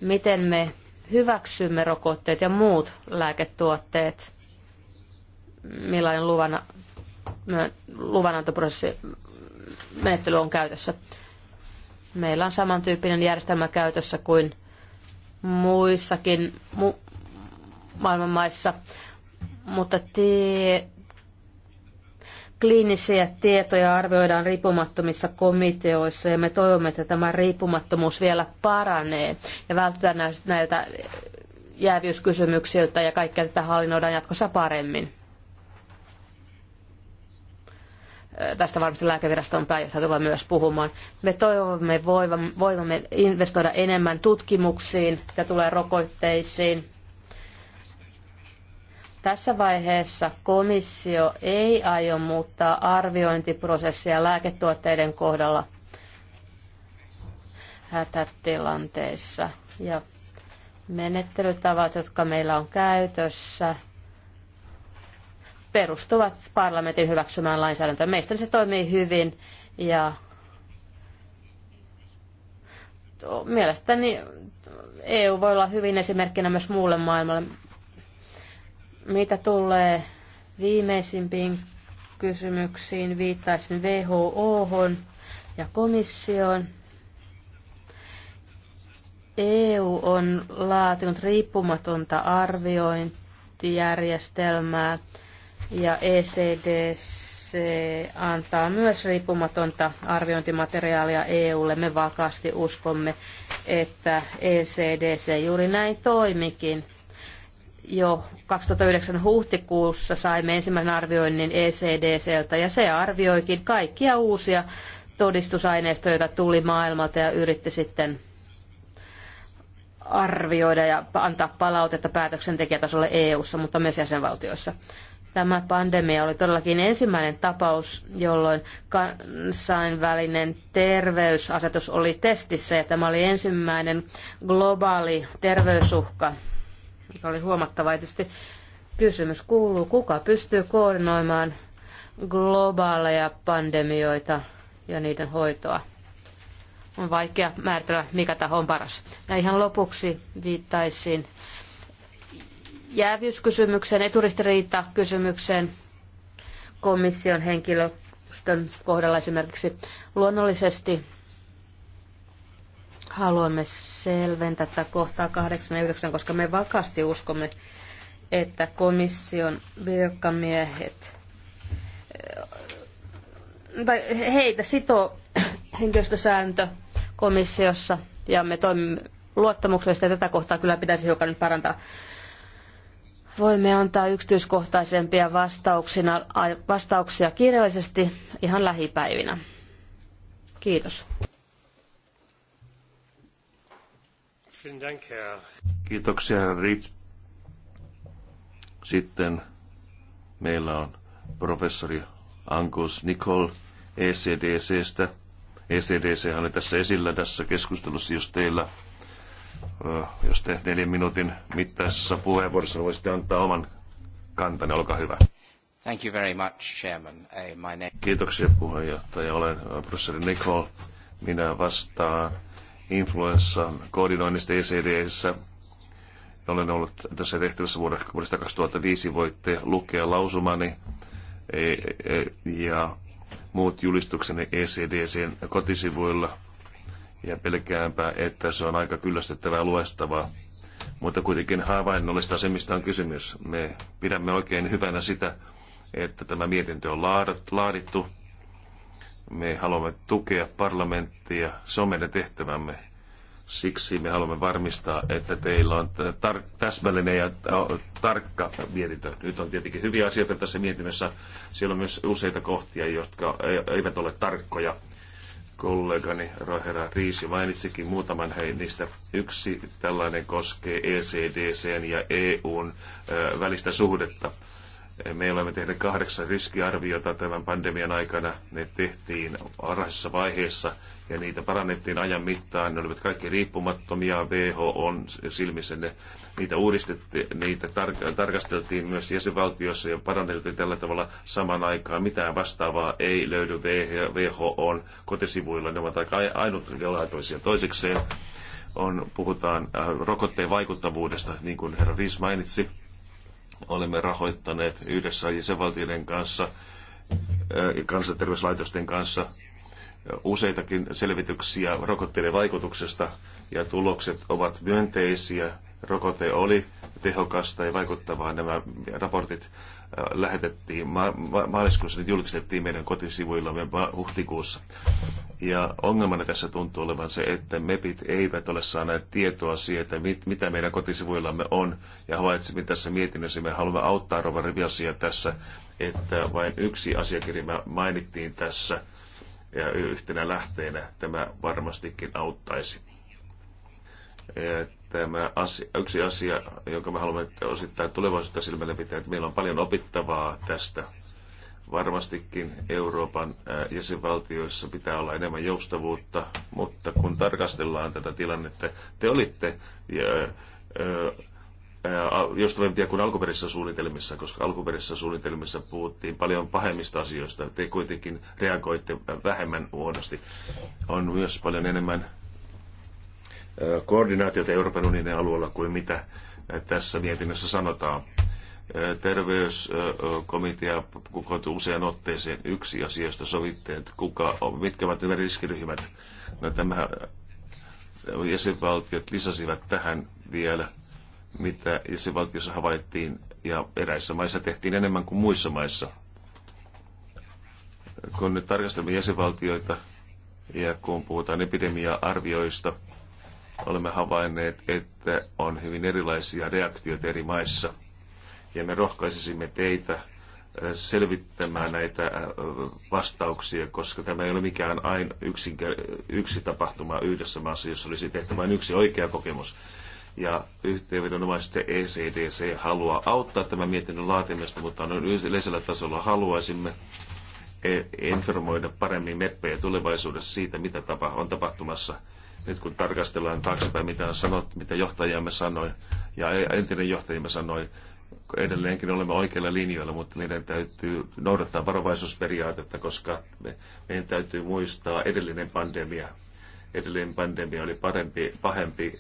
miten me hyväksymme rokotteet ja muut lääketuotteet, millainen luvana, luvanantoprosessi menettely on käytössä. Meillä on samantyyppinen järjestelmä käytössä kuin muissakin mu- maailman maissa, mutta tie- kliinisiä tietoja arvioidaan riippumattomissa komiteoissa ja me toivomme, että tämä riippumattomuus vielä paranee ja vältetään näiltä jäävyyskysymyksiltä ja kaikkea tätä hallinnoidaan jatkossa paremmin. tästä varmasti lääkeviraston pääjohtaja tulee myös puhumaan. Me toivomme voivamme investoida enemmän tutkimuksiin ja tulee rokotteisiin. Tässä vaiheessa komissio ei aio muuttaa arviointiprosessia lääketuotteiden kohdalla hätätilanteissa. Ja menettelytavat, jotka meillä on käytössä – perustuvat parlamentin hyväksymään lainsäädäntöön. Meistä se toimii hyvin ja mielestäni EU voi olla hyvin esimerkkinä myös muulle maailmalle. Mitä tulee viimeisimpiin kysymyksiin, viittaisin WHO ja komissioon. EU on laatinut riippumatonta arviointijärjestelmää, ja ECDC antaa myös riippumatonta arviointimateriaalia EUlle. Me vakaasti uskomme, että ECDC juuri näin toimikin jo 2009 huhtikuussa saimme ensimmäisen arvioinnin ECDCltä ja se arvioikin kaikkia uusia todistusaineistoja, joita tuli maailmalta ja yritti sitten arvioida ja antaa palautetta päätöksentekijätasolle EU-ssa, mutta myös jäsenvaltioissa. Tämä pandemia oli todellakin ensimmäinen tapaus, jolloin kansainvälinen terveysasetus oli testissä ja tämä oli ensimmäinen globaali terveysuhka, mikä oli huomattava. tietysti kysymys kuuluu, kuka pystyy koordinoimaan globaaleja pandemioita ja niiden hoitoa. On vaikea määritellä, mikä taho on paras. Ja ihan lopuksi viittaisin jäävyyskysymykseen, eturistiriitakysymykseen komission henkilöstön kohdalla esimerkiksi. Luonnollisesti haluamme selventää tätä kohtaa 8 ja 9, koska me vakaasti uskomme, että komission virkamiehet eh, tai heitä sitoo henkilöstösääntö komissiossa ja me toimimme luottamuksellisesti ja tätä kohtaa kyllä pitäisi hiukan nyt parantaa. Voimme antaa yksityiskohtaisempia vastauksina, vastauksia kirjallisesti ihan lähipäivinä. Kiitos. Kiitoksia, Ritz. Sitten meillä on professori Angus Nicol ECDCstä. ECDC on tässä esillä tässä keskustelussa, jos teillä jos te neljän minuutin mittaisessa puheenvuorossa voisitte antaa oman kantanne, olkaa hyvä. Thank you very much, Chairman. my name... Kiitoksia puheenjohtaja. Olen professori Nicole. Minä vastaan influenssa koordinoinnista ECDissä. Olen ollut tässä tehtävässä vuodesta 2005. Voitte lukea lausumani e, e, ja muut julistukseni ECDCn kotisivuilla – ja pelkäänpä, että se on aika kyllästettävää luestavaa. Mutta kuitenkin havainnollista se, mistä on kysymys. Me pidämme oikein hyvänä sitä, että tämä mietintö on laadittu. Me haluamme tukea parlamenttia, se on meidän tehtävämme. Siksi me haluamme varmistaa, että teillä on tar- täsmällinen ja tarkka mietintö. Nyt on tietenkin hyviä asioita tässä mietinnössä. Siellä on myös useita kohtia, jotka eivät ole tarkkoja kollegani herra Riisi mainitsikin muutaman heistä. Yksi tällainen koskee ECDCn ja EUn välistä suhdetta. Me olemme tehneet kahdeksan riskiarviota tämän pandemian aikana. Ne tehtiin varhaisessa vaiheessa ja niitä parannettiin ajan mittaan. Ne olivat kaikki riippumattomia. WHO on silmissä ne niitä uudistettiin, niitä tar- tarkasteltiin myös jäsenvaltioissa ja paranneltiin tällä tavalla saman aikaan. Mitään vastaavaa ei löydy WHOn kotisivuilla. Ne ovat aika ainutlaatuisia. Toisekseen on, puhutaan äh, rokotteen vaikuttavuudesta, niin kuin herra Riis mainitsi. Olemme rahoittaneet yhdessä jäsenvaltioiden kanssa ja äh, kansanterveyslaitosten kanssa äh, useitakin selvityksiä rokotteiden vaikutuksesta ja tulokset ovat myönteisiä rokote oli tehokasta ja vaikuttavaa. Nämä raportit äh, lähetettiin ma- ma- maaliskuussa, ne julkistettiin meidän kotisivuillamme huhtikuussa. Ja ongelmana tässä tuntuu olevan se, että MEPit eivät ole saaneet tietoa siitä, mit- mitä meidän kotisivuillamme on. Ja havaitsimme tässä mietinnössä, me haluamme auttaa Rova Riviasia tässä, että vain yksi asiakirja mainittiin tässä ja yhtenä lähteenä tämä varmastikin auttaisi äh, tämä asia, yksi asia, jonka me haluamme osittain tulevaisuutta silmällä pitää, että meillä on paljon opittavaa tästä. Varmastikin Euroopan jäsenvaltioissa pitää olla enemmän joustavuutta, mutta kun tarkastellaan tätä tilannetta, te olitte joustavampia kuin alkuperäisissä suunnitelmissa, koska alkuperäisissä suunnitelmissa puhuttiin paljon pahemmista asioista. Te kuitenkin reagoitte vähemmän huonosti. On myös paljon enemmän koordinaatiota Euroopan unionin alueella kuin mitä tässä mietinnössä sanotaan. Terveyskomitea kokoontui usean otteeseen yksi asiasta sovittiin, että kuka, mitkä ovat nämä riskiryhmät. No, tämä jäsenvaltiot lisäsivät tähän vielä, mitä jäsenvaltiossa havaittiin ja eräissä maissa tehtiin enemmän kuin muissa maissa. Kun nyt tarkastelemme jäsenvaltioita ja kun puhutaan epidemia-arvioista, olemme havainneet, että on hyvin erilaisia reaktioita eri maissa. Ja me rohkaisisimme teitä selvittämään näitä vastauksia, koska tämä ei ole mikään aina yksinkär- yksi tapahtuma yhdessä maassa, jossa olisi tehty vain yksi oikea kokemus. Ja yhteenvedonomaisesti ECDC haluaa auttaa tämän mietinnön laatimista, mutta on yleisellä tasolla haluaisimme e-, informoida paremmin meppejä tulevaisuudessa siitä, mitä tapa on tapahtumassa – nyt kun tarkastellaan taaksepäin, mitä, sanot, mitä johtajamme sanoi ja entinen johtajamme sanoi, edelleenkin olemme oikeilla linjoilla, mutta meidän täytyy noudattaa varovaisuusperiaatetta, koska me, meidän täytyy muistaa edellinen pandemia. Edellinen pandemia oli parempi, pahempi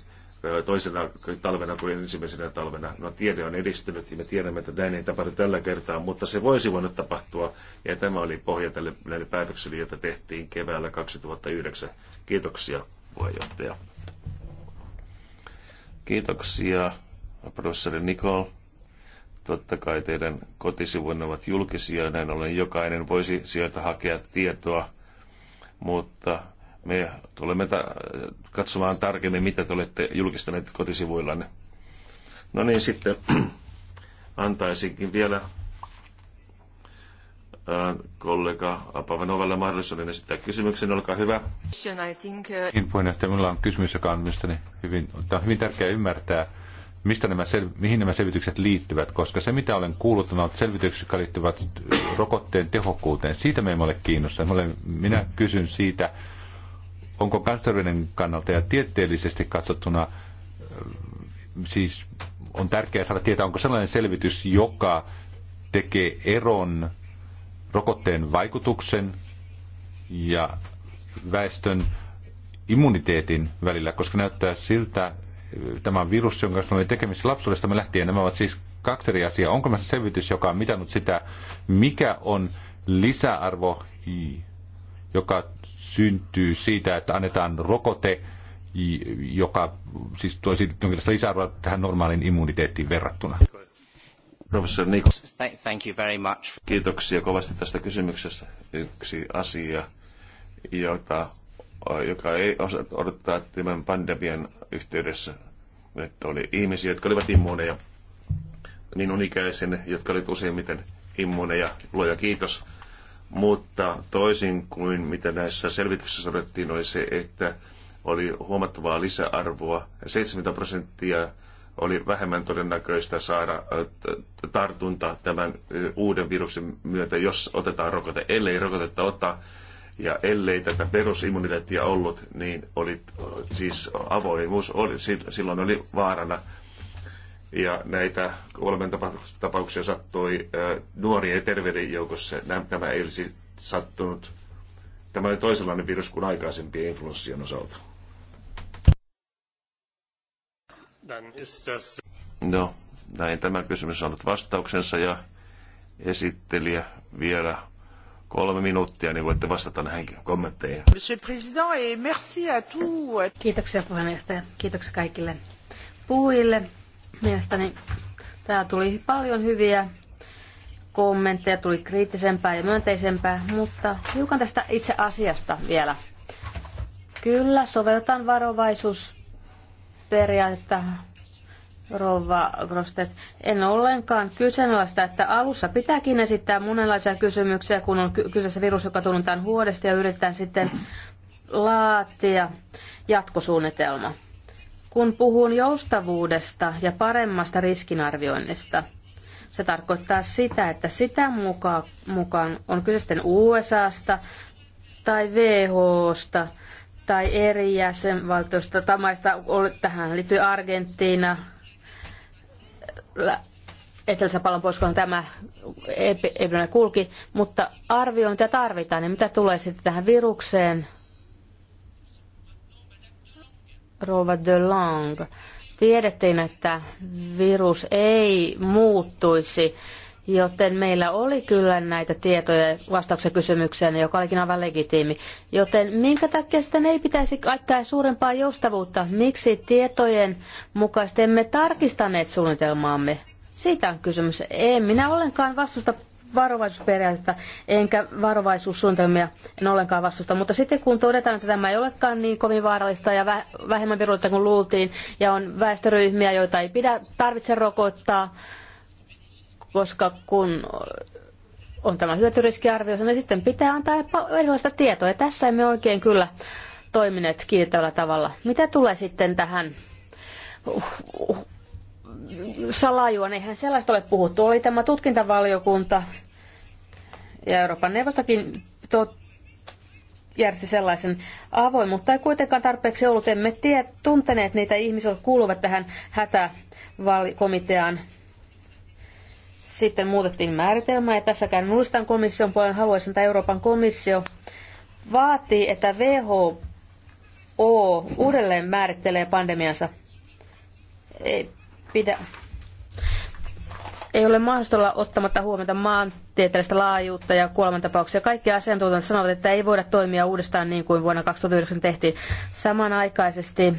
toisena talvena kuin ensimmäisenä talvena. No tiede on edistynyt ja me tiedämme, että näin ei tapahdu tällä kertaa, mutta se voisi voinut tapahtua. Ja tämä oli pohja tälle näille päätöksille, joita tehtiin keväällä 2009. Kiitoksia puheenjohtaja. Kiitoksia, professori Nikol. Totta kai teidän kotisivuinne ovat julkisia, näin ollen jokainen voisi sieltä hakea tietoa, mutta me tulemme ta- katsomaan tarkemmin, mitä te olette julkistaneet kotisivuillanne. No niin, sitten antaisinkin vielä Äh, kollega Apavanovalle mahdollisuuden esittää kysymyksen. Olkaa hyvä. Uh, niin, puheenjohtaja, minulla on kysymys, joka on mielestäni hyvin, on hyvin tärkeää ymmärtää, mistä nämä sel, mihin nämä selvitykset liittyvät, koska se, mitä olen kuullut, on selvitykset, jotka liittyvät rokotteen tehokkuuteen. Siitä me emme ole kiinnostuneet. Minä kysyn siitä, onko kansanterveyden kannalta ja tieteellisesti katsottuna, äh, siis on tärkeää saada tietää, onko sellainen selvitys, joka tekee eron rokotteen vaikutuksen ja väestön immuniteetin välillä, koska näyttää siltä, eh, tämä virus, jonka kanssa olemme tekemisissä lapsuudesta me lähtien, nämä ovat siis kaksi eri asiaa. Onko se selvitys, joka on mitannut sitä, mikä on lisäarvo, joka syntyy siitä, että annetaan rokote, joka siis toisi jonkinlaista lisäarvoa tähän normaaliin immuniteettiin verrattuna? Professori Nichols. Thank you very much. Kiitoksia kovasti tästä kysymyksestä. Yksi asia, jota, joka ei osaa odottaa tämän pandemian yhteydessä, että oli ihmisiä, jotka olivat immuuneja, on niin ikäisen, jotka olivat useimmiten immuuneja, luoja kiitos. Mutta toisin kuin mitä näissä selvityksissä todettiin, oli se, että oli huomattavaa lisäarvoa. 70 prosenttia oli vähemmän todennäköistä saada tartunta tämän uuden viruksen myötä, jos otetaan rokote. Ellei rokotetta ottaa ja ellei tätä perusimmuniteettia ollut, niin oli siis avoimuus, oli, silloin oli vaarana. Ja näitä kolmen tapauksia sattui nuorien ja terveiden joukossa. Tämä ei olisi sattunut. Tämä oli toisenlainen virus kuin aikaisempien influenssien osalta. No, näin tämä kysymys on ollut vastauksensa ja esittelijä vielä kolme minuuttia, niin voitte vastata näihin kommentteihin. Monsieur President, et merci à tous. Kiitoksia puheenjohtaja. Kiitoksia kaikille puhujille. Mielestäni täällä tuli paljon hyviä kommentteja, tuli kriittisempää ja myönteisempää, mutta hiukan tästä itse asiasta vielä. Kyllä, sovelletaan varovaisuus että Rova Grostet, en ollenkaan kyseenalaista, että alussa pitääkin esittää monenlaisia kysymyksiä, kun on kyseessä virus, joka tunnetaan huodesta ja yritetään sitten laatia jatkosuunnitelma. Kun puhun joustavuudesta ja paremmasta riskinarvioinnista, se tarkoittaa sitä, että sitä mukaan, mukaan on kyse sitten USAsta tai WHOsta – tai eri jäsenvaltiosta tai maista. Tähän liittyy Argentiina, etelä etelässä pallonpuoliskolla tämä epidemia kulki, mutta arviointia tarvitaan, niin mitä tulee sitten tähän virukseen? Rova de Lang. Tiedettiin, että virus ei muuttuisi Joten meillä oli kyllä näitä tietoja vastauksen kysymykseen, joka olikin aivan legitiimi. Joten minkä takia sitten ei pitäisi aikaa suurempaa joustavuutta? Miksi tietojen mukaisesti emme tarkistaneet suunnitelmaamme? Siitä on kysymys. En minä ollenkaan vastusta varovaisuusperiaatetta, enkä varovaisuussuunnitelmia en ollenkaan vastusta. Mutta sitten kun todetaan, että tämä ei olekaan niin kovin vaarallista ja vähemmän virullista kuin luultiin, ja on väestöryhmiä, joita ei pidä, tarvitse rokottaa, koska kun on tämä hyötyriskiarvio, niin sitten pitää antaa erilaista tietoa. Ja tässä emme oikein kyllä toimineet kiitettävällä tavalla. Mitä tulee sitten tähän salajuon, eihän sellaista ole puhuttu. Oli tämä tutkintavaliokunta ja Euroopan neuvostokin tot, järjesti sellaisen avoin, mutta ei kuitenkaan tarpeeksi ollut. Emme tie, tunteneet niitä ihmisiä, jotka kuuluvat tähän hätävalikomiteaan. Sitten muutettiin määritelmää ja tässäkään muistan komission puolen haluaisin, että Euroopan komissio vaatii, että WHO uudelleen määrittelee pandemiansa. Ei pidä, ei ole mahdollista olla ottamatta huomiota maantieteellistä laajuutta ja kuolemantapauksia. Kaikki asiantuntijat sanovat, että ei voida toimia uudestaan niin kuin vuonna 2009 tehtiin. Samanaikaisesti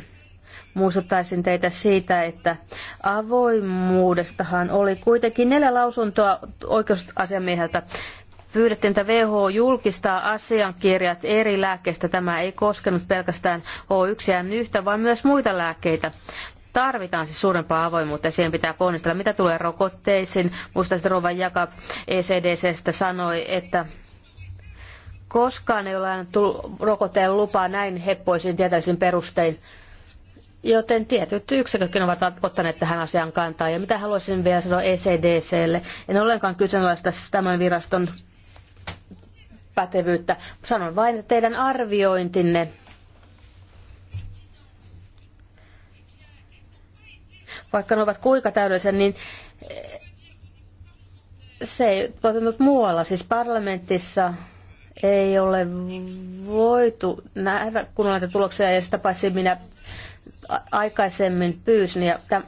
Muistuttaisin teitä siitä, että avoimuudestahan oli kuitenkin neljä lausuntoa oikeusasiamieheltä pyydettiin, että WHO julkistaa asiankirjat eri lääkkeistä. Tämä ei koskenut pelkästään H1N1, vaan myös muita lääkkeitä. Tarvitaan siis suurempaa avoimuutta ja siihen pitää ponnistella. Mitä tulee rokotteisiin, sitten Rovan Jakab ECDCstä sanoi, että koskaan ei ole tullut rokotteen lupaa näin heppoisin tietäisin perustein. Joten tietyt yksikötkin ovat ottaneet tähän asiaan kantaa. Ja mitä haluaisin vielä sanoa ECDClle, en ollenkaan kyseenalaista tämän viraston pätevyyttä. Sanon vain, että teidän arviointinne vaikka ne ovat kuinka täydellisiä, niin se ei toteutunut muualla. Siis parlamentissa ei ole voitu nähdä kunnolla näitä tuloksia, ja sitä paitsi minä aikaisemmin pyysin. Ja täm...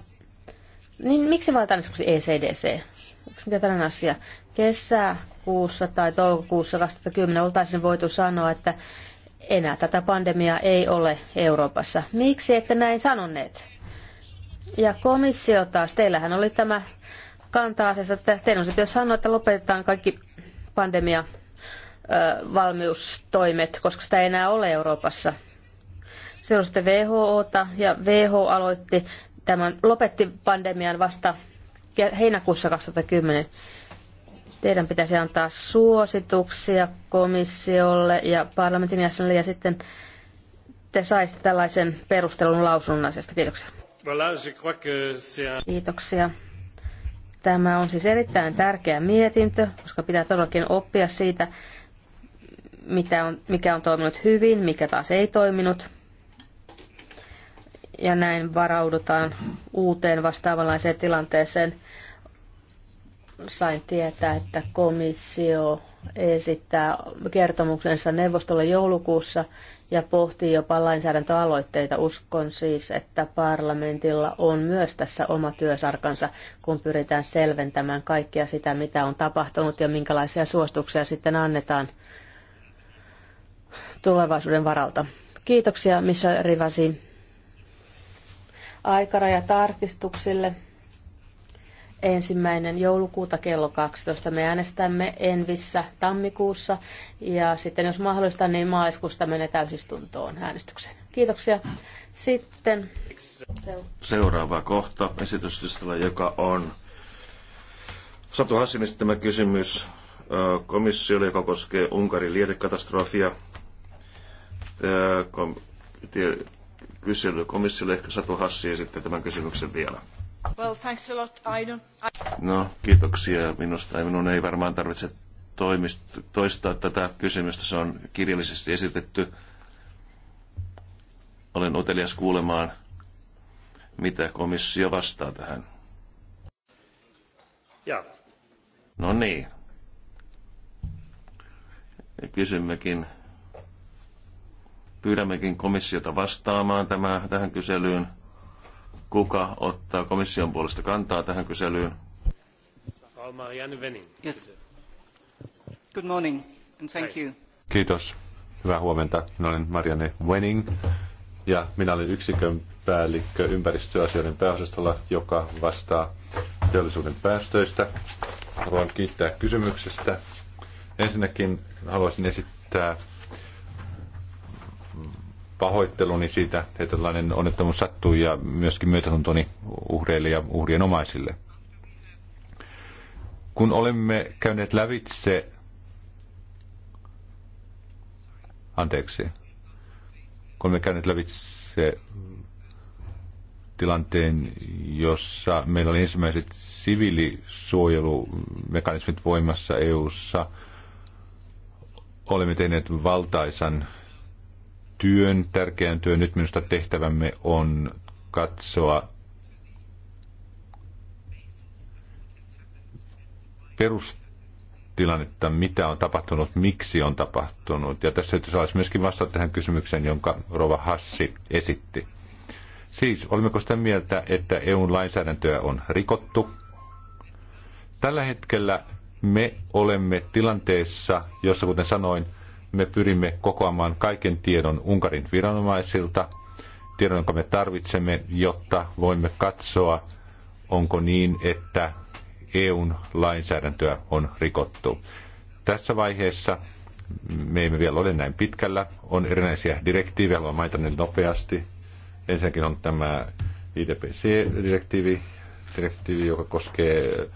niin miksi valitaan esimerkiksi ECDC? Onko mikä tällainen asia? Kesäkuussa tai toukokuussa 2010 oltaisiin voitu sanoa, että enää tätä pandemiaa ei ole Euroopassa. Miksi ette näin sanoneet? Ja komissio taas, teillähän oli tämä kanta-asiassa, että teidän olisi pitänyt sanoa, että lopetetaan kaikki pandemia valmiustoimet, koska sitä ei enää ole Euroopassa seurasi WHOta ja WHO aloitti tämän, lopetti pandemian vasta heinäkuussa 2010. Teidän pitäisi antaa suosituksia komissiolle ja parlamentin jäsenille ja sitten te saisitte tällaisen perustelun lausunnon asiasta. Kiitoksia. Kiitoksia. Tämä on siis erittäin tärkeä mietintö, koska pitää todellakin oppia siitä, mitä on, mikä on toiminut hyvin, mikä taas ei toiminut ja näin varaudutaan uuteen vastaavanlaiseen tilanteeseen. Sain tietää, että komissio esittää kertomuksensa neuvostolle joulukuussa ja pohtii jopa lainsäädäntöaloitteita. Uskon siis, että parlamentilla on myös tässä oma työsarkansa, kun pyritään selventämään kaikkia sitä, mitä on tapahtunut ja minkälaisia suostuksia sitten annetaan tulevaisuuden varalta. Kiitoksia, missä Rivasi. Aikaraja tarkistuksille ensimmäinen joulukuuta kello 12. Me äänestämme Envissä tammikuussa ja sitten jos mahdollista, niin maaliskuusta menee täysistuntoon äänestykseen. Kiitoksia. Sitten seuraava kohta esityslistalla, joka on Satu Hassin esittämä kysymys komissiolle, joka koskee Unkarin liedekatastrofia kysely komissiolle. Ehkä Satu Hassi sitten tämän kysymyksen vielä. Well, thanks a lot. I don't... I... No, kiitoksia minusta. Minun ei varmaan tarvitse toimist- toistaa tätä kysymystä. Se on kirjallisesti esitetty. Olen otelias kuulemaan, mitä komissio vastaa tähän. Ja. No niin. Kysymmekin Pyydämmekin komissiota vastaamaan tähän kyselyyn. Kuka ottaa komission puolesta kantaa tähän kyselyyn? Yes. Good morning and thank you. Kiitos. Hyvää huomenta. Minä olen Marianne Wenning ja minä olen yksikön päällikkö ympäristöasioiden pääosastolla, joka vastaa teollisuuden päästöistä. Haluan kiittää kysymyksestä. Ensinnäkin haluaisin esittää pahoitteluni siitä, että tällainen onnettomuus sattui ja myöskin myötätuntoni uhreille ja uhrien omaisille. Kun olemme käyneet lävitse, anteeksi, kun olemme käyneet lävitse tilanteen, jossa meillä oli ensimmäiset siviilisuojelumekanismit voimassa EU:ssa, olemme tehneet valtaisan työn, tärkeän työn. Nyt minusta tehtävämme on katsoa perustilannetta, mitä on tapahtunut, miksi on tapahtunut. Ja tässä nyt saisi myöskin vastata tähän kysymykseen, jonka Rova Hassi esitti. Siis, olemmeko sitä mieltä, että EUn lainsäädäntöä on rikottu? Tällä hetkellä me olemme tilanteessa, jossa kuten sanoin, me pyrimme kokoamaan kaiken tiedon Unkarin viranomaisilta, tiedon, jonka me tarvitsemme, jotta voimme katsoa, onko niin, että EUn lainsäädäntöä on rikottu. Tässä vaiheessa me emme vielä ole näin pitkällä. On erinäisiä direktiivejä, haluan mainita ne nopeasti. Ensinnäkin on tämä IDPC-direktiivi, direktiivi, joka koskee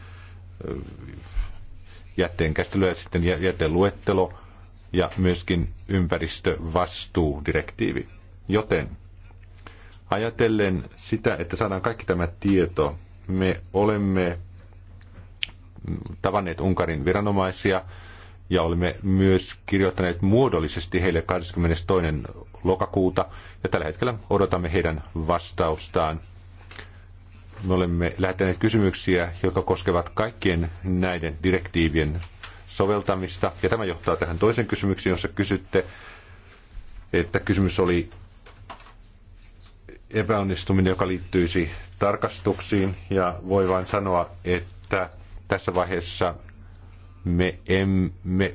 jätteen käsittelyä ja sitten jäteluettelo. luettelo ja myöskin ympäristövastuudirektiivi. Joten ajatellen sitä, että saadaan kaikki tämä tieto, me olemme tavanneet Unkarin viranomaisia ja olemme myös kirjoittaneet muodollisesti heille 22. lokakuuta ja tällä hetkellä odotamme heidän vastaustaan. Me olemme lähettäneet kysymyksiä, jotka koskevat kaikkien näiden direktiivien soveltamista. Ja tämä johtaa tähän toisen kysymykseen, jossa kysytte, että kysymys oli epäonnistuminen, joka liittyisi tarkastuksiin. Ja voi vain sanoa, että tässä vaiheessa me, emme,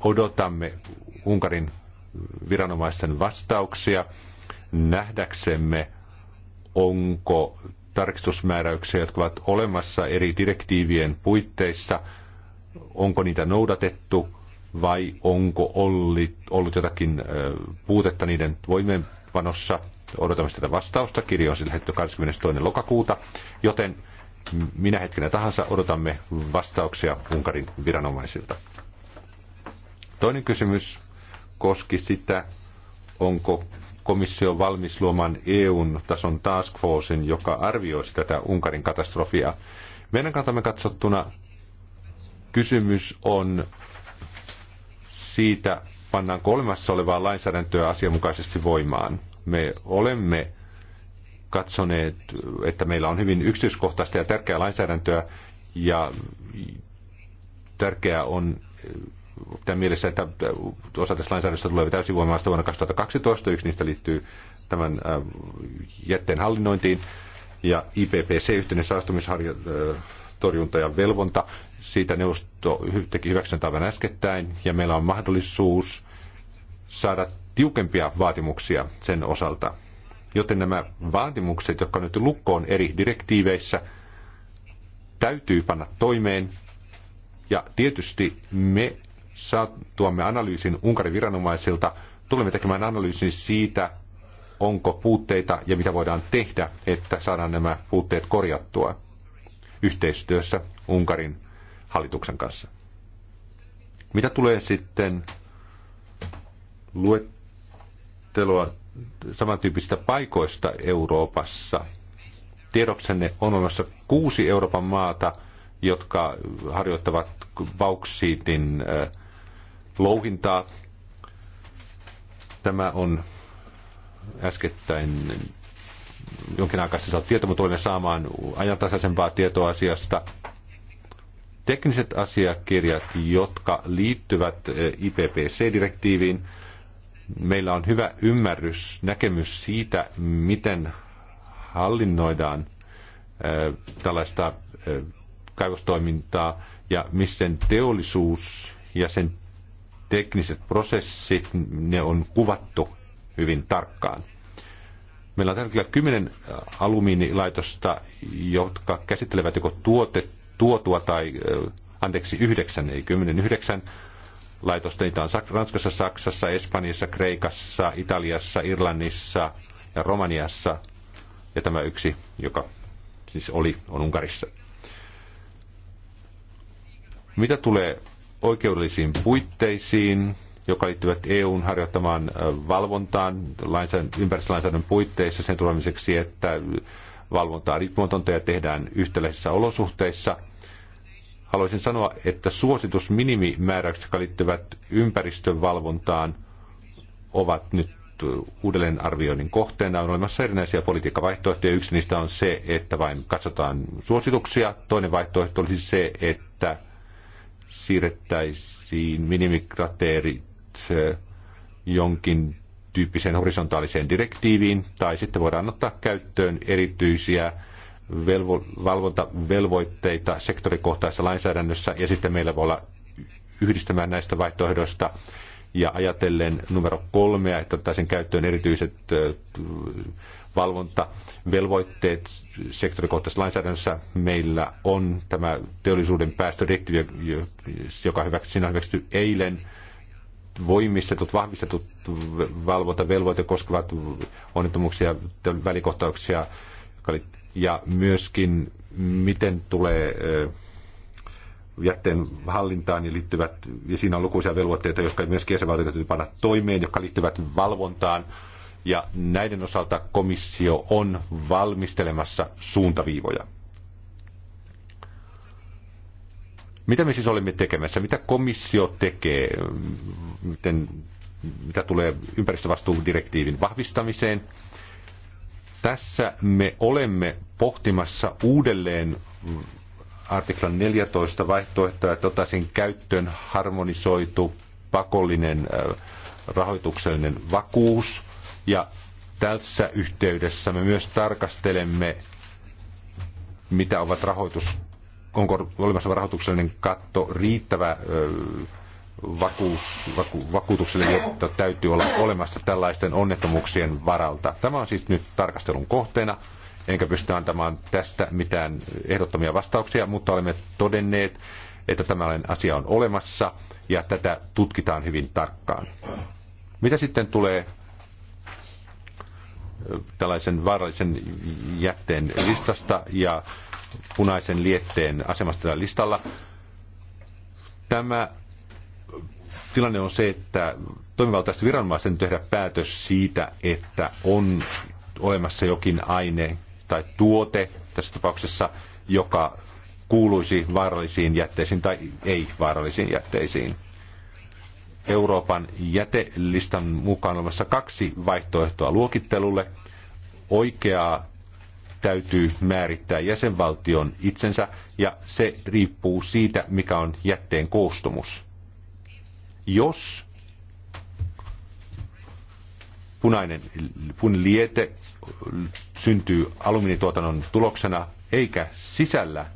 odotamme Unkarin viranomaisten vastauksia nähdäksemme, onko tarkistusmääräyksiä, jotka ovat olemassa eri direktiivien puitteissa – onko niitä noudatettu vai onko ollut, ollut jotakin puutetta niiden toimeenpanossa. Odotamme tätä vastausta. Kirja on siis lähetetty 22. lokakuuta, joten minä hetkenä tahansa odotamme vastauksia Unkarin viranomaisilta. Toinen kysymys koski sitä, onko komissio valmis luomaan EUn tason task forcein, joka arvioisi tätä Unkarin katastrofia. Meidän kantamme katsottuna Kysymys on siitä, pannaanko olemassa olevaa lainsäädäntöä asianmukaisesti voimaan. Me olemme katsoneet, että meillä on hyvin yksityiskohtaista ja tärkeää lainsäädäntöä, ja tärkeää on äh, tämän mielessä, että äh, osa tästä lainsäädännöstä tulee täysin voimaan vuonna 2012. Yksi niistä liittyy tämän äh, jätteen hallinnointiin ja IPPC, yhteinen saastumistorjunta ja velvonta. Siitä neuvosto teki hyväksyntävän äskettäin ja meillä on mahdollisuus saada tiukempia vaatimuksia sen osalta. Joten nämä vaatimukset, jotka nyt lukkoon eri direktiiveissä, täytyy panna toimeen. Ja tietysti me saatuamme analyysin Unkarin viranomaisilta, tulemme tekemään analyysin siitä, onko puutteita ja mitä voidaan tehdä, että saadaan nämä puutteet korjattua yhteistyössä Unkarin hallituksen kanssa. Mitä tulee sitten luettelua samantyyppisistä paikoista Euroopassa? Tiedoksenne on olemassa kuusi Euroopan maata, jotka harjoittavat bauksiitin äh, louhintaa. Tämä on äskettäin jonkin aikaa saatu tieto, mutta olen saamaan ajantasaisempaa tietoa asiasta – Tekniset asiakirjat, jotka liittyvät eh, IPPC-direktiiviin, meillä on hyvä ymmärrys, näkemys siitä, miten hallinnoidaan eh, tällaista eh, kaivostoimintaa ja missen teollisuus ja sen tekniset prosessit, ne on kuvattu hyvin tarkkaan. Meillä on tällä hetkellä kymmenen alumiinilaitosta, jotka käsittelevät joko tuotetta, tuotua tai, anteeksi, yhdeksän, ei kymmenen, yhdeksän laitosta. Niitä on Ranskassa, Saksassa, Espanjassa, Kreikassa, Italiassa, Irlannissa ja Romaniassa. Ja tämä yksi, joka siis oli, on Unkarissa. Mitä tulee oikeudellisiin puitteisiin, joka liittyvät EUn harjoittamaan valvontaan ympäristölainsäädännön puitteissa sen tulemiseksi, että valvontaa riippumatonta ja tehdään yhtäläisissä olosuhteissa – haluaisin sanoa, että suositus minimimääräykset, jotka liittyvät ympäristövalvontaan, ovat nyt arvioinnin kohteena. On olemassa erinäisiä politiikkavaihtoehtoja. Yksi niistä on se, että vain katsotaan suosituksia. Toinen vaihtoehto olisi se, että siirrettäisiin minimikrateerit jonkin tyyppiseen horisontaaliseen direktiiviin, tai sitten voidaan ottaa käyttöön erityisiä velvo, valvontavelvoitteita sektorikohtaisessa lainsäädännössä ja sitten meillä voi olla yhdistämään näistä vaihtoehdoista ja ajatellen numero kolmea, että ottaisin käyttöön erityiset valvontavelvoitteet sektorikohtaisessa lainsäädännössä. Meillä on tämä teollisuuden päästödirektiivi, joka hyväksy, siinä on hyväksytty eilen voimistetut, vahvistetut valvontavelvoite koskevat onnettomuuksia, välikohtauksia, jotka oli ja myöskin miten tulee jätteen hallintaan ja niin liittyvät, ja siinä on lukuisia velvoitteita, jotka myöskin jäsenvaltiot täytyy panna toimeen, jotka liittyvät valvontaan, ja näiden osalta komissio on valmistelemassa suuntaviivoja. Mitä me siis olemme tekemässä? Mitä komissio tekee? Miten, mitä tulee ympäristövastuudirektiivin vahvistamiseen? Tässä me olemme pohtimassa uudelleen artiklan 14 vaihtoehtoa, että ottaisin käyttöön harmonisoitu pakollinen rahoituksellinen vakuus. Ja tässä yhteydessä me myös tarkastelemme, mitä ovat rahoitus, onko olemassa rahoituksellinen katto riittävä vakuus, vaku, vakuutukselle, jotta täytyy olla olemassa tällaisten onnettomuuksien varalta. Tämä on siis nyt tarkastelun kohteena, enkä pysty antamaan tästä mitään ehdottomia vastauksia, mutta olemme todenneet, että tämä asia on olemassa ja tätä tutkitaan hyvin tarkkaan. Mitä sitten tulee tällaisen vaarallisen jätteen listasta ja punaisen lietteen asemasta listalla? Tämä tilanne on se, että toimivaltaisten viranomaisten tehdä päätös siitä, että on olemassa jokin aine tai tuote tässä tapauksessa, joka kuuluisi vaarallisiin jätteisiin tai ei vaarallisiin jätteisiin. Euroopan jätelistan mukaan olemassa kaksi vaihtoehtoa luokittelulle. Oikeaa täytyy määrittää jäsenvaltion itsensä ja se riippuu siitä, mikä on jätteen koostumus jos punainen pun liete syntyy alumiinituotannon tuloksena eikä sisällä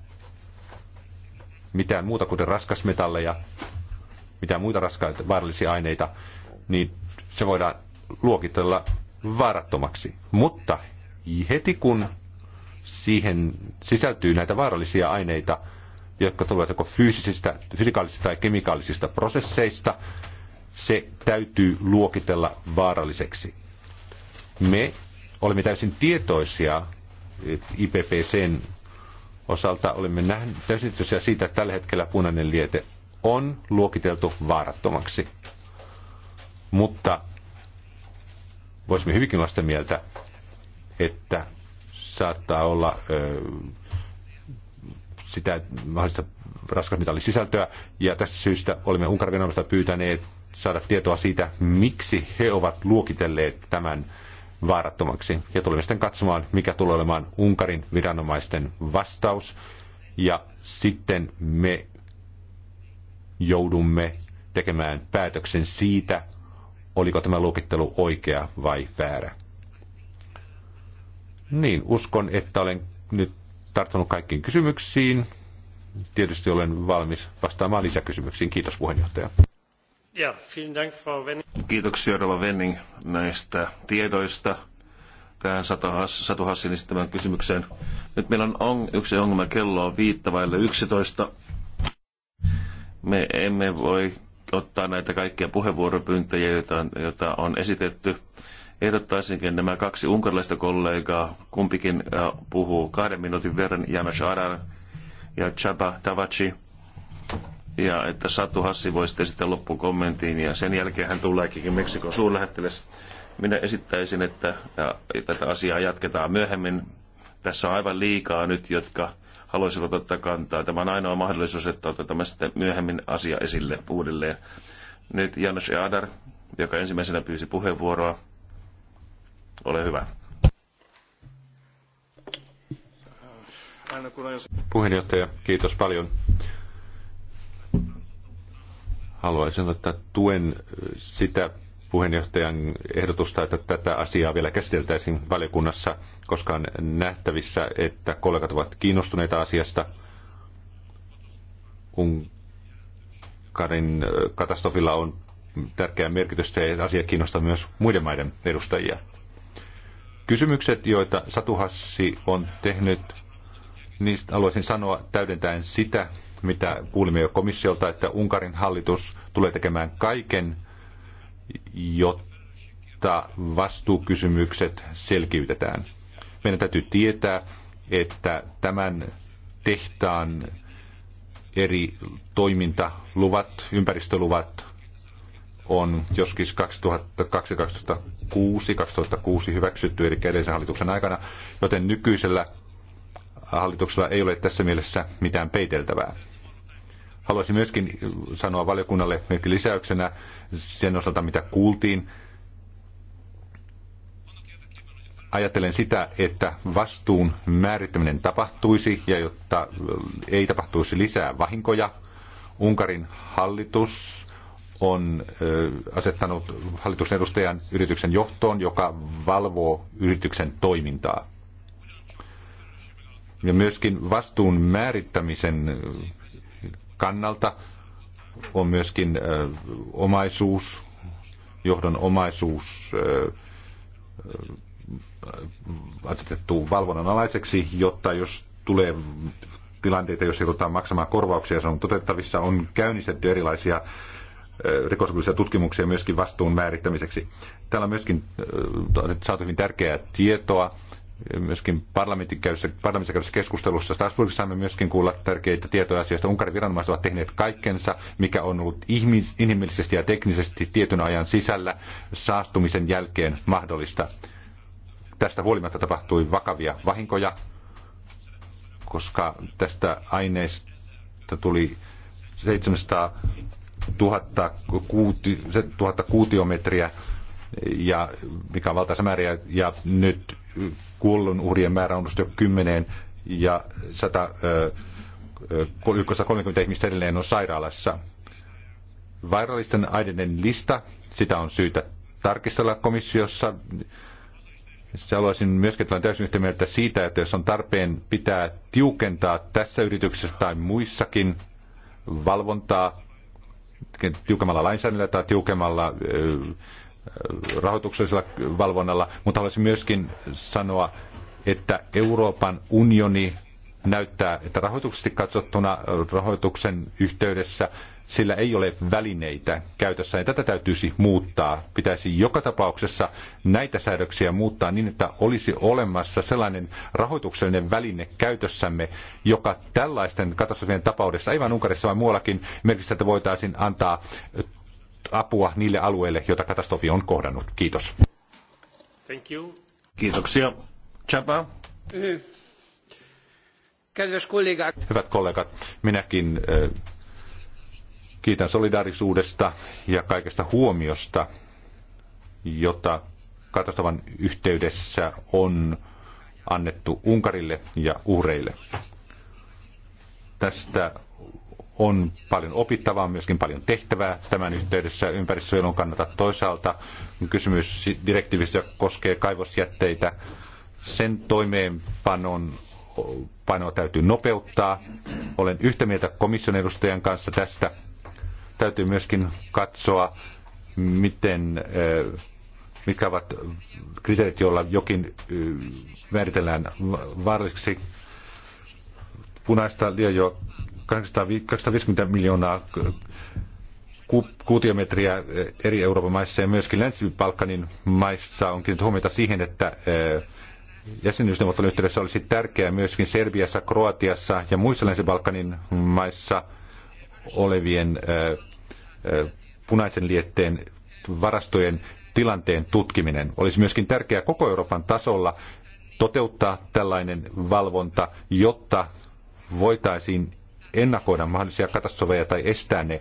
mitään muuta kuten raskasmetalleja, mitään muita raskaita vaarallisia aineita, niin se voidaan luokitella vaarattomaksi. Mutta heti kun siihen sisältyy näitä vaarallisia aineita, jotka tulevat joko fyysisistä, fysikaalisista tai kemikaalisista prosesseista, se täytyy luokitella vaaralliseksi. Me olemme täysin tietoisia IPPCn osalta, olemme nähneet, täysin tietoisia siitä, että tällä hetkellä punainen liete on luokiteltu vaarattomaksi. Mutta voisimme hyvinkin olla sitä mieltä, että saattaa olla ö, sitä mahdollista raskasmetallisisältöä. Ja tästä syystä olimme Unkarin pyytäneet saada tietoa siitä, miksi he ovat luokitelleet tämän vaarattomaksi. Ja tulimme sitten katsomaan, mikä tulee olemaan Unkarin viranomaisten vastaus. Ja sitten me joudumme tekemään päätöksen siitä, oliko tämä luokittelu oikea vai väärä. Niin, uskon, että olen nyt tarttunut kaikkiin kysymyksiin. Tietysti olen valmis vastaamaan lisäkysymyksiin. Kiitos puheenjohtaja. Ja, dank, Frau Kiitoksia Rova Venning näistä tiedoista tähän Satu Hassin esittämään kysymykseen. Nyt meillä on on, yksi ongelma, kello on viittavaille 11. Me emme voi ottaa näitä kaikkia puheenvuoropyyntöjä, joita, joita on esitetty. Ehdottaisinkin nämä kaksi unkarilaista kollegaa, kumpikin äh, puhuu kahden minuutin verran, Janos Arar ja Chaba Tavachi. ja että Satu Hassi voi sitten sitten loppukommentin, ja sen jälkeen hän tuleekin Meksikon suurlähettiläs. Minä esittäisin, että ja, äh, tätä asiaa jatketaan myöhemmin. Tässä on aivan liikaa nyt, jotka haluaisivat ottaa kantaa. Tämä on ainoa mahdollisuus, että otetaan sitten myöhemmin asia esille uudelleen. Nyt Janos Adar, joka ensimmäisenä pyysi puheenvuoroa. Ole hyvä. Puheenjohtaja, kiitos paljon. Haluaisin ottaa tuen sitä puheenjohtajan ehdotusta, että tätä asiaa vielä käsiteltäisiin valiokunnassa, koska on nähtävissä, että kollegat ovat kiinnostuneita asiasta. Unkarin äh, katastrofilla on tärkeä merkitys ja asia kiinnostaa myös muiden maiden edustajia. Kysymykset, joita Satuhassi on tehnyt, niistä haluaisin sanoa täydentäen sitä, mitä kuulimme jo komissiolta, että Unkarin hallitus tulee tekemään kaiken, jotta vastuukysymykset selkiytetään. Meidän täytyy tietää, että tämän tehtaan eri toimintaluvat, ympäristöluvat, on joskus 2006 2006 hyväksytty, eli edellisen hallituksen aikana, joten nykyisellä hallituksella ei ole tässä mielessä mitään peiteltävää. Haluaisin myöskin sanoa valiokunnalle lisäyksenä sen osalta, mitä kuultiin. Ajattelen sitä, että vastuun määrittäminen tapahtuisi ja jotta ei tapahtuisi lisää vahinkoja, Unkarin hallitus on asettanut hallituksen edustajan yrityksen johtoon, joka valvoo yrityksen toimintaa. Ja myöskin vastuun määrittämisen kannalta on myöskin omaisuus, johdon omaisuus asetettu valvonnan alaiseksi, jotta jos tulee tilanteita, jos joudutaan maksamaan korvauksia, se on toteuttavissa, on käynnistetty erilaisia rikosoikeudellisia tutkimuksia myöskin vastuun määrittämiseksi. Täällä on myöskin saatu hyvin tärkeää tietoa myöskin parlamentin käydessä, keskustelussa. Strasbourgissa saamme myöskin kuulla tärkeitä tietoja asioista. Unkarin viranomaiset ovat tehneet kaikkensa, mikä on ollut ihmis, inhimillisesti ja teknisesti tietyn ajan sisällä saastumisen jälkeen mahdollista. Tästä huolimatta tapahtui vakavia vahinkoja, koska tästä aineesta tuli 700 tuhatta, kuuti, tuhatta kuutiometriä, ja mikä on valtaisa määrä, ja nyt kuollon uhrien määrä on jo kymmeneen, ja 100, 130 ihmistä edelleen on sairaalassa. Vairallisten aineiden lista, sitä on syytä tarkistella komissiossa. Se siis haluaisin myöskin olla täysin yhtä mieltä siitä, että jos on tarpeen pitää tiukentaa tässä yrityksessä tai muissakin valvontaa tiukemmalla lainsäädännöllä tai tiukemmalla rahoituksellisella valvonnalla, mutta haluaisin myöskin sanoa, että Euroopan unioni näyttää, että rahoituksesti katsottuna rahoituksen yhteydessä – sillä ei ole välineitä käytössä. Ja tätä täytyisi muuttaa. Pitäisi joka tapauksessa näitä säädöksiä muuttaa niin, että olisi olemassa sellainen rahoituksellinen väline käytössämme, joka tällaisten katastrofien tapaudessa, ei vain Unkarissa vaan muuallakin, merkistä, että voitaisiin antaa apua niille alueille, joita katastrofi on kohdannut. Kiitos. Thank you. Kiitoksia. Chapa. Mm-hmm. Hyvät kollegat, minäkin Kiitän solidaarisuudesta ja kaikesta huomiosta, jota katastrofan yhteydessä on annettu Unkarille ja uhreille. Tästä on paljon opittavaa, myöskin paljon tehtävää tämän yhteydessä ympäristösuojelun kannalta. Toisaalta kysymys direktiivistä koskee kaivosjätteitä. Sen toimeenpanon painoa täytyy nopeuttaa. Olen yhtä mieltä komission edustajan kanssa tästä täytyy myöskin katsoa, miten, mitkä ovat kriteerit, joilla jokin määritellään vaaralliseksi. Punaista jo 250 miljoonaa kuutiometriä eri Euroopan maissa ja myöskin Länsi-Balkanin maissa on kiinnitetty huomiota siihen, että jäsenyysneuvottelun yhteydessä olisi tärkeää myöskin Serbiassa, Kroatiassa ja muissa Länsi-Balkanin maissa – olevien punaisen lietteen varastojen tilanteen tutkiminen. Olisi myöskin tärkeää koko Euroopan tasolla toteuttaa tällainen valvonta, jotta voitaisiin ennakoida mahdollisia katastrofeja tai estää ne.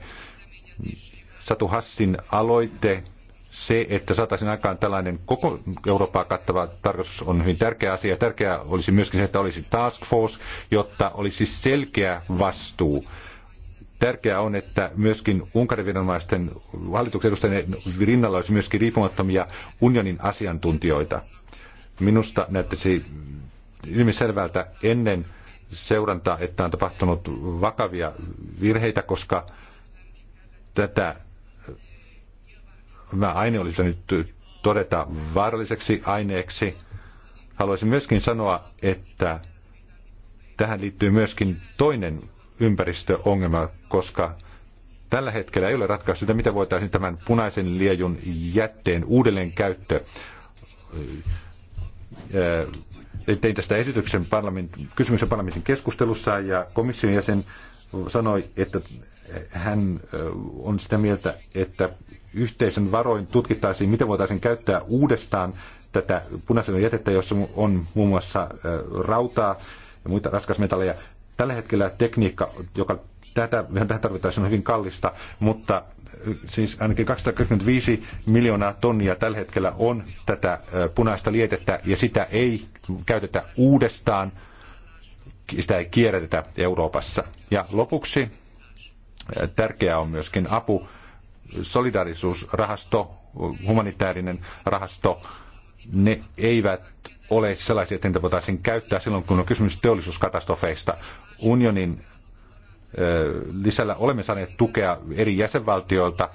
Satu Hassin aloite, se, että saataisiin aikaan tällainen koko Eurooppaa kattava tarkastus on hyvin tärkeä asia. Tärkeää olisi myöskin se, että olisi task force, jotta olisi selkeä vastuu Tärkeää on, että myöskin Unkarin viranomaisten hallituksen edustajien rinnalla olisi myöskin riippumattomia unionin asiantuntijoita. Minusta näyttäisi ilmiselvältä ennen seurantaa, että on tapahtunut vakavia virheitä, koska tätä mä aine olisi nyt todeta vaaralliseksi aineeksi. Haluaisin myöskin sanoa, että tähän liittyy myöskin toinen ympäristöongelma, koska tällä hetkellä ei ole ratkaisu sitä, mitä voitaisiin tämän punaisen liejun jätteen uudelleenkäyttö eh, eh, tein tästä esityksen parlamentin, kysymyksen parlamentin keskustelussa ja komission jäsen sanoi, että hän eh, on sitä mieltä, että yhteisön varoin tutkittaisiin, miten voitaisiin käyttää uudestaan tätä punaisen jätettä, jossa on muun muassa rautaa ja muita raskasmetalleja. Tällä hetkellä tekniikka, joka Tätä, tätä tarvitaan hyvin kallista, mutta äh, siis ainakin 225 miljoonaa tonnia tällä hetkellä on tätä äh, punaista lietettä ja sitä ei käytetä uudestaan, sitä ei kierrätetä Euroopassa. Ja lopuksi äh, tärkeää on myöskin apu, solidarisuusrahasto, humanitaarinen rahasto, ne eivät ole sellaisia, että niitä voitaisiin käyttää silloin, kun on kysymys teollisuuskatastrofeista. Unionin lisällä olemme saaneet tukea eri jäsenvaltioilta.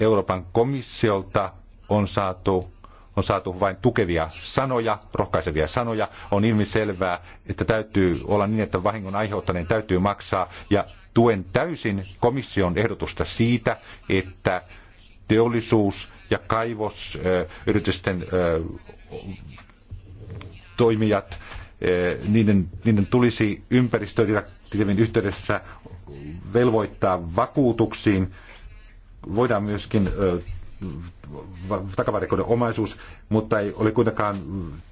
Euroopan komissiolta on saatu, on saatu vain tukevia sanoja, rohkaisevia sanoja. On ilmiselvää, että täytyy olla niin, että vahingon aiheuttaneen täytyy maksaa. Ja tuen täysin komission ehdotusta siitä, että teollisuus ja kaivosyritysten toimijat Eh, niiden, niiden tulisi ympäristödirektiivin yhteydessä velvoittaa vakuutuksiin. Voidaan myöskin takavarikoiden omaisuus, mutta ei ole kuitenkaan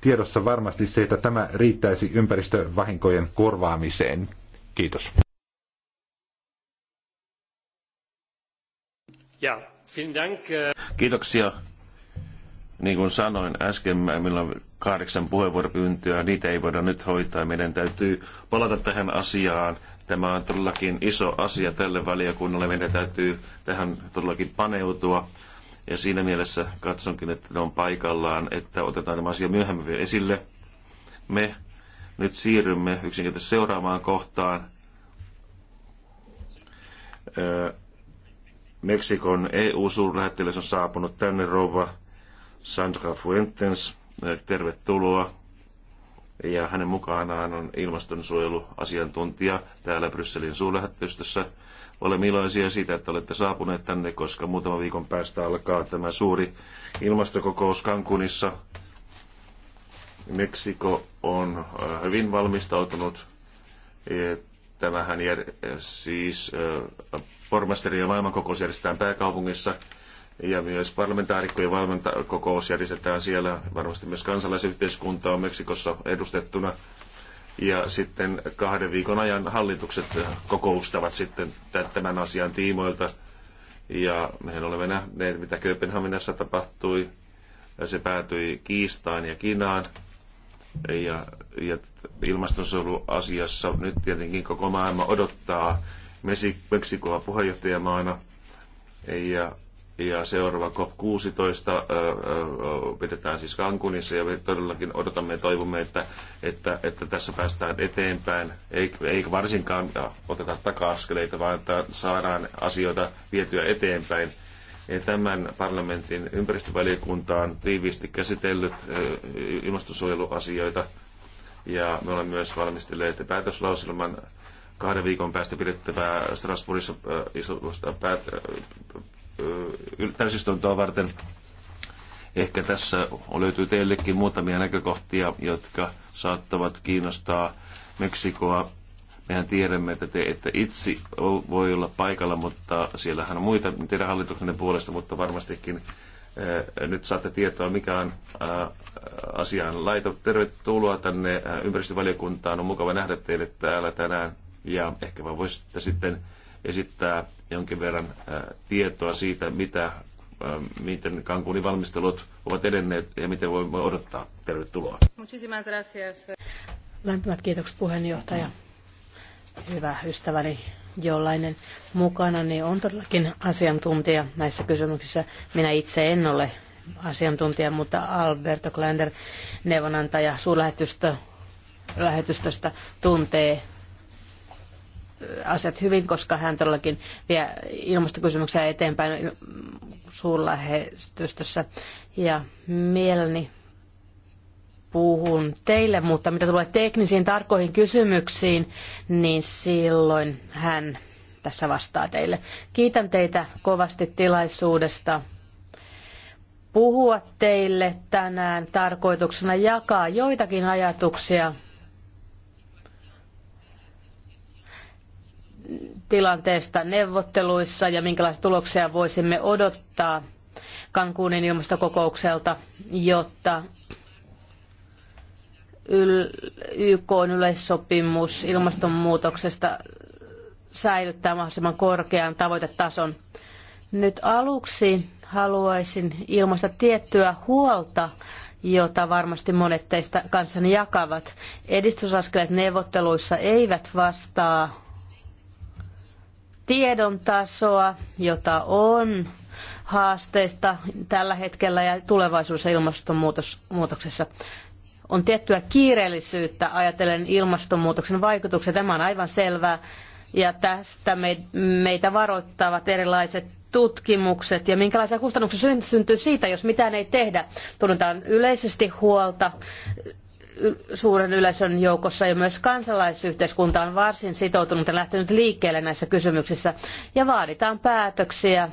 tiedossa varmasti se, että tämä riittäisi ympäristövahinkojen korvaamiseen. Kiitos. Ja, äh. Kiitoksia niin kuin sanoin äsken, meillä on kahdeksan puheenvuoropyyntöä, niitä ei voida nyt hoitaa. Meidän täytyy palata tähän asiaan. Tämä on todellakin iso asia tälle valiokunnalle. Meidän täytyy tähän todellakin paneutua. Ja siinä mielessä katsonkin, että on paikallaan, että otetaan tämä asia myöhemmin vielä esille. Me nyt siirrymme yksinkertaisesti seuraavaan kohtaan. Öö, Meksikon EU-suurlähettiläs on saapunut tänne rouva Sandra Fuentes, eh, tervetuloa. Ja hänen mukanaan on ilmastonsuojeluasiantuntija täällä Brysselin suurlähetystössä. Olemme iloisia siitä, että olette saapuneet tänne, koska muutama viikon päästä alkaa tämä suuri ilmastokokous Cancunissa. Meksiko on eh, hyvin valmistautunut. Eh, tämähän jär, siis pormasteri ja maailmankokous järjestetään pääkaupungissa ja myös parlamentaarikkojen valmentakokous järjestetään siellä. Varmasti myös kansalaisyhteiskunta on Meksikossa edustettuna. Ja sitten kahden viikon ajan hallitukset kokoustavat sitten tämän asian tiimoilta. Ja mehän olemme nähneet, mitä Kööpenhaminassa tapahtui. ja Se päätyi Kiistaan ja Kinaan. Ja, ja ilmastonsuojeluasiassa nyt tietenkin koko maailma odottaa Meksikoa puheenjohtajamaana. Ja ja seuraava COP16 pidetään siis Cancunissa ja me todellakin odotamme ja toivomme, että, että, että tässä päästään eteenpäin, ei ei varsinkaan oteta taka-askeleita, vaan että saadaan asioita vietyä eteenpäin. Ja tämän parlamentin ympäristövaliokunta on tiiviisti käsitellyt ilmastosuojeluasioita ja me olemme myös valmistelleet päätöslauselman kahden viikon päästä pidettävää Strasbourgissa iso, päät, täysistuntoa varten. Ehkä tässä löytyy teillekin muutamia näkökohtia, jotka saattavat kiinnostaa Meksikoa. Mehän tiedämme, että te ette itse voi olla paikalla, mutta siellähän on muita teidän hallituksenne puolesta, mutta varmastikin nyt saatte tietoa, mikä on asiaan laito. Tervetuloa tänne ympäristövaliokuntaan. On mukava nähdä teille täällä tänään. Ja ehkä vaan voisitte sitten esittää jonkin verran tietoa siitä, mitä, miten Cancunin valmistelut ovat edenneet ja miten voimme odottaa. Tervetuloa. Lämpimät kiitokset puheenjohtaja. Hyvä ystäväni jollainen mukana, niin on todellakin asiantuntija näissä kysymyksissä. Minä itse en ole asiantuntija, mutta Alberto Klander, neuvonantaja suurlähetystö, lähetystöstä tuntee asiat hyvin, koska hän todellakin vie ilmastokysymyksiä eteenpäin suurlähestystössä. Ja mielni puhun teille, mutta mitä tulee teknisiin tarkoihin kysymyksiin, niin silloin hän tässä vastaa teille. Kiitän teitä kovasti tilaisuudesta puhua teille tänään tarkoituksena jakaa joitakin ajatuksia tilanteesta neuvotteluissa ja minkälaisia tuloksia voisimme odottaa Cancunin ilmastokokoukselta, jotta YK on yleissopimus ilmastonmuutoksesta säilyttää mahdollisimman korkean tavoitetason. Nyt aluksi haluaisin ilmaista tiettyä huolta, jota varmasti monet teistä kanssani jakavat. Edistysaskeleet neuvotteluissa eivät vastaa tiedon tasoa, jota on haasteista tällä hetkellä ja tulevaisuudessa ilmastonmuutoksessa. On tiettyä kiireellisyyttä ajatellen ilmastonmuutoksen vaikutuksia. Tämä on aivan selvää. Ja tästä meitä varoittavat erilaiset tutkimukset ja minkälaisia kustannuksia syntyy siitä, jos mitään ei tehdä. Tunnetaan yleisesti huolta suuren yleisön joukossa ja myös kansalaisyhteiskunta on varsin sitoutunut ja lähtenyt liikkeelle näissä kysymyksissä ja vaaditaan päätöksiä,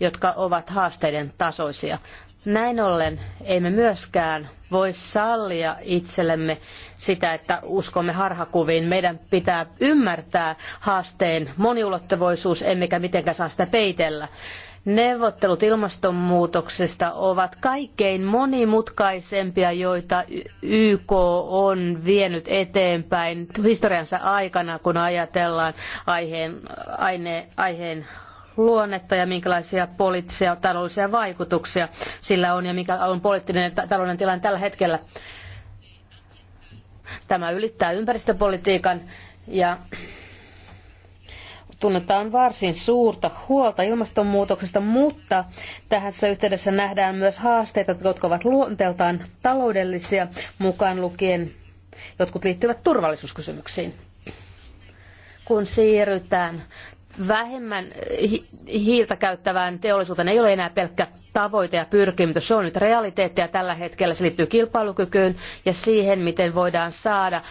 jotka ovat haasteiden tasoisia. Näin ollen emme myöskään voi sallia itsellemme sitä, että uskomme harhakuviin. Meidän pitää ymmärtää haasteen moniulotteisuus, emmekä mitenkään saa sitä peitellä. Neuvottelut ilmastonmuutoksesta ovat kaikkein monimutkaisempia, joita YK on vienyt eteenpäin historiansa aikana, kun ajatellaan aiheen, aine, aiheen luonnetta ja minkälaisia poliittisia ja taloudellisia vaikutuksia sillä on ja mikä on poliittinen ja taloudellinen tilanne tällä hetkellä. Tämä ylittää ympäristöpolitiikan ja tunnetaan varsin suurta huolta ilmastonmuutoksesta, mutta tässä yhteydessä nähdään myös haasteita, jotka ovat luonteeltaan taloudellisia, mukaan lukien jotkut liittyvät turvallisuuskysymyksiin. Kun siirrytään vähemmän hiiltä käyttävään teollisuuteen ei ole enää pelkkä tavoite ja pyrkimys. Se on nyt realiteetti ja tällä hetkellä se liittyy kilpailukykyyn ja siihen, miten voidaan saada,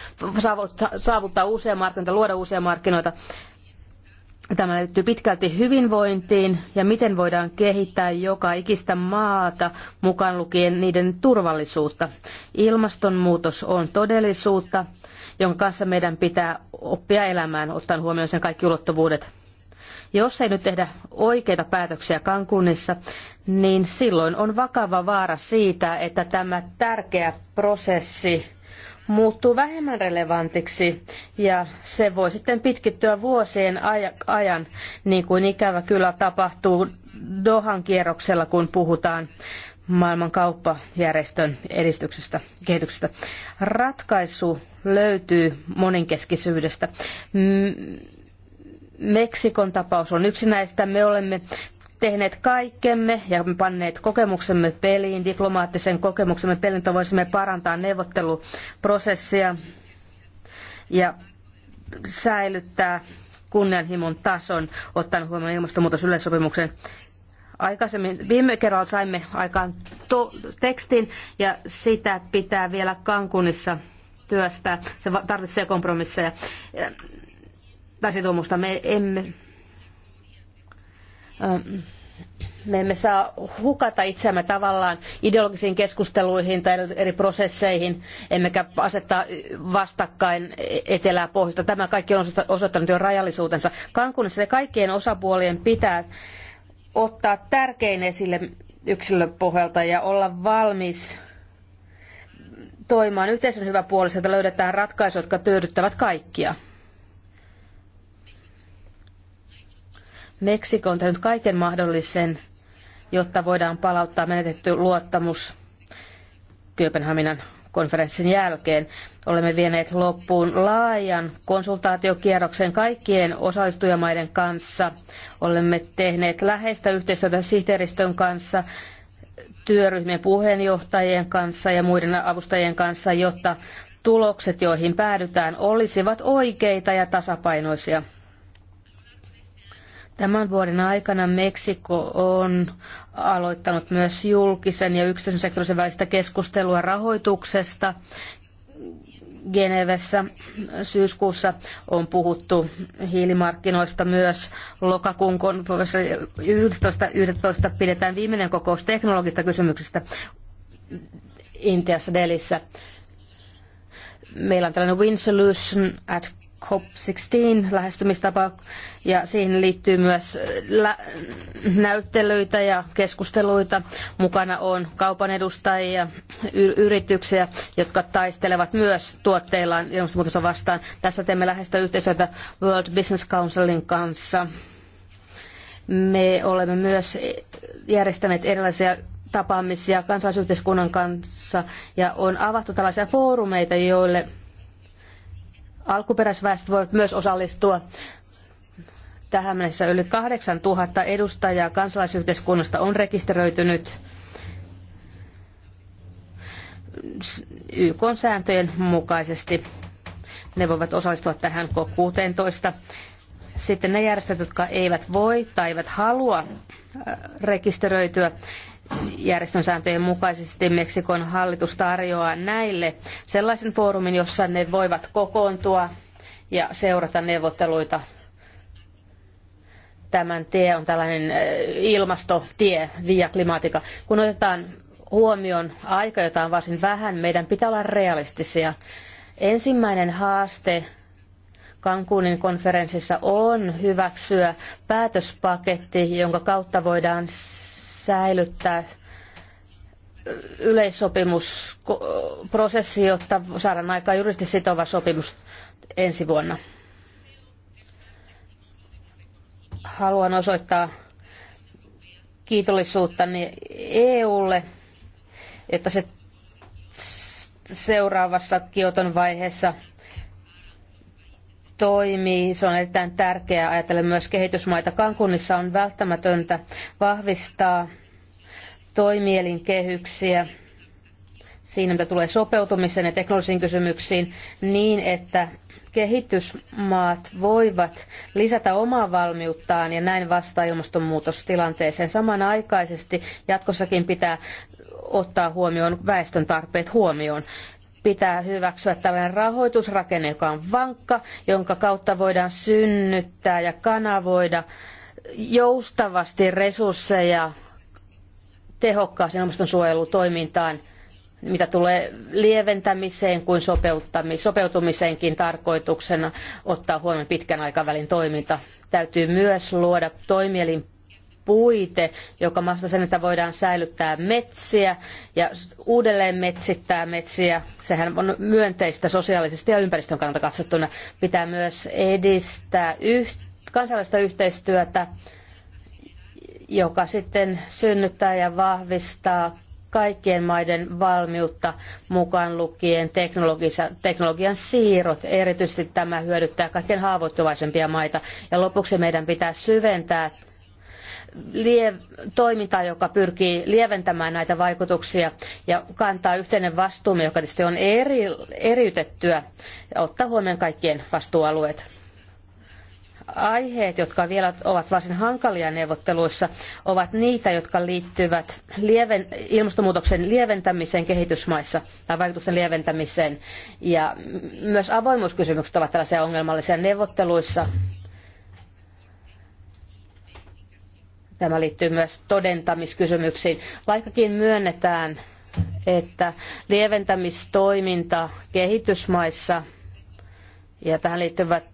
saavuttaa uusia markkinoita, luoda uusia markkinoita Tämä liittyy pitkälti hyvinvointiin ja miten voidaan kehittää joka ikistä maata, mukaan lukien niiden turvallisuutta. Ilmastonmuutos on todellisuutta, jonka kanssa meidän pitää oppia elämään, ottaen huomioon sen kaikki ulottuvuudet. Jos ei nyt tehdä oikeita päätöksiä Kankunissa, niin silloin on vakava vaara siitä, että tämä tärkeä prosessi muuttuu vähemmän relevantiksi ja se voi sitten pitkittyä vuosien ajan, niin kuin ikävä kyllä tapahtuu Dohan kierroksella, kun puhutaan maailman kauppajärjestön edistyksestä, kehityksestä. Ratkaisu löytyy moninkeskisyydestä. Meksikon tapaus on yksi näistä. Me olemme tehneet kaikkemme ja panneet kokemuksemme peliin, diplomaattisen kokemuksemme peliin, että voisimme parantaa neuvotteluprosessia ja säilyttää kunnianhimon tason, ottaen huomioon ilmastonmuutos yleissopimuksen aikaisemmin viime kerralla saimme aikaan tekstin ja sitä pitää vielä Kankunissa työstää. Se tarvitsee kompromisseja. Tai sitoumusta me emme Ähm, me emme saa hukata itseämme tavallaan ideologisiin keskusteluihin tai eri prosesseihin, emmekä asettaa vastakkain etelää pohjoista. Tämä kaikki on osoittanut jo rajallisuutensa. Kankunissa kaikkien osapuolien pitää ottaa tärkein esille yksilöpohjalta ja olla valmis toimimaan yhteisön hyväpuolisesti, että löydetään ratkaisuja, jotka tyydyttävät kaikkia. Meksiko on tehnyt kaiken mahdollisen, jotta voidaan palauttaa menetetty luottamus Kööpenhaminan konferenssin jälkeen. Olemme vieneet loppuun laajan konsultaatiokierroksen kaikkien osallistujamaiden kanssa. Olemme tehneet läheistä yhteistyötä sihteeristön kanssa, työryhmien puheenjohtajien kanssa ja muiden avustajien kanssa, jotta tulokset, joihin päädytään, olisivat oikeita ja tasapainoisia. Tämän vuoden aikana Meksiko on aloittanut myös julkisen ja yksityisen sektorin välistä keskustelua rahoituksesta. Genevessä syyskuussa on puhuttu hiilimarkkinoista myös lokakuun konferenssissa 11, pidetään viimeinen kokous teknologista kysymyksistä Intiassa Delissä. Meillä on tällainen Win Solution at COP16 lähestymistapa ja siihen liittyy myös äh, näyttelyitä ja keskusteluita. Mukana on kaupan edustajia, yrityksiä, jotka taistelevat myös tuotteillaan ilmastonmuutosta vastaan. Tässä teemme läheistä yhteistyötä World Business Councilin kanssa. Me olemme myös järjestäneet erilaisia tapaamisia kansalaisyhteiskunnan kanssa ja on avattu tällaisia foorumeita, joille Alkuperäisväestöt voivat myös osallistua. Tähän mennessä yli 8000 edustajaa kansalaisyhteiskunnasta on rekisteröitynyt YK-sääntöjen mukaisesti. Ne voivat osallistua tähän COP16. Sitten ne järjestöt, jotka eivät voi tai eivät halua äh, rekisteröityä, järjestön sääntöjen mukaisesti Meksikon hallitus tarjoaa näille sellaisen foorumin, jossa ne voivat kokoontua ja seurata neuvotteluita. Tämän tie on tällainen ilmastotie, via klimatika. Kun otetaan huomioon aika, jota on varsin vähän, meidän pitää olla realistisia. Ensimmäinen haaste Cancunin konferenssissa on hyväksyä päätöspaketti, jonka kautta voidaan säilyttää yleissopimusprosessi, jotta saadaan aikaan juristi sitova sopimus ensi vuonna. Haluan osoittaa kiitollisuutta EUlle, että se seuraavassa Kioton vaiheessa – toimii. Se on erittäin tärkeää ajatella myös kehitysmaita. Kankunissa on välttämätöntä vahvistaa toimielinkehyksiä siinä, mitä tulee sopeutumiseen ja teknologisiin kysymyksiin, niin että kehitysmaat voivat lisätä omaa valmiuttaan ja näin vastata ilmastonmuutostilanteeseen. Samanaikaisesti jatkossakin pitää ottaa huomioon väestön tarpeet huomioon pitää hyväksyä tällainen rahoitusrakenne, joka on vankka, jonka kautta voidaan synnyttää ja kanavoida joustavasti resursseja tehokkaaseen ilmastonsuojelutoimintaan, mitä tulee lieventämiseen kuin sopeutumiseenkin tarkoituksena ottaa huomioon pitkän aikavälin toiminta. Täytyy myös luoda toimielin puite, joka mahdollistaa sen, että voidaan säilyttää metsiä ja uudelleen metsittää metsiä. Sehän on myönteistä sosiaalisesti ja ympäristön kannalta katsottuna. Pitää myös edistää yht- kansainvälistä yhteistyötä, joka sitten synnyttää ja vahvistaa kaikkien maiden valmiutta mukaan lukien teknologian siirrot. Erityisesti tämä hyödyttää kaikkein haavoittuvaisempia maita. Ja lopuksi meidän pitää syventää toimintaa, joka pyrkii lieventämään näitä vaikutuksia ja kantaa yhteinen vastuumme, joka tietysti on eri, eriytettyä ja ottaa huomioon kaikkien vastuualueet. Aiheet, jotka vielä ovat varsin hankalia neuvotteluissa, ovat niitä, jotka liittyvät lieven, ilmastonmuutoksen lieventämiseen kehitysmaissa tai vaikutusten lieventämiseen. Ja myös avoimuuskysymykset ovat tällaisia ongelmallisia neuvotteluissa Tämä liittyy myös todentamiskysymyksiin. Vaikkakin myönnetään, että lieventämistoiminta kehitysmaissa ja tähän liittyvät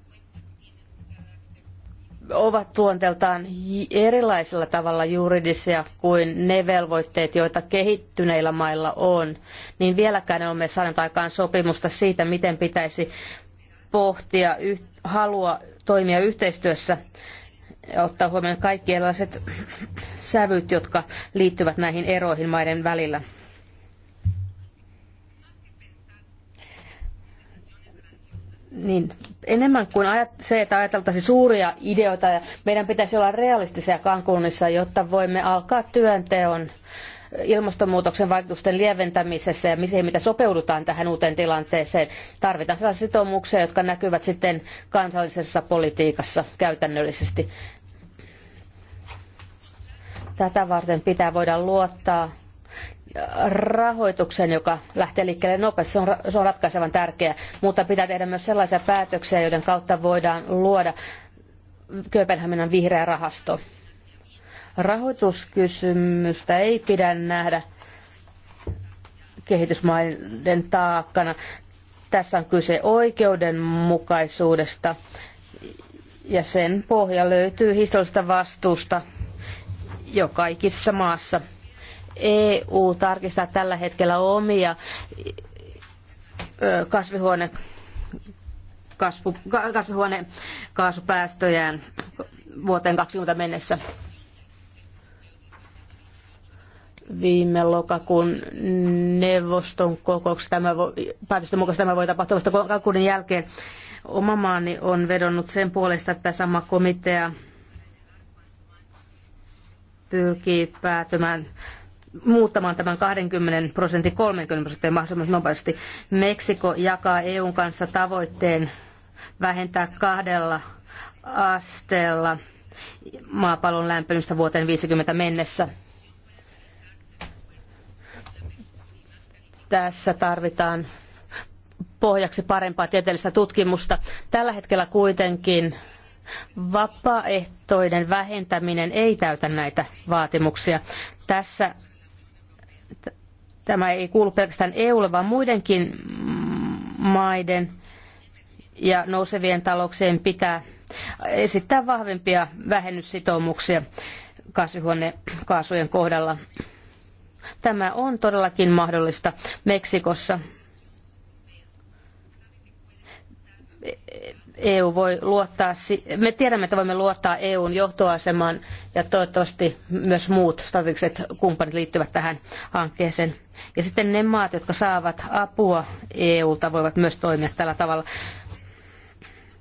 ovat luonteeltaan erilaisella tavalla juridisia kuin ne velvoitteet, joita kehittyneillä mailla on, niin vieläkään ole saaneet aikaan sopimusta siitä, miten pitäisi pohtia halua toimia yhteistyössä ottaa huomioon kaikki erilaiset sävyt, jotka liittyvät näihin eroihin maiden välillä. niin enemmän kuin ajat, se, että ajateltaisiin suuria ideoita, ja meidän pitäisi olla realistisia Cancunissa, jotta voimme alkaa työnteon ilmastonmuutoksen vaikutusten lieventämisessä ja siihen, mitä sopeudutaan tähän uuteen tilanteeseen. Tarvitaan sellaisia sitoumuksia, jotka näkyvät sitten kansallisessa politiikassa käytännöllisesti. Tätä varten pitää voida luottaa rahoituksen, joka lähtee liikkeelle nopeasti. Se on, se on ratkaisevan tärkeää, mutta pitää tehdä myös sellaisia päätöksiä, joiden kautta voidaan luoda Kööpenhaminan vihreä rahasto. Rahoituskysymystä ei pidä nähdä kehitysmaiden taakkana. Tässä on kyse oikeudenmukaisuudesta ja sen pohja löytyy historiallisesta vastuusta jo kaikissa maassa. EU tarkistaa tällä hetkellä omia kasvihuone, kasvu, kasvihuonekaasupäästöjään vuoteen 2020 mennessä viime lokakuun neuvoston kokouksessa. Tämä vo, päätösten mukaan tämä voi tapahtua vasta Cancúnin jälkeen. Oma maani on vedonnut sen puolesta, että sama komitea pyrkii päätymään muuttamaan tämän 20 prosentin 30 prosenttia mahdollisimman nopeasti. Meksiko jakaa EUn kanssa tavoitteen vähentää kahdella asteella maapallon lämpenystä vuoteen 50 mennessä Tässä tarvitaan pohjaksi parempaa tieteellistä tutkimusta. Tällä hetkellä kuitenkin vapaaehtoinen vähentäminen ei täytä näitä vaatimuksia. Tässä tämä ei kuulu pelkästään EUlle, vaan muidenkin maiden ja nousevien talouksien pitää esittää vahvempia vähennyssitoumuksia kasvihuonekaasujen kohdalla. Tämä on todellakin mahdollista Meksikossa. EU voi luottaa, me tiedämme, että voimme luottaa EUn johtoasemaan ja toivottavasti myös muut strategiset kumppanit liittyvät tähän hankkeeseen. Ja sitten ne maat, jotka saavat apua EUlta, voivat myös toimia tällä tavalla.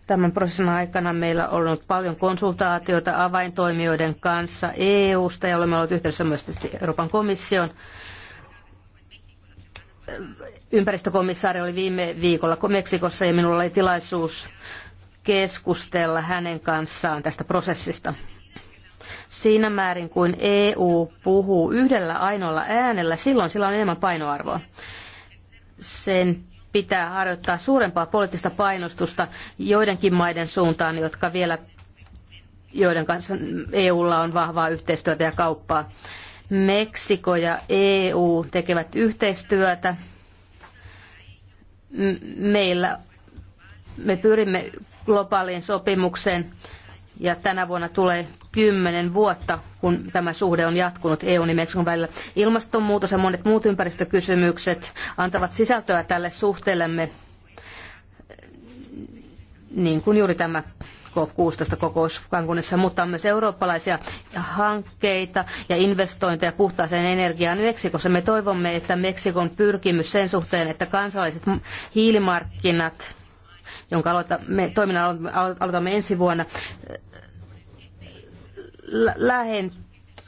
Tämän prosessin aikana meillä on ollut paljon konsultaatioita avaintoimijoiden kanssa EU-sta ja olemme olleet yhteydessä myös tietysti Euroopan komission. Ympäristökomissaari oli viime viikolla Meksikossa ja minulla oli tilaisuus keskustella hänen kanssaan tästä prosessista. Siinä määrin kuin EU puhuu yhdellä ainoalla äänellä, silloin sillä on enemmän painoarvoa. Sen pitää harjoittaa suurempaa poliittista painostusta joidenkin maiden suuntaan, jotka vielä, joiden kanssa EUlla on vahvaa yhteistyötä ja kauppaa. Meksiko ja EU tekevät yhteistyötä. Meillä me pyrimme globaaliin sopimukseen ja tänä vuonna tulee kymmenen vuotta, kun tämä suhde on jatkunut EUn ja Meksikon välillä. Ilmastonmuutos ja monet muut ympäristökysymykset antavat sisältöä tälle suhteellemme, niin kuin juuri tämä COP16-kokous Cancunissa, mutta on myös eurooppalaisia hankkeita ja investointeja puhtaaseen energiaan Meksikossa. Me toivomme, että Meksikon pyrkimys sen suhteen, että kansalliset hiilimarkkinat jonka aloitamme, toiminnan aloitamme ensi vuonna, lähen,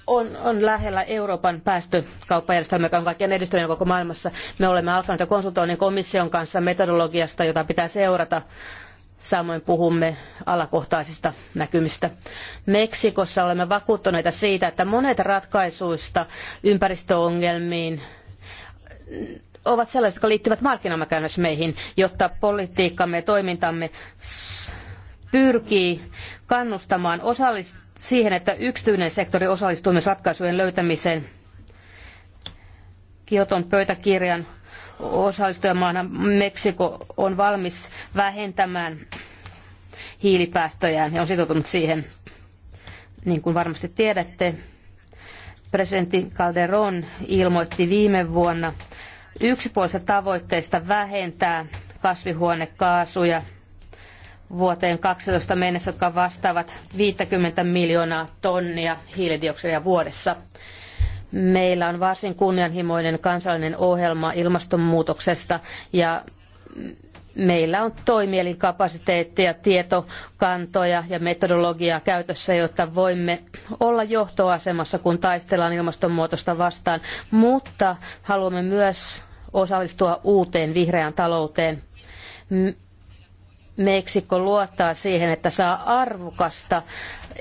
on, on lähellä Euroopan päästökauppajärjestelmä, joka on kaikkien edistyneen koko maailmassa. Me olemme alkaneet jo konsultoinnin komission kanssa metodologiasta, jota pitää seurata. Samoin puhumme alakohtaisista näkymistä. Meksikossa olemme vakuuttuneita siitä, että monet ratkaisuista ympäristöongelmiin ovat sellaiset, jotka liittyvät markkinamekanismeihin, jotta politiikkamme ja toimintamme pyrkii kannustamaan osallist- siihen, että yksityinen sektori osallistuu myös ratkaisujen löytämiseen. Kioton pöytäkirjan osallistujamaana Meksiko on valmis vähentämään hiilipäästöjään ja on sitoutunut siihen. Niin kuin varmasti tiedätte, presidentti Calderon ilmoitti viime vuonna yksipuolisesta tavoitteista vähentää kasvihuonekaasuja vuoteen 12 mennessä, jotka vastaavat 50 miljoonaa tonnia hiilidioksidia vuodessa. Meillä on varsin kunnianhimoinen kansallinen ohjelma ilmastonmuutoksesta ja meillä on toimielinkapasiteettia, tietokantoja ja metodologiaa käytössä, jotta voimme olla johtoasemassa, kun taistellaan ilmastonmuutosta vastaan, mutta haluamme myös osallistua uuteen vihreään talouteen. Meksiko luottaa siihen, että saa arvokasta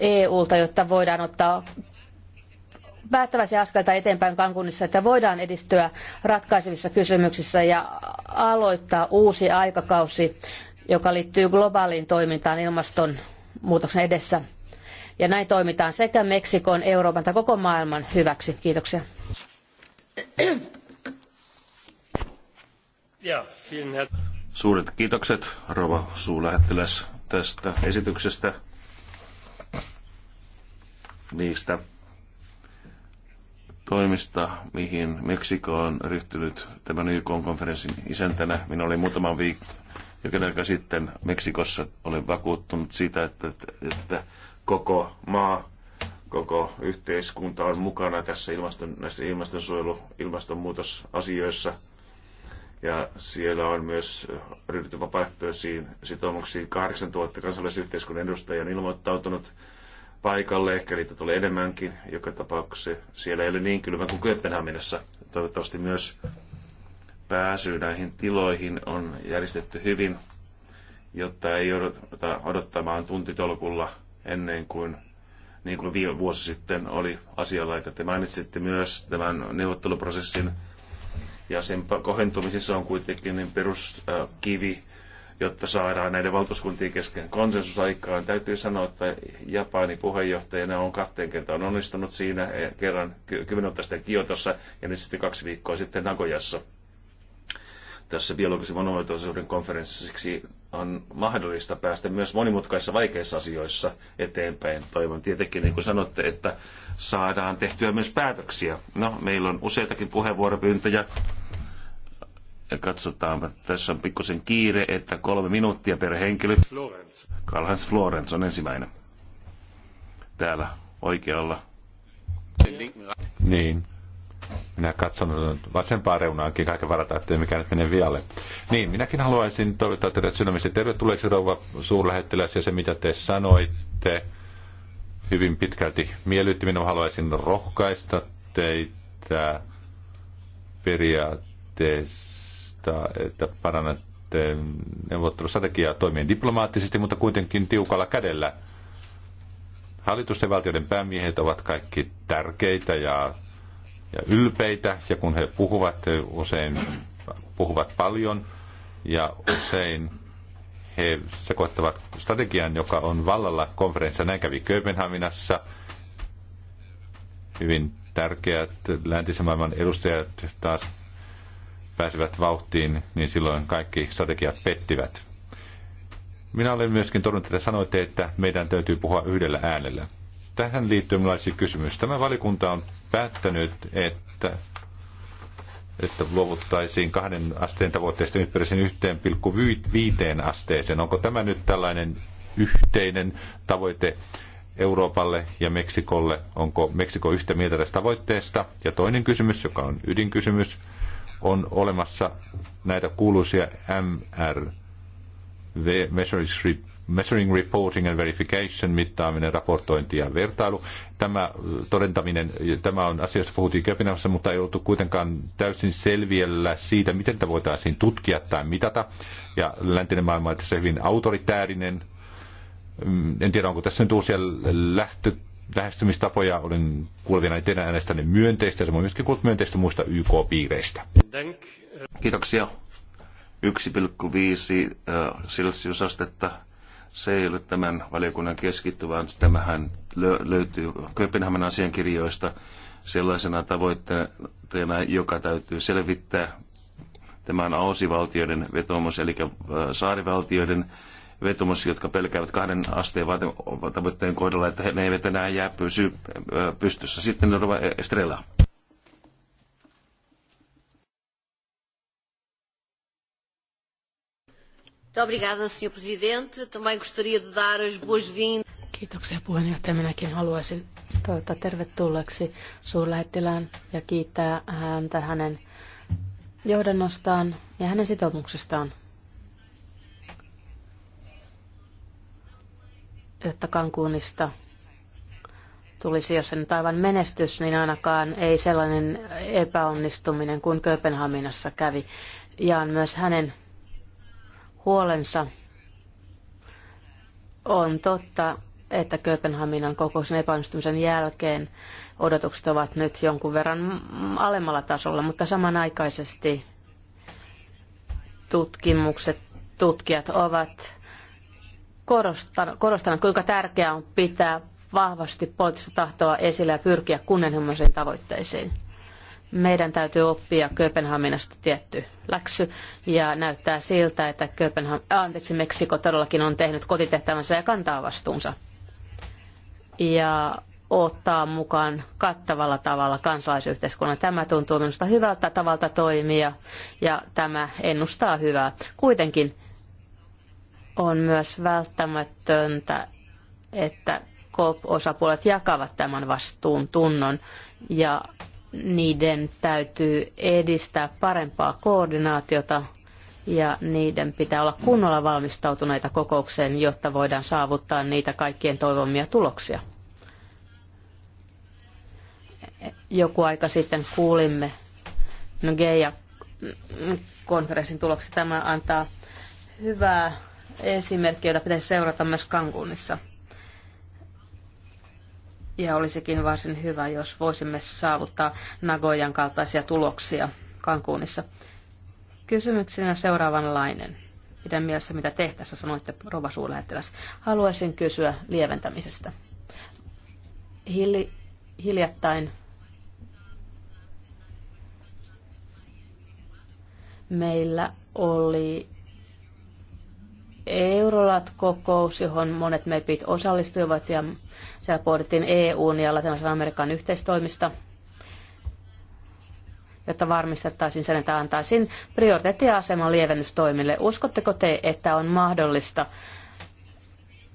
EUlta, jotta voidaan ottaa päättäväisiä askelta eteenpäin Kankunissa, että voidaan edistyä ratkaisevissa kysymyksissä ja aloittaa uusi aikakausi, joka liittyy globaaliin toimintaan ilmastonmuutoksen edessä. Ja näin toimitaan sekä Meksikon, Euroopan että koko maailman hyväksi. Kiitoksia. Suuret kiitokset, Rova Suulähettiläs, tästä esityksestä niistä toimista, mihin Meksiko on ryhtynyt tämän YK-konferenssin isäntänä. Minä olin muutaman viikon jokin aika sitten Meksikossa. Olen vakuuttunut siitä, että, että koko maa, koko yhteiskunta on mukana tässä ilmaston, näissä ilmastonsuojelu, ilmastonmuutosasioissa. Ja siellä on myös ryhdytty vapaaehtoisiin sitoumuksiin. 8000 kansalaisyhteiskunnan edustajia on ilmoittautunut paikalle, ehkä niitä tuli enemmänkin joka tapauksessa. Siellä ei ole niin kylmä kuin Kööpenhaminassa. Toivottavasti myös pääsy näihin tiloihin on järjestetty hyvin, jotta ei jouduta odottamaan tuntitolkulla ennen kuin niin kuin viime vuosi sitten oli asianlaita. Te mainitsitte myös tämän neuvotteluprosessin ja sen kohentumisessa on kuitenkin niin peruskivi äh, jotta saadaan näiden valtuuskuntien kesken konsensus aikaan. Täytyy sanoa, että Japani puheenjohtajana on kahteen kertaan onnistunut siinä, e, kerran kymmenen vuotta sitten Kiotossa ja nyt sitten kaksi viikkoa sitten Nagojassa. Tässä biologisen monimuotoisuuden konferenssiksi on mahdollista päästä myös monimutkaisissa vaikeissa asioissa eteenpäin. Toivon tietenkin, niin kuin sanotte, että saadaan tehtyä myös päätöksiä. No, meillä on useitakin puheenvuoropyyntöjä. Katsotaan, että tässä on pikkusen kiire, että kolme minuuttia per henkilö. Florence. Karl-Heinz Florence on ensimmäinen. Täällä oikealla. Niin. Minä katson vasempaa reunaankin kaiken varata, että mikään nyt menee vialle. Niin, minäkin haluaisin toivottaa teidät sydämesti tervetulleeksi rouva suurlähettiläs ja se mitä te sanoitte hyvin pitkälti miellytti minua. Haluaisin rohkaista teitä periaatteessa että, että parannatte neuvottelustrategiaa toimien diplomaattisesti, mutta kuitenkin tiukalla kädellä. Hallitusten valtioiden päämiehet ovat kaikki tärkeitä ja, ja ylpeitä, ja kun he puhuvat, he usein puhuvat paljon, ja usein he sekoittavat strategian, joka on vallalla konferenssissa. Näin kävi Kööpenhaminassa. Hyvin tärkeät läntisen maailman edustajat taas pääsivät vauhtiin, niin silloin kaikki strategiat pettivät. Minä olen myöskin todennut, että sanoitte, että meidän täytyy puhua yhdellä äänellä. Tähän liittyy minulaisia kysymys. Tämä valikunta on päättänyt, että, että luovuttaisiin kahden asteen tavoitteesta nyt peräisin 1,5 asteeseen. Onko tämä nyt tällainen yhteinen tavoite Euroopalle ja Meksikolle? Onko Meksiko yhtä mieltä tästä tavoitteesta? Ja toinen kysymys, joka on ydinkysymys, on olemassa näitä kuuluisia MR, measuring, Reporting and Verification, mittaaminen, raportointi ja vertailu. Tämä äh, todentaminen, tämä on asiasta puhuttiin Köpinässä, mutta ei oltu kuitenkaan täysin selviellä siitä, miten tämä voitaisiin tutkia tai mitata. Ja läntinen maailma on tässä hyvin autoritäärinen. Mm, en tiedä, onko tässä nyt uusia lähtö lähestymistapoja. Olen kuulevina teidän äänestänne myönteistä ja samoin myöskin kuulut myönteistä muista YK-piireistä. Kiitoksia. 1,5 äh, celsiusastetta. Se ei ole tämän valiokunnan keskitty, vaan tämähän löytyy Kööpenhaminan asiankirjoista sellaisena tavoitteena, joka täytyy selvittää. tämän aosi valtioiden vetomus, eli äh, saarivaltioiden vetomassa, jotka pelkäävät kahden asteen tavoitteen kohdalla, että ne eivät enää jää pysy pystyssä. Sitten Norva Estrella. Kiitoksia puheenjohtaja. Minäkin haluaisin toivottaa tervetulleeksi suurlähettilään ja kiittää häntä hänen johdannostaan ja hänen sitoumuksestaan että Cancunista tulisi, jos se nyt aivan menestys, niin ainakaan ei sellainen epäonnistuminen kuin Kööpenhaminassa kävi. Jaan myös hänen huolensa. On totta, että Kööpenhaminan kokouksen epäonnistumisen jälkeen odotukset ovat nyt jonkun verran alemmalla tasolla, mutta samanaikaisesti tutkimukset, tutkijat ovat korostan, korostan, kuinka tärkeää on pitää vahvasti poliittista tahtoa esillä ja pyrkiä kunnianhimoisiin tavoitteisiin. Meidän täytyy oppia Kööpenhaminasta tietty läksy ja näyttää siltä, että Kööpenham, anteeksi, Meksiko todellakin on tehnyt kotitehtävänsä ja kantaa vastuunsa. Ja ottaa mukaan kattavalla tavalla kansalaisyhteiskunnan. Tämä tuntuu minusta hyvältä tavalta toimia ja tämä ennustaa hyvää. Kuitenkin on myös välttämätöntä, että COP-osapuolet jakavat tämän vastuun tunnon ja niiden täytyy edistää parempaa koordinaatiota ja niiden pitää olla kunnolla valmistautuneita kokoukseen, jotta voidaan saavuttaa niitä kaikkien toivomia tuloksia. Joku aika sitten kuulimme no konferenssin tuloksia. Tämä antaa hyvää esimerkki, jota pitäisi seurata myös Kankunissa. Ja olisikin varsin hyvä, jos voisimme saavuttaa Nagojan kaltaisia tuloksia Kankuunissa. Kysymyksenä seuraavanlainen. Pidän mielessä, mitä te tässä sanoitte, Rova Suulähettiläs. Haluaisin kysyä lieventämisestä. Hili, hiljattain meillä oli Eurolat-kokous, johon monet mepit osallistuivat ja siellä pohdittiin EUn ja Latinalaisen Amerikan yhteistoimista, jotta varmistettaisiin sen, että antaisin prioriteettiaseman lievennystoimille. Uskotteko te, että on mahdollista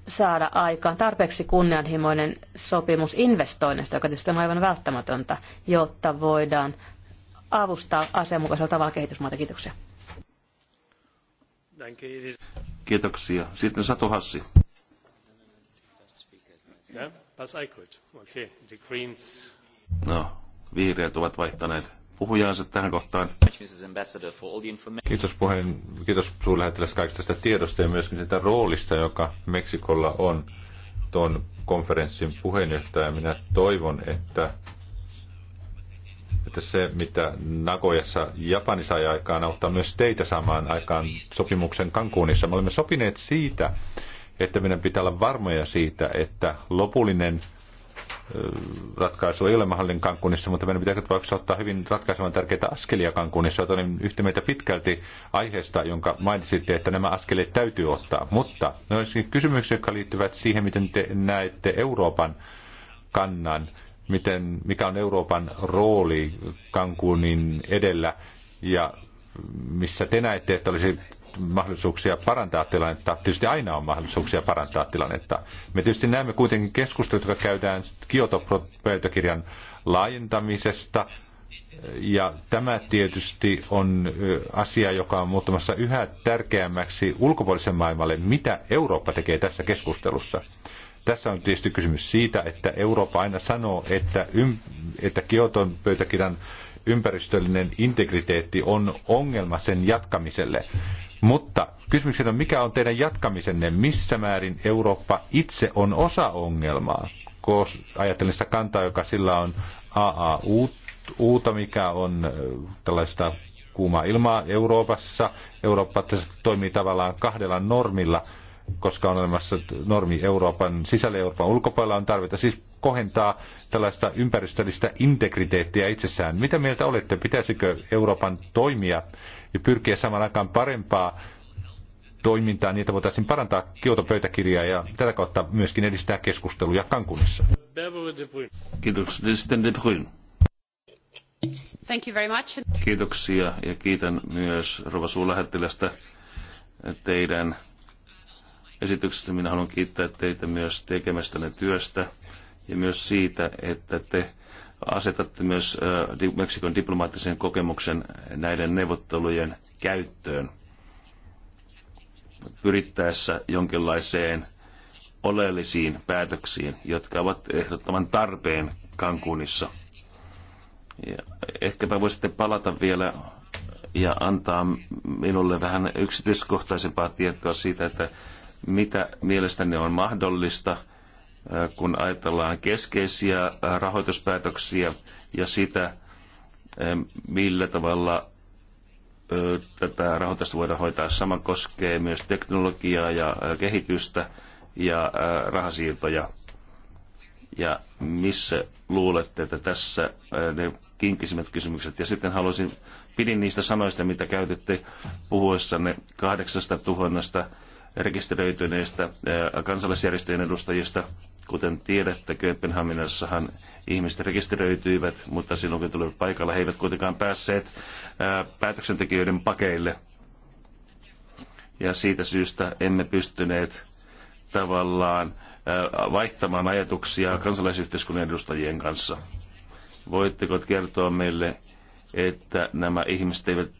saada aikaan tarpeeksi kunnianhimoinen sopimus investoinnista, joka tietysti on aivan välttämätöntä, jotta voidaan avustaa asianmukaisella tavalla kehitysmaita. Kiitoksia. Kiitoksia. Sitten Satu Hassi. No, vihreät ovat vaihtaneet puhujaansa tähän kohtaan. Kiitos puheen, kiitos suurlähettiläs kaikista tästä tiedosta ja myöskin sitä roolista, joka Meksikolla on tuon konferenssin puheenjohtaja. Minä toivon, että että se, mitä Nagoyassa Japani sai aikaan, auttaa myös teitä saamaan aikaan sopimuksen Cancunissa. Me olemme sopineet siitä, että meidän pitää olla varmoja siitä, että lopullinen ratkaisu ei ole mahdollinen Cancunissa, mutta meidän pitää tapauksessa ottaa hyvin ratkaisevan tärkeitä askelia Cancunissa. Olen yhtä meitä pitkälti aiheesta, jonka mainitsitte, että nämä askeleet täytyy ottaa. Mutta ne olisikin kysymyksiä, jotka liittyvät siihen, miten te näette Euroopan kannan miten, mikä on Euroopan rooli Cancunin edellä ja missä te näette, että olisi mahdollisuuksia parantaa tilannetta. Tietysti aina on mahdollisuuksia parantaa tilannetta. Me tietysti näemme kuitenkin keskustelut, jotka käydään Kioto-pöytäkirjan laajentamisesta. Ja tämä tietysti on asia, joka on muuttumassa yhä tärkeämmäksi ulkopuolisen maailmalle, mitä Eurooppa tekee tässä keskustelussa. Tässä on tietysti kysymys siitä, että Eurooppa aina sanoo, että, ym, että Kioton pöytäkirjan ympäristöllinen integriteetti on ongelma sen jatkamiselle. Mutta kysymys on, mikä on teidän jatkamisenne, missä määrin Eurooppa itse on osa ongelmaa, koska ajattelen sitä kantaa, joka sillä on AAUta, mikä on tällaista kuumaa ilmaa Euroopassa. Eurooppa tässä toimii tavallaan kahdella normilla – koska on olemassa normi Euroopan sisällä ja Euroopan ulkopuolella, on tarvetta siis kohentaa tällaista ympäristöllistä integriteettiä itsessään. Mitä mieltä olette, pitäisikö Euroopan toimia ja pyrkiä saman aikaan parempaa toimintaa, niitä voitaisiin parantaa Kioto-pöytäkirjaa ja tätä kautta myöskin edistää keskusteluja Kankunissa. Kiitoksia. Sitten De Bruyne. Thank you very much. Kiitoksia ja kiitän myös Rovasuun teidän esityksestä. Minä haluan kiittää teitä myös tekemästänne työstä ja myös siitä, että te asetatte myös Meksikon diplomaattisen kokemuksen näiden neuvottelujen käyttöön pyrittäessä jonkinlaiseen oleellisiin päätöksiin, jotka ovat ehdottoman tarpeen Cancunissa. Ja ehkäpä voisitte palata vielä ja antaa minulle vähän yksityiskohtaisempaa tietoa siitä, että mitä mielestäni on mahdollista, äh, kun ajatellaan keskeisiä äh, rahoituspäätöksiä ja sitä, äh, millä tavalla tätä rahoitusta voidaan hoitaa. Sama koskee myös teknologiaa ja kehitystä ja rahasiirtoja. Ja missä luulette, että tässä ne kinkkisimmät kysymykset. Ja sitten haluaisin, pidin niistä sanoista, mitä käytitte puhuessanne 8000 rekisteröityneistä kansalaisjärjestöjen edustajista. Kuten tiedätte, Kööpenhaminassahan ihmiset rekisteröityivät, mutta silloin kun tulivat paikalla, he eivät kuitenkaan päässeet päätöksentekijöiden pakeille. Ja siitä syystä emme pystyneet tavallaan vaihtamaan ajatuksia kansalaisyhteiskunnan edustajien kanssa. Voitteko kertoa meille, että nämä ihmiset eivät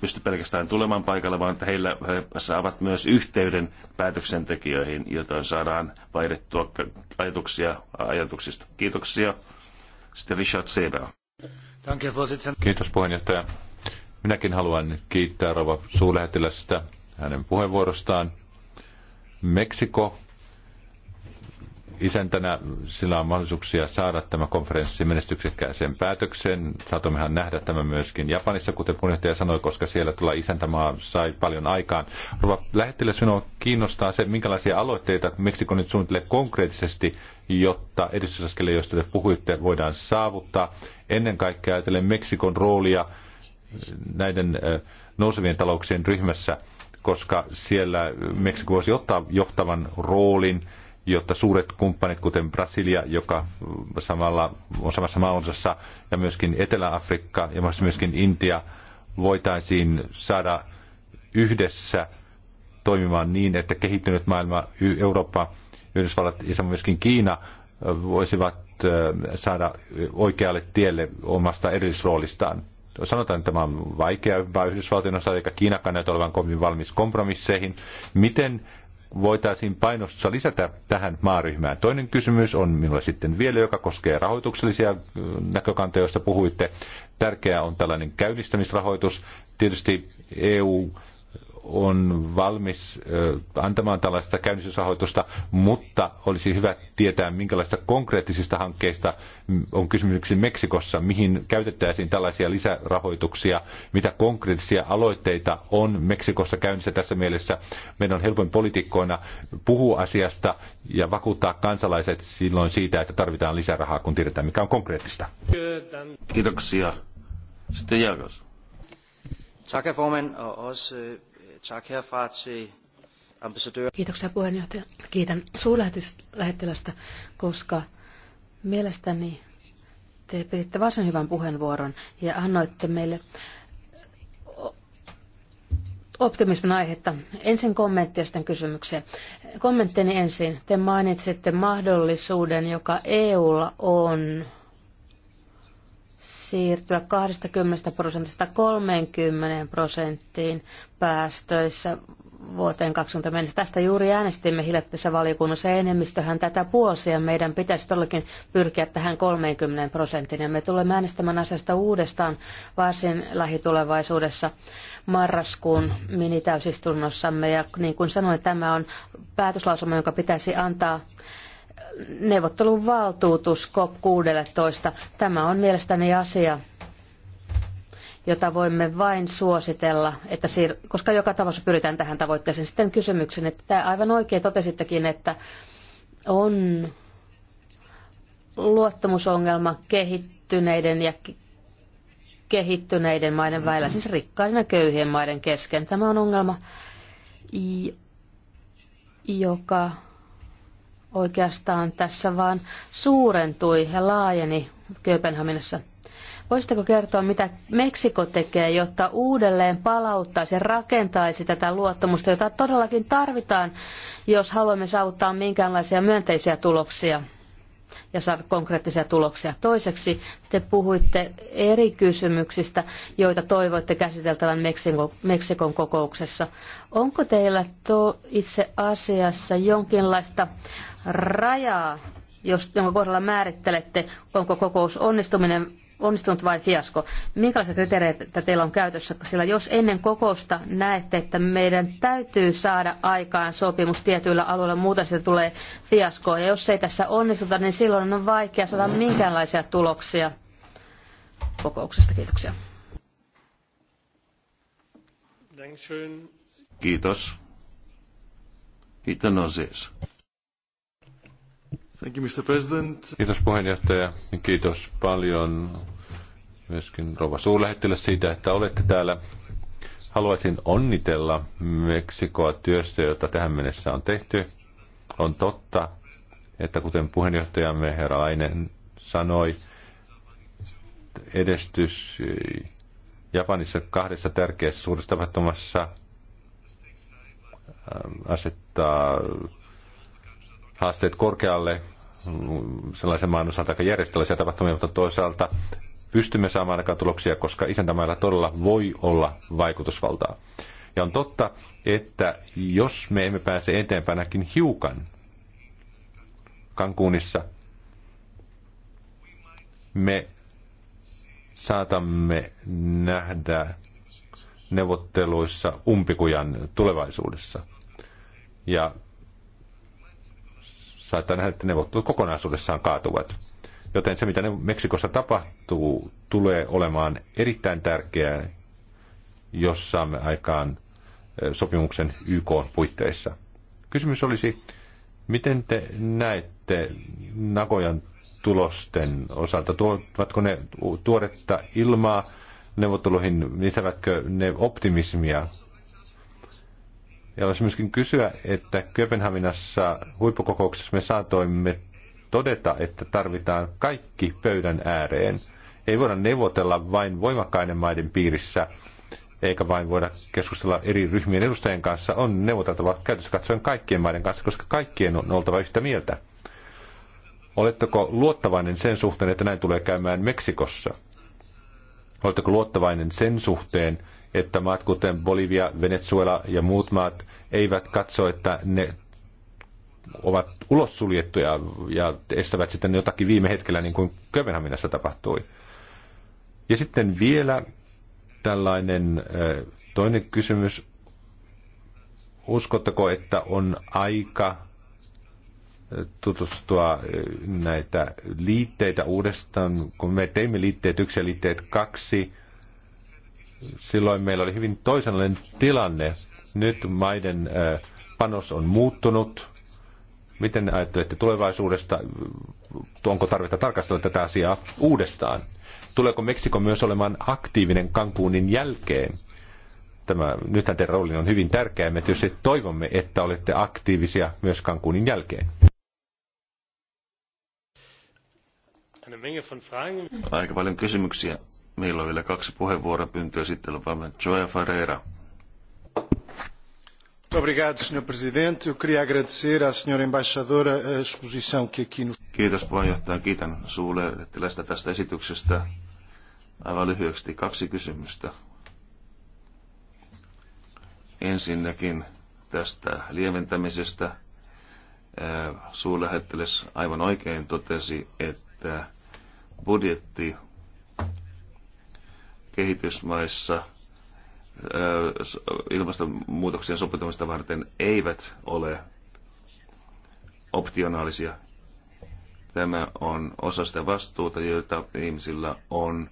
pysty pelkästään tulemaan paikalle, vaan että heillä, he saavat myös yhteyden päätöksentekijöihin, joten saadaan vaihdettua ajatuksia ajatuksista. Kiitoksia. Sitten Richard Seber. Kiitos puheenjohtaja. Minäkin haluan kiittää Rova suurlähettilästä hänen puheenvuorostaan. Meksiko isäntänä sillä on mahdollisuuksia saada tämä konferenssi menestyksekkääseen päätökseen. Saatommehan nähdä tämä myöskin Japanissa, kuten puheenjohtaja sanoi, koska siellä tulla isäntämaa sai paljon aikaan. Rova lähettilä, sinua kiinnostaa se, minkälaisia aloitteita Meksiko nyt suunnittelee konkreettisesti, jotta edistysaskele, joista te puhuitte, voidaan saavuttaa. Ennen kaikkea ajatellen Meksikon roolia näiden nousevien talouksien ryhmässä, koska siellä Meksiko voisi ottaa johtavan roolin – jotta suuret kumppanit, kuten Brasilia, joka samalla on samassa maanosassa, ja myöskin Etelä-Afrikka ja myöskin Intia, voitaisiin saada yhdessä toimimaan niin, että kehittynyt maailma, Eurooppa, Yhdysvallat ja myöskin Kiina voisivat saada oikealle tielle omasta erillisroolistaan. Sanotaan, että tämä on vaikea yhdysvaltojen osalta, eikä Kiinakaan näytä olevan kovin valmis kompromisseihin. Miten voitaisiin painostusta lisätä tähän maaryhmään? Toinen kysymys on minulle sitten vielä, joka koskee rahoituksellisia äh, näkökantoja, joista puhuitte. Tärkeää on tällainen käynnistämisrahoitus. Tietysti EU on valmis antamaan tällaista käynnistysrahoitusta, mutta olisi hyvä tietää, minkälaista konkreettisista hankkeista on kysymyksi Meksikossa, mihin käytettäisiin tällaisia lisärahoituksia, mitä konkreettisia aloitteita on Meksikossa käynnissä tässä mielessä. Meidän on helpoin poliitikkoina puhua asiasta ja vakuuttaa kansalaiset silloin siitä, että tarvitaan lisärahaa, kun tiedetään, mikä on konkreettista. Kiitoksia. Sitten Jakos. Tack, herr Och, och, och... Tak herfra til ambassadør. Kiitoksia puheenjohtaja. Kiitän suurlähettilästä, koska mielestäni te piditte varsin hyvän puheenvuoron ja annoitte meille optimismin aihetta. Ensin kommentti ja sitten kysymykseen. Kommenttini ensin. Te mainitsitte mahdollisuuden, joka EUlla on siirtyä 20 prosentista 30 prosenttiin päästöissä vuoteen 20 mennessä. Tästä juuri äänestimme hiljattaisessa valiokunnassa enemmistöhän tätä puolsia. Meidän pitäisi todellakin pyrkiä tähän 30 prosenttiin ja me tulemme äänestämään asiasta uudestaan varsin lähitulevaisuudessa marraskuun minitäysistunnossamme. Ja niin kuin sanoin, tämä on päätöslausuma, jonka pitäisi antaa neuvottelun valtuutus COP16. Tämä on mielestäni asia, jota voimme vain suositella, että siir- koska joka tapauksessa pyritään tähän tavoitteeseen. Sitten kysymyksen, että tämä aivan oikein totesittekin, että on luottamusongelma kehittyneiden ja kehittyneiden maiden välillä, siis rikkaiden ja köyhien maiden kesken. Tämä on ongelma, joka oikeastaan tässä vaan suurentui ja laajeni Kööpenhaminassa. Voisitteko kertoa, mitä Meksiko tekee, jotta uudelleen palauttaisi ja rakentaisi tätä luottamusta, jota todellakin tarvitaan, jos haluamme saavuttaa minkäänlaisia myönteisiä tuloksia ja saada konkreettisia tuloksia. Toiseksi te puhuitte eri kysymyksistä, joita toivoitte käsiteltävän Meksikon, Meksikon kokouksessa. Onko teillä to, itse asiassa jonkinlaista rajaa, jos, jonka kohdalla määrittelette, onko kokous onnistuminen onnistunut vai fiasko. Minkälaisia kriteereitä teillä on käytössä? Sillä jos ennen kokousta näette, että meidän täytyy saada aikaan sopimus tietyillä alueilla, muuten se tulee fiaskoa. Ja jos ei tässä onnistuta, niin silloin on vaikea saada minkäänlaisia tuloksia kokouksesta. Kiitoksia. Kiitos. Kiitos. Kiitos. Thank you, Mr. President. Kiitos puheenjohtaja ja kiitos paljon myöskin rouva suurlähettiläs siitä, että olette täällä. Haluaisin onnitella Meksikoa työstä, jota tähän mennessä on tehty. On totta, että kuten puheenjohtajamme herra Lainen sanoi, edestys Japanissa kahdessa tärkeässä suurissa tapahtumassa ähm, asettaa haasteet korkealle sellaisen maan osalta, joka järjestää tapahtumia, mutta toisaalta pystymme saamaan aikaan tuloksia, koska isäntämailla todella voi olla vaikutusvaltaa. Ja on totta, että jos me emme pääse eteenpäin ainakin hiukan Kankuunissa, me saatamme nähdä neuvotteluissa umpikujan tulevaisuudessa. Ja saattaa nähdä, että neuvottelut kokonaisuudessaan kaatuvat. Joten se, mitä Ne Meksikossa tapahtuu, tulee olemaan erittäin tärkeää, jos saamme aikaan sopimuksen YK puitteissa. Kysymys olisi, miten te näette Nagojan tulosten osalta? Tuovatko ne tuoretta ilmaa neuvotteluihin? Lisävätkö ne optimismia ja haluaisin myöskin kysyä, että Kööpenhaminassa huippukokouksessa me saatoimme todeta, että tarvitaan kaikki pöydän ääreen. Ei voida neuvotella vain voimakkaiden maiden piirissä, eikä vain voida keskustella eri ryhmien edustajien kanssa. On neuvoteltava käytössä katsoen kaikkien maiden kanssa, koska kaikkien on oltava yhtä mieltä. Oletteko luottavainen sen suhteen, että näin tulee käymään Meksikossa? Oletteko luottavainen sen suhteen, että maat kuten Bolivia, Venezuela ja muut maat eivät katso, että ne ovat ulossuljettuja ja estävät sitten jotakin viime hetkellä, niin kuin Kööpenhaminassa tapahtui. Ja sitten vielä tällainen toinen kysymys. Uskotteko, että on aika tutustua näitä liitteitä uudestaan, kun me teimme liitteet yksi ja liitteet kaksi – silloin meillä oli hyvin toisenlainen tilanne. Nyt maiden panos on muuttunut. Miten ajattelette tulevaisuudesta? Onko tarvetta tarkastella tätä asiaa uudestaan? Tuleeko Meksiko myös olemaan aktiivinen Cancunin jälkeen? Tämä, nythän teidän rooli on hyvin tärkeä. Me tietysti toivomme, että olette aktiivisia myös Cancunin jälkeen. Aika paljon kysymyksiä Meillä on vielä kaksi puheenvuoropyyntöä. Sitten on varmaan Ferreira. Obrigado, Sr. Presidente. Eu queria agradecer à Sra. Embaixadora a exposição que aqui nos... Kiitos puheenjohtaja. Kiitän suurlähettilästä tästä esityksestä. Aivan lyhyesti kaksi kysymystä. Ensinnäkin tästä lieventämisestä. Suurlähettiläs aivan oikein totesi, että budjetti kehitysmaissa ilmastonmuutoksen sopeutumista varten eivät ole optionaalisia. Tämä on osa sitä vastuuta, jota ihmisillä on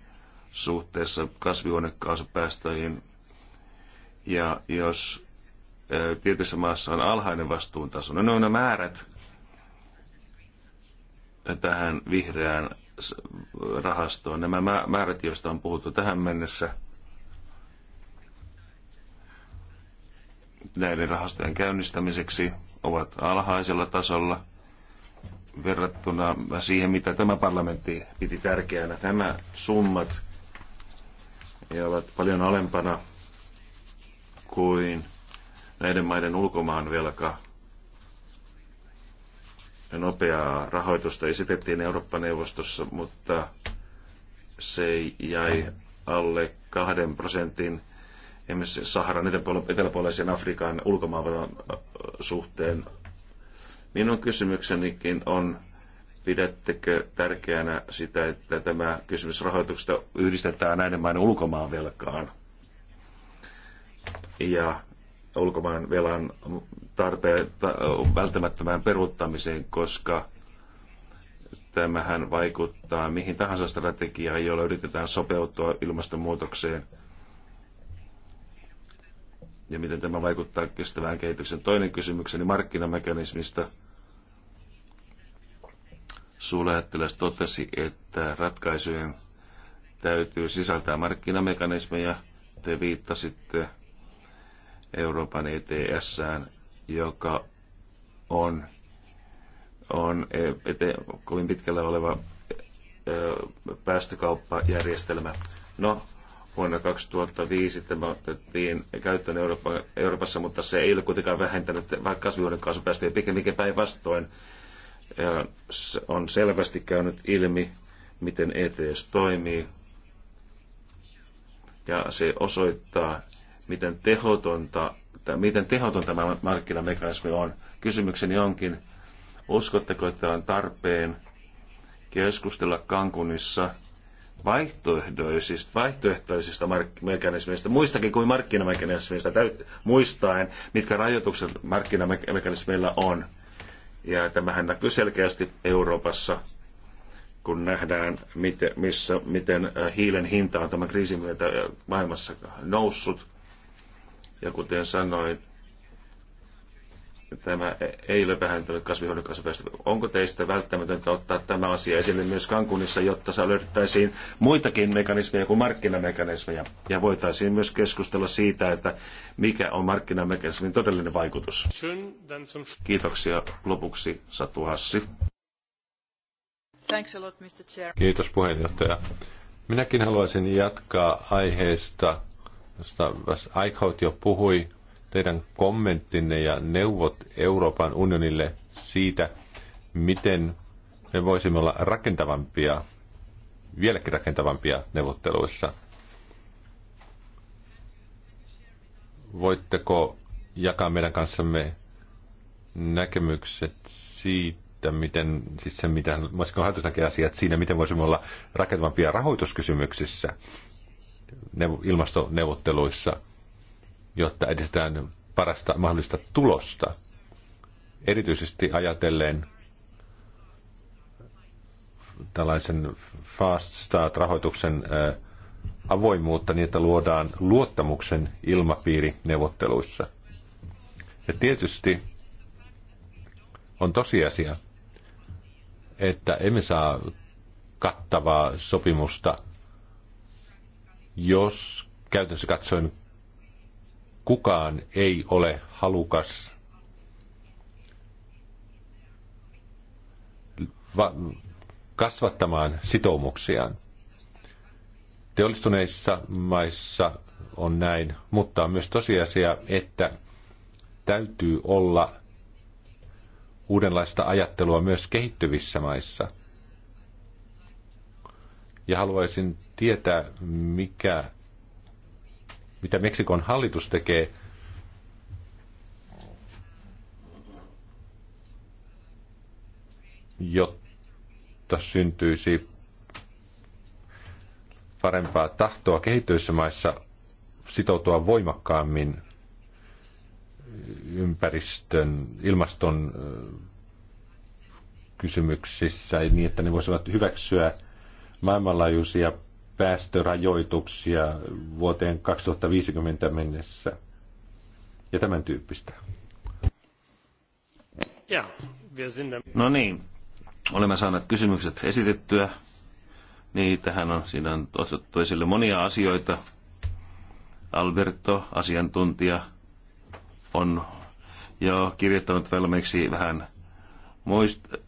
suhteessa kasvihuonekaasupäästöihin. Ja jos tietyssä maassa on alhainen vastuuntaso, no ne on ne määrät tähän vihreään rahastoon. Nämä määrät, joista on puhuttu tähän mennessä, näiden rahastojen käynnistämiseksi ovat alhaisella tasolla verrattuna siihen, mitä tämä parlamentti piti tärkeänä. Nämä summat ovat paljon alempana kuin näiden maiden ulkomaan velka nopeaa rahoitusta esitettiin Eurooppa-neuvostossa, mutta se jäi alle kahden prosentin esimerkiksi Saharan eteläpuoleisen Afrikan ulkomaanvallan suhteen. Minun kysymyksenikin on, pidättekö tärkeänä sitä, että tämä kysymys rahoituksesta yhdistetään näiden maiden ulkomaanvelkaan? Ja ulkomaan velan tarpeen välttämättömään peruuttamiseen, koska tämähän vaikuttaa mihin tahansa strategiaan, jolla yritetään sopeutua ilmastonmuutokseen ja miten tämä vaikuttaa kestävään kehityksen. Toinen kysymykseni markkinamekanismista. Suulähettiläs totesi, että ratkaisujen täytyy sisältää markkinamekanismeja. Te viittasitte Euroopan ETSään, joka on, on e, ete, kovin pitkällä oleva ö, päästökauppajärjestelmä. No, vuonna 2005 tämä otettiin käyttöön Euroopan, Euroopassa, mutta se ei ole kuitenkaan vähentänyt kasvihuonekaasupäästöjä, pikemminkin päinvastoin. On selvästi käynyt ilmi, miten ETS toimii, ja se osoittaa, miten tehotonta, miten tehoton tämä markkinamekanismi on. Kysymykseni onkin, uskotteko, että on tarpeen keskustella Kankunissa vaihtoehtoisista, vaihtoehtoisista mekanismeista, muistakin kuin markkinamekanismeista, täyt, muistaen, mitkä rajoitukset markkinamekanismeilla on. Ja tämähän näkyy selkeästi Euroopassa, kun nähdään, miten, missä, miten äh, hiilen hinta on tämän kriisin myötä äh, maailmassa noussut. Ja kuten sanoin, tämä ei ole vähentänyt kasvihuonekaasupäästöjä. Onko teistä välttämätöntä ottaa tämä asia esille myös Kankunissa, jotta saa löydettäisiin muitakin mekanismeja kuin markkinamekanismeja? Ja voitaisiin myös keskustella siitä, että mikä on markkinamekanismin todellinen vaikutus. Kiitoksia lopuksi Satu Hassi. Kiitos puheenjohtaja. Minäkin haluaisin jatkaa aiheesta, josta Eichhout jo puhui, teidän kommenttinne ja neuvot Euroopan unionille siitä, miten me voisimme olla rakentavampia, vieläkin rakentavampia neuvotteluissa. Voitteko jakaa meidän kanssamme näkemykset siitä, miten, siis se, mitä, voisiko asiat siinä, miten voisimme olla rakentavampia rahoituskysymyksissä ilmastoneuvotteluissa, jotta edistetään parasta mahdollista tulosta, erityisesti ajatellen tällaisen Fast Start-rahoituksen avoimuutta niin, että luodaan luottamuksen ilmapiiri neuvotteluissa. Ja tietysti on tosiasia, että emme saa kattavaa sopimusta jos käytännössä katsoen kukaan ei ole halukas kasvattamaan sitoumuksiaan. Teollistuneissa maissa on näin, mutta on myös tosiasia, että täytyy olla uudenlaista ajattelua myös kehittyvissä maissa – ja haluaisin tietää, mikä, mitä Meksikon hallitus tekee jotta syntyisi parempaa tahtoa kehittyvissä maissa sitoutua voimakkaammin ympäristön, ilmaston kysymyksissä niin, että ne voisivat hyväksyä maailmanlaajuisia päästörajoituksia vuoteen 2050 mennessä ja tämän tyyppistä. No niin, olemme saaneet kysymykset esitettyä. Niin, tähän on, siinä on otettu esille monia asioita. Alberto, asiantuntija, on jo kirjoittanut valmiiksi vähän muist, äh,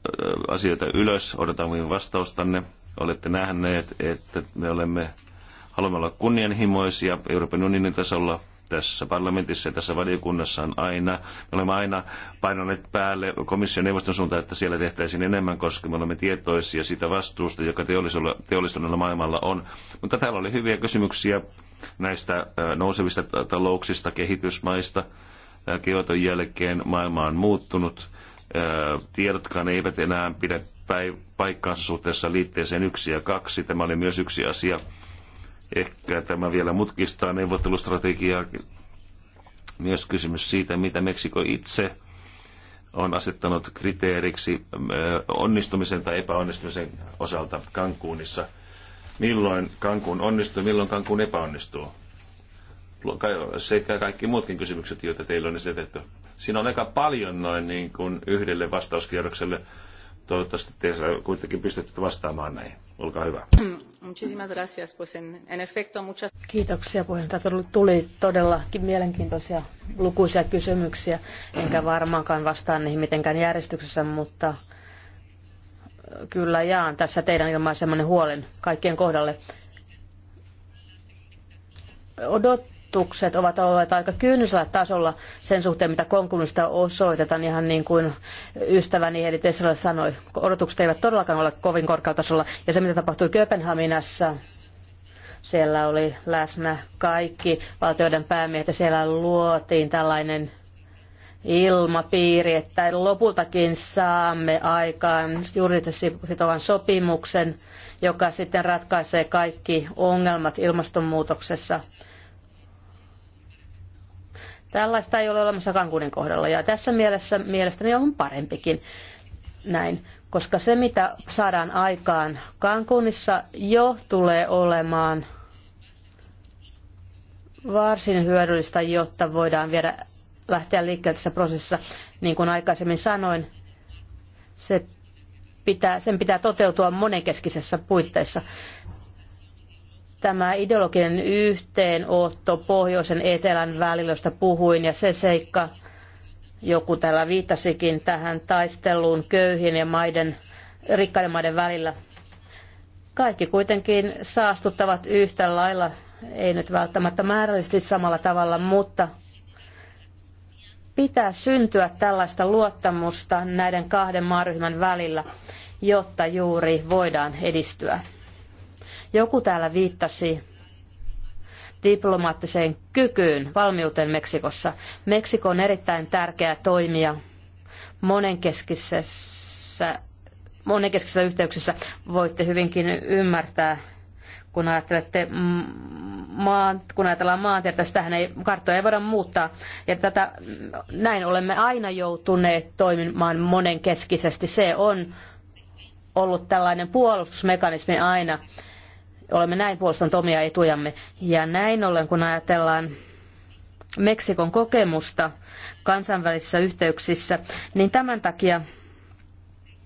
asioita ylös. Odotamme vastaustanne. Olette nähneet, että me olemme, haluamme olla kunnianhimoisia Euroopan unionin tasolla, tässä parlamentissa ja tässä valiokunnassa on aina, me olemme aina painaneet päälle komission neuvoston suuntaan, että siellä tehtäisiin enemmän, koska me olemme tietoisia sitä vastuusta, joka teollisuudella maailmalla on. Mutta täällä oli hyviä kysymyksiä näistä äh, nousevista talouksista, kehitysmaista. Äh, Kioton jälkeen maailma on muuttunut. Äh, tiedotkaan eivät enää pidä paikkaansa suhteessa liitteeseen yksi ja kaksi. Tämä oli myös yksi asia. Ehkä tämä vielä mutkistaa neuvottelustrategiaa. Myös kysymys siitä, mitä Meksiko itse on asettanut kriteeriksi onnistumisen tai epäonnistumisen osalta Cancunissa. Milloin Cancun onnistuu, milloin Cancun epäonnistuu? sekä kaikki muutkin kysymykset, joita teillä on esitetty. Siinä on aika paljon noin niin kuin yhdelle vastauskierrokselle Toivottavasti te kuitenkin pystytte vastaamaan näihin. Olkaa hyvä. Kiitoksia puheenjohtaja. Tuli todellakin mielenkiintoisia lukuisia kysymyksiä. Enkä varmaankaan vastaa niihin mitenkään järjestyksessä, mutta kyllä jaan tässä teidän ilmaisemanne huolen kaikkien kohdalle. Odot odotukset ovat olleet aika kyynisellä tasolla sen suhteen, mitä konkurssista osoitetaan, ihan niin kuin ystäväni Heidi Tesla sanoi. Odotukset eivät todellakaan ole kovin korkealla tasolla. Ja se, mitä tapahtui Kööpenhaminassa, siellä oli läsnä kaikki valtioiden päämiehet ja siellä luotiin tällainen ilmapiiri, että lopultakin saamme aikaan juridisesti sitovan sopimuksen, joka sitten ratkaisee kaikki ongelmat ilmastonmuutoksessa Tällaista ei ole olemassa Kankunin kohdalla ja tässä mielessä mielestäni on parempikin näin, koska se mitä saadaan aikaan Kankunissa jo tulee olemaan varsin hyödyllistä, jotta voidaan viedä lähteä liikkeelle tässä prosessissa. Niin kuin aikaisemmin sanoin, se pitää, sen pitää toteutua monenkeskisessä puitteissa. Tämä ideologinen yhteenotto pohjoisen etelän välillä, josta puhuin, ja se seikka, joku täällä viittasikin tähän taisteluun köyhien ja maiden, rikkaiden maiden välillä. Kaikki kuitenkin saastuttavat yhtä lailla, ei nyt välttämättä määrällisesti samalla tavalla, mutta pitää syntyä tällaista luottamusta näiden kahden maaryhmän välillä, jotta juuri voidaan edistyä. Joku täällä viittasi diplomaattiseen kykyyn, valmiuteen Meksikossa. Meksiko on erittäin tärkeä toimija monenkeskisessä, monenkeskisessä yhteyksessä Voitte hyvinkin ymmärtää, kun, ajattelette maan, kun ajatellaan maantietä, sitähän ei, karttoja ei voida muuttaa. Ja tätä, näin olemme aina joutuneet toimimaan monenkeskisesti. Se on ollut tällainen puolustusmekanismi aina olemme näin puolustaneet omia etujamme. Ja näin ollen, kun ajatellaan Meksikon kokemusta kansainvälisissä yhteyksissä, niin tämän takia,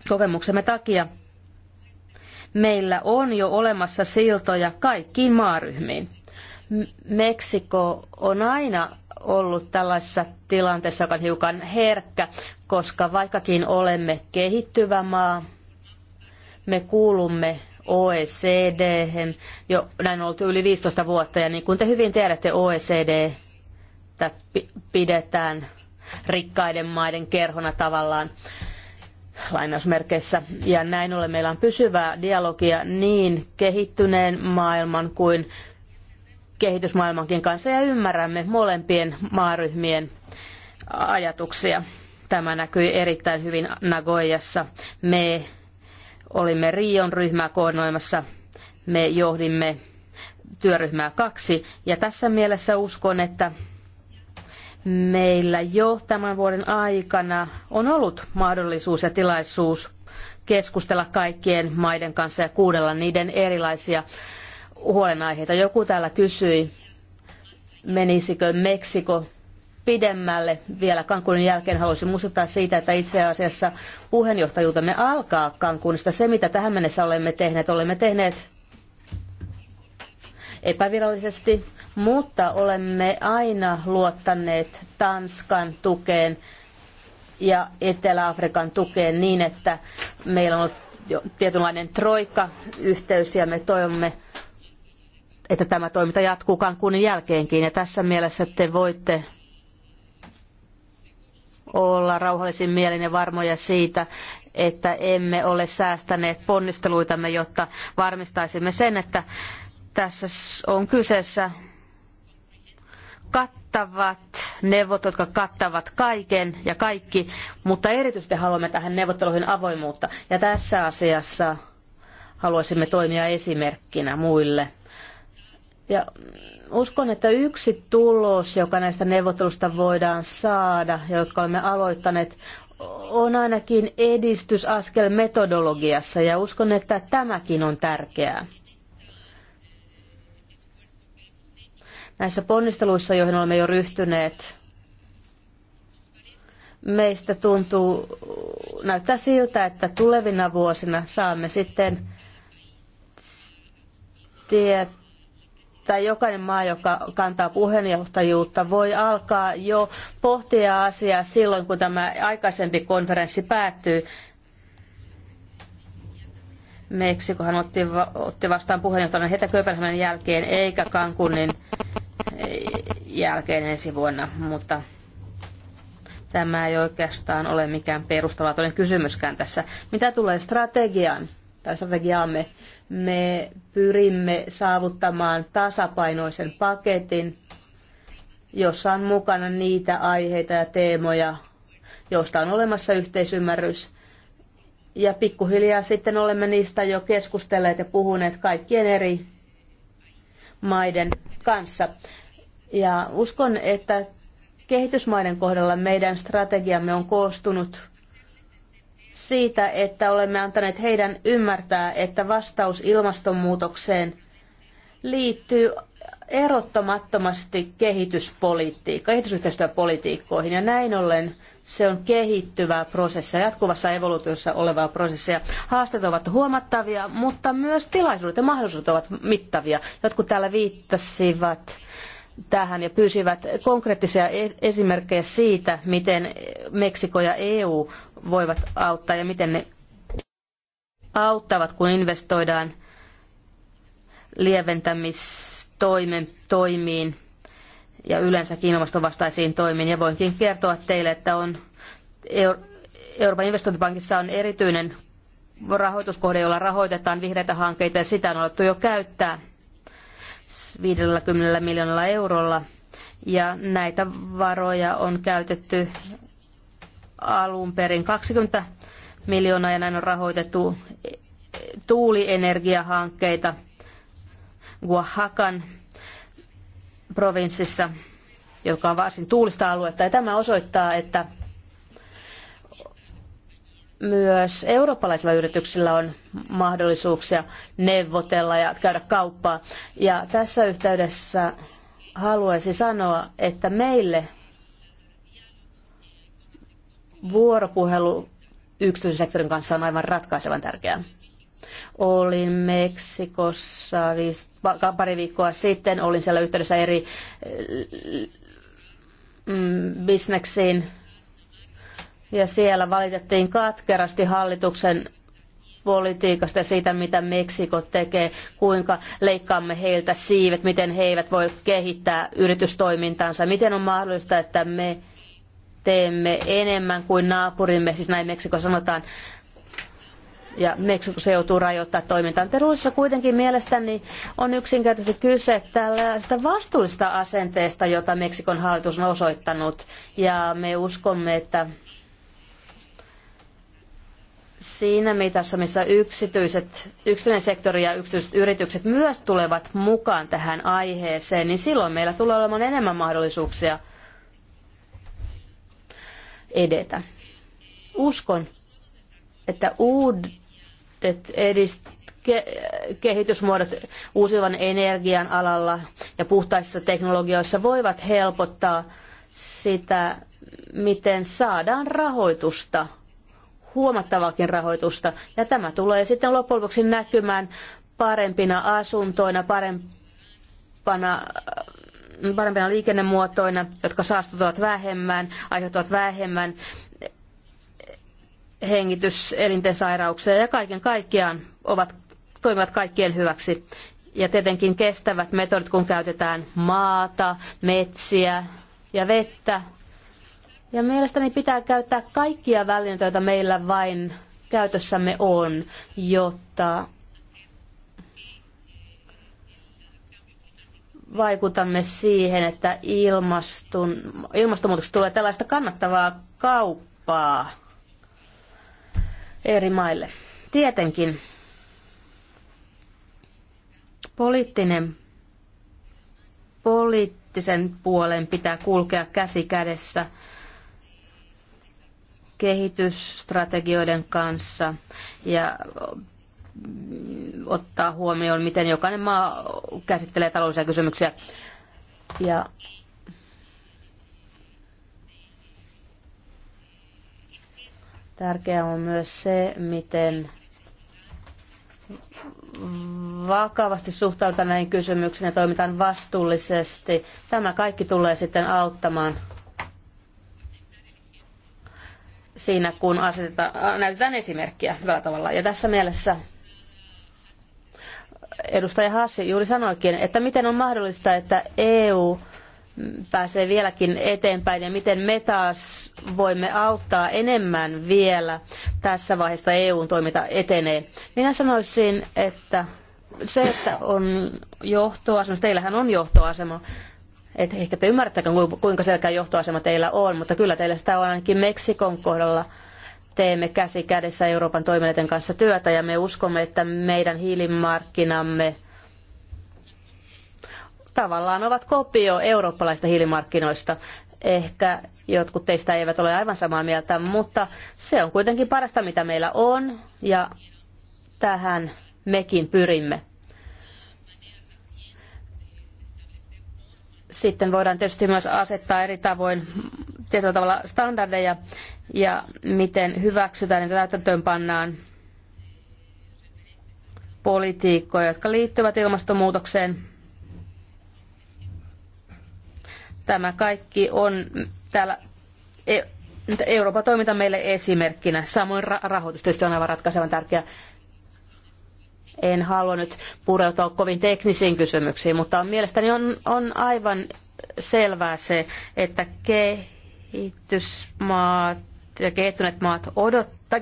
kokemuksemme takia, meillä on jo olemassa siltoja kaikkiin maaryhmiin. Meksiko on aina ollut tällaisessa tilanteessa, joka on hiukan herkkä, koska vaikkakin olemme kehittyvä maa, me kuulumme OECD, jo näin on ollut yli 15 vuotta, ja niin kuin te hyvin tiedätte, OECD pidetään rikkaiden maiden kerhona tavallaan lainausmerkeissä. Ja näin ollen meillä on pysyvää dialogia niin kehittyneen maailman kuin kehitysmaailmankin kanssa ja ymmärrämme molempien maaryhmien ajatuksia. Tämä näkyy erittäin hyvin Nagoyassa. Me Olimme Rion ryhmää koordinoimassa. Me johdimme työryhmää kaksi. Ja tässä mielessä uskon, että meillä jo tämän vuoden aikana on ollut mahdollisuus ja tilaisuus keskustella kaikkien maiden kanssa ja kuudella niiden erilaisia huolenaiheita. Joku täällä kysyi, menisikö Meksiko pidemmälle vielä Cancunin jälkeen. Haluaisin muistuttaa siitä, että itse asiassa puheenjohtajuutemme alkaa Cancunista. Se, mitä tähän mennessä olemme tehneet, olemme tehneet epävirallisesti, mutta olemme aina luottaneet Tanskan tukeen ja Etelä-Afrikan tukeen niin, että meillä on jo tietynlainen troikka-yhteys ja me toivomme, että tämä toiminta jatkuu Cancunin jälkeenkin. Ja tässä mielessä te voitte olla rauhallisin mielin ja varmoja siitä, että emme ole säästäneet ponnisteluitamme, jotta varmistaisimme sen, että tässä on kyseessä kattavat neuvot, jotka kattavat kaiken ja kaikki, mutta erityisesti haluamme tähän neuvotteluihin avoimuutta. Ja tässä asiassa haluaisimme toimia esimerkkinä muille. Ja Uskon, että yksi tulos, joka näistä neuvottelusta voidaan saada, jotka olemme aloittaneet, on ainakin edistysaskel metodologiassa ja uskon, että tämäkin on tärkeää. Näissä ponnisteluissa, joihin olemme jo ryhtyneet, meistä tuntuu, näyttää siltä, että tulevina vuosina saamme sitten tietää, että jokainen maa, joka kantaa puheenjohtajuutta, voi alkaa jo pohtia asiaa silloin, kun tämä aikaisempi konferenssi päättyy. Meksikohan otti, otti vastaan puheenjohtajana heti Kööpenhaminan jälkeen, eikä Cancunin jälkeen ensi vuonna, mutta tämä ei oikeastaan ole mikään perustavaa kysymyskään tässä. Mitä tulee strategiaan tai strategiaamme, me pyrimme saavuttamaan tasapainoisen paketin, jossa on mukana niitä aiheita ja teemoja, joista on olemassa yhteisymmärrys. Ja pikkuhiljaa sitten olemme niistä jo keskustelleet ja puhuneet kaikkien eri maiden kanssa. Ja uskon, että kehitysmaiden kohdalla meidän strategiamme on koostunut siitä, että olemme antaneet heidän ymmärtää, että vastaus ilmastonmuutokseen liittyy erottamattomasti kehityspolitiikka, kehitysyhteistyöpolitiikkoihin ja näin ollen se on kehittyvää prosessia, jatkuvassa evoluutiossa olevaa prosessia. Haasteet ovat huomattavia, mutta myös tilaisuudet ja mahdollisuudet ovat mittavia. Jotkut täällä viittasivat tähän ja pyysivät konkreettisia e- esimerkkejä siitä, miten Meksiko ja EU voivat auttaa ja miten ne auttavat, kun investoidaan lieventämistoimiin ja yleensäkin ilmastovastaisiin toimiin. Ja voinkin kertoa teille, että on Euroopan investointipankissa on erityinen rahoituskohde, jolla rahoitetaan vihreitä hankkeita ja sitä on alettu jo käyttää 50 miljoonalla eurolla ja näitä varoja on käytetty alun perin 20 miljoonaa ja näin on rahoitettu tuulienergiahankkeita Oaxacan provinssissa, joka on varsin tuulista aluetta. Ja tämä osoittaa, että myös eurooppalaisilla yrityksillä on mahdollisuuksia neuvotella ja käydä kauppaa. Ja tässä yhteydessä haluaisin sanoa, että meille vuoropuhelu yksityisen sektorin kanssa on aivan ratkaisevan tärkeää. Olin Meksikossa viis, pari viikkoa sitten, olin siellä yhteydessä eri eh, mm, bisneksiin ja siellä valitettiin katkerasti hallituksen politiikasta ja siitä, mitä Meksiko tekee, kuinka leikkaamme heiltä siivet, miten he eivät voi kehittää yritystoimintaansa, miten on mahdollista, että me teemme enemmän kuin naapurimme, siis näin Meksiko sanotaan, ja Meksiko se joutuu rajoittamaan toimintaa. Teruissa kuitenkin mielestäni on yksinkertaisesti kyse tällaista vastuullista asenteesta, jota Meksikon hallitus on osoittanut, ja me uskomme, että siinä mitassa, missä yksityiset, yksityinen sektori ja yksityiset yritykset myös tulevat mukaan tähän aiheeseen, niin silloin meillä tulee olemaan enemmän mahdollisuuksia edetä. Uskon, että uudet edist- kehitysmuodot uusivan energian alalla ja puhtaissa teknologioissa voivat helpottaa sitä, miten saadaan rahoitusta – huomattavakin rahoitusta. Ja tämä tulee sitten lopuksi näkymään parempina asuntoina, parempana parempina liikennemuotoina, jotka saastuttavat vähemmän, aiheuttavat vähemmän hengityselinten sairauksia ja kaiken kaikkiaan ovat, toimivat kaikkien hyväksi. Ja tietenkin kestävät metodit, kun käytetään maata, metsiä ja vettä, ja mielestäni pitää käyttää kaikkia välineitä, joita meillä vain käytössämme on, jotta vaikutamme siihen, että ilmastun, ilmastonmuutoksesta tulee tällaista kannattavaa kauppaa eri maille. Tietenkin poliittinen, poliittisen puolen pitää kulkea käsi kädessä kehitysstrategioiden kanssa ja ottaa huomioon, miten jokainen maa käsittelee taloudellisia kysymyksiä. Ja tärkeää on myös se, miten vakavasti suhtaudutaan näihin kysymyksiin ja toimitaan vastuullisesti. Tämä kaikki tulee sitten auttamaan siinä, kun asetetaan, näytetään esimerkkiä hyvällä tavalla. Ja tässä mielessä edustaja Haassi juuri sanoikin, että miten on mahdollista, että EU pääsee vieläkin eteenpäin ja miten me taas voimme auttaa enemmän vielä tässä vaiheessa EUn e toiminta etenee. Minä sanoisin, että se, että on johtoasema, siis teillähän on johtoasema, et ehkä te ymmärrättekö, kuinka selkeä johtoasema teillä on, mutta kyllä teillä sitä on ainakin Meksikon kohdalla. Teemme käsi kädessä Euroopan toimijoiden kanssa työtä ja me uskomme, että meidän hiilimarkkinamme tavallaan ovat kopio eurooppalaisista hiilimarkkinoista. Ehkä jotkut teistä eivät ole aivan samaa mieltä, mutta se on kuitenkin parasta, mitä meillä on ja tähän mekin pyrimme. Sitten voidaan tietysti myös asettaa eri tavoin tietyllä tavalla standardeja ja miten hyväksytään ja täytäntöön pannaan politiikkoja, jotka liittyvät ilmastonmuutokseen. Tämä kaikki on täällä e- Euroopan toiminta meille esimerkkinä. Samoin rahoitus tietysti on aivan ratkaisevan tärkeä en halua nyt pureutua kovin teknisiin kysymyksiin, mutta mielestäni on, on aivan selvää se, että kehitysmaat ja kehittyneet maat odottaa,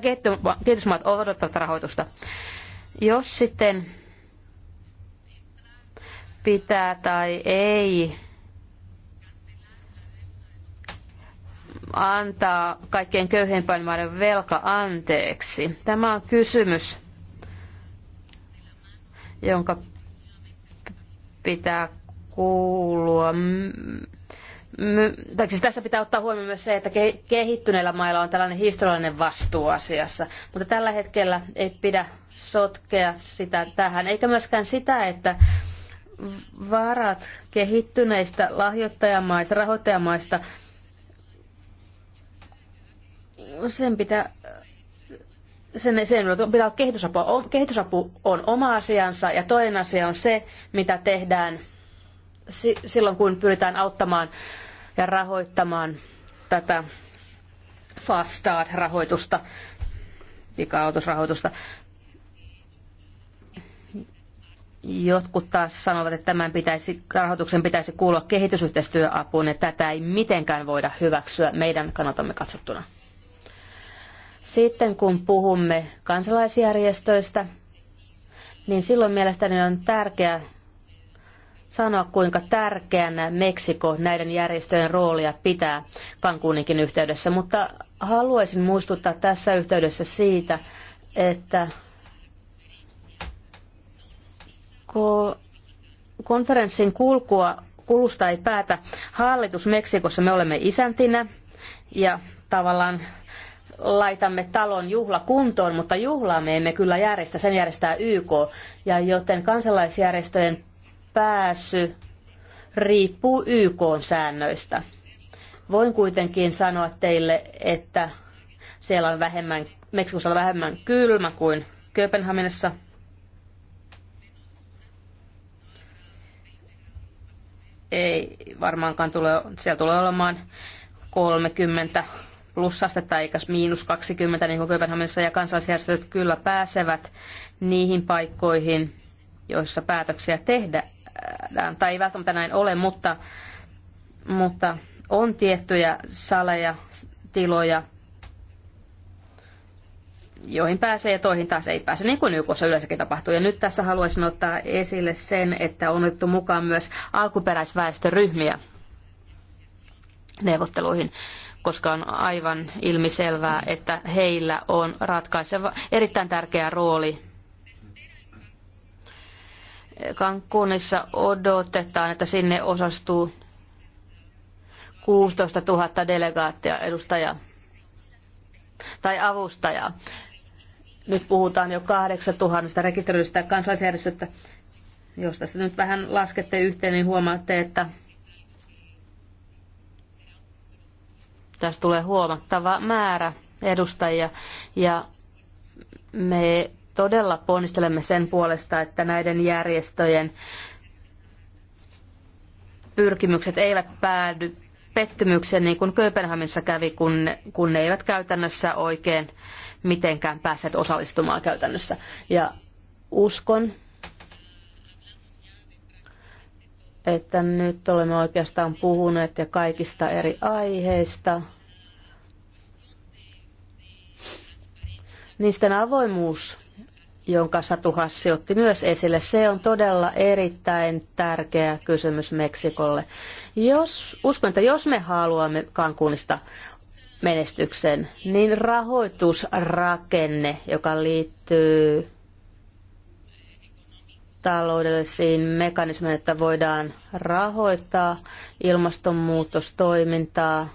kehitysmaat odottavat rahoitusta. Jos sitten pitää tai ei antaa kaikkein köyhempään maiden velka anteeksi. Tämä on kysymys, jonka pitää kuulua. Tai siis tässä pitää ottaa huomioon myös se, että kehittyneillä mailla on tällainen historiallinen vastuu asiassa, mutta tällä hetkellä ei pidä sotkea sitä tähän, eikä myöskään sitä, että varat kehittyneistä lahjoittajamaista, rahoittajamaista, sen pitää sen, sen pitää olla kehitysapu. Kehitysapu on oma asiansa ja toinen asia on se, mitä tehdään silloin, kun pyritään auttamaan ja rahoittamaan tätä start rahoitusta pikaautusrahoitusta. Jotkut taas sanovat, että tämän pitäisi, rahoituksen pitäisi kuulua kehitysyhteistyöapuun, ja tätä ei mitenkään voida hyväksyä meidän kannaltamme katsottuna. Sitten kun puhumme kansalaisjärjestöistä, niin silloin mielestäni on tärkeää sanoa, kuinka tärkeänä Meksiko näiden järjestöjen roolia pitää Cancuninkin yhteydessä. Mutta haluaisin muistuttaa tässä yhteydessä siitä, että konferenssin kulkua, kulusta ei päätä hallitus Meksikossa. Me olemme isäntinä ja tavallaan laitamme talon juhla kuntoon, mutta juhlaa me emme kyllä järjestä, sen järjestää YK. Ja joten kansalaisjärjestöjen pääsy riippuu YK-säännöistä. Voin kuitenkin sanoa teille, että siellä on vähemmän, Meksikossa on vähemmän kylmä kuin Kööpenhaminassa. Ei varmaankaan tule, siellä tulee olemaan 30 plussastetta eikä miinus 20 niin kuin Kööpenhaminassa ja kansalaisjärjestöt kyllä pääsevät niihin paikkoihin, joissa päätöksiä tehdään. Tai ei välttämättä näin ole, mutta, mutta on tiettyjä saleja, tiloja, joihin pääsee ja toihin taas ei pääse, niin kuin YKssa yleensäkin tapahtuu. Ja nyt tässä haluaisin ottaa esille sen, että on otettu mukaan myös alkuperäisväestöryhmiä neuvotteluihin koska on aivan ilmiselvää, että heillä on ratkaiseva, erittäin tärkeä rooli Cancunissa odotetaan, että sinne osastuu 16 000 delegaattia edustajaa tai avustajaa. Nyt puhutaan jo 8 000 rekisteröidystä kansalaisjärjestöstä. Jos tässä nyt vähän laskette yhteen, niin huomaatte, että Tästä tulee huomattava määrä edustajia ja me todella ponnistelemme sen puolesta, että näiden järjestöjen pyrkimykset eivät päädy pettymykseen, niin kuin Kööpenhaminassa kävi, kun, ne, kun ne eivät käytännössä oikein mitenkään päässeet osallistumaan käytännössä. Ja uskon, että nyt olemme oikeastaan puhuneet ja kaikista eri aiheista. Niisten avoimuus, jonka Satu Hassi otti myös esille, se on todella erittäin tärkeä kysymys Meksikolle. Jos, uskon, että jos me haluamme Cancunista menestyksen, niin rahoitusrakenne, joka liittyy taloudellisiin mekanismeihin, että voidaan rahoittaa ilmastonmuutostoimintaa.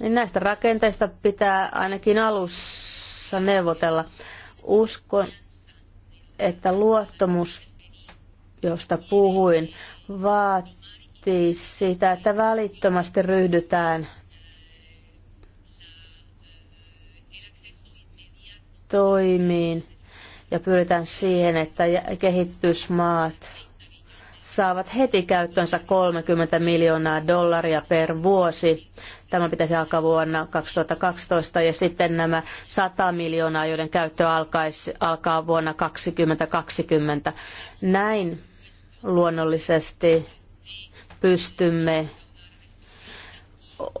Niin näistä rakenteista pitää ainakin alussa neuvotella. Uskon, että luottamus, josta puhuin, vaatii sitä, että välittömästi ryhdytään toimiin ja pyritään siihen, että kehitysmaat saavat heti käyttöönsä 30 miljoonaa dollaria per vuosi. Tämä pitäisi alkaa vuonna 2012 ja sitten nämä 100 miljoonaa, joiden käyttö alkaisi, alkaa vuonna 2020. Näin luonnollisesti pystymme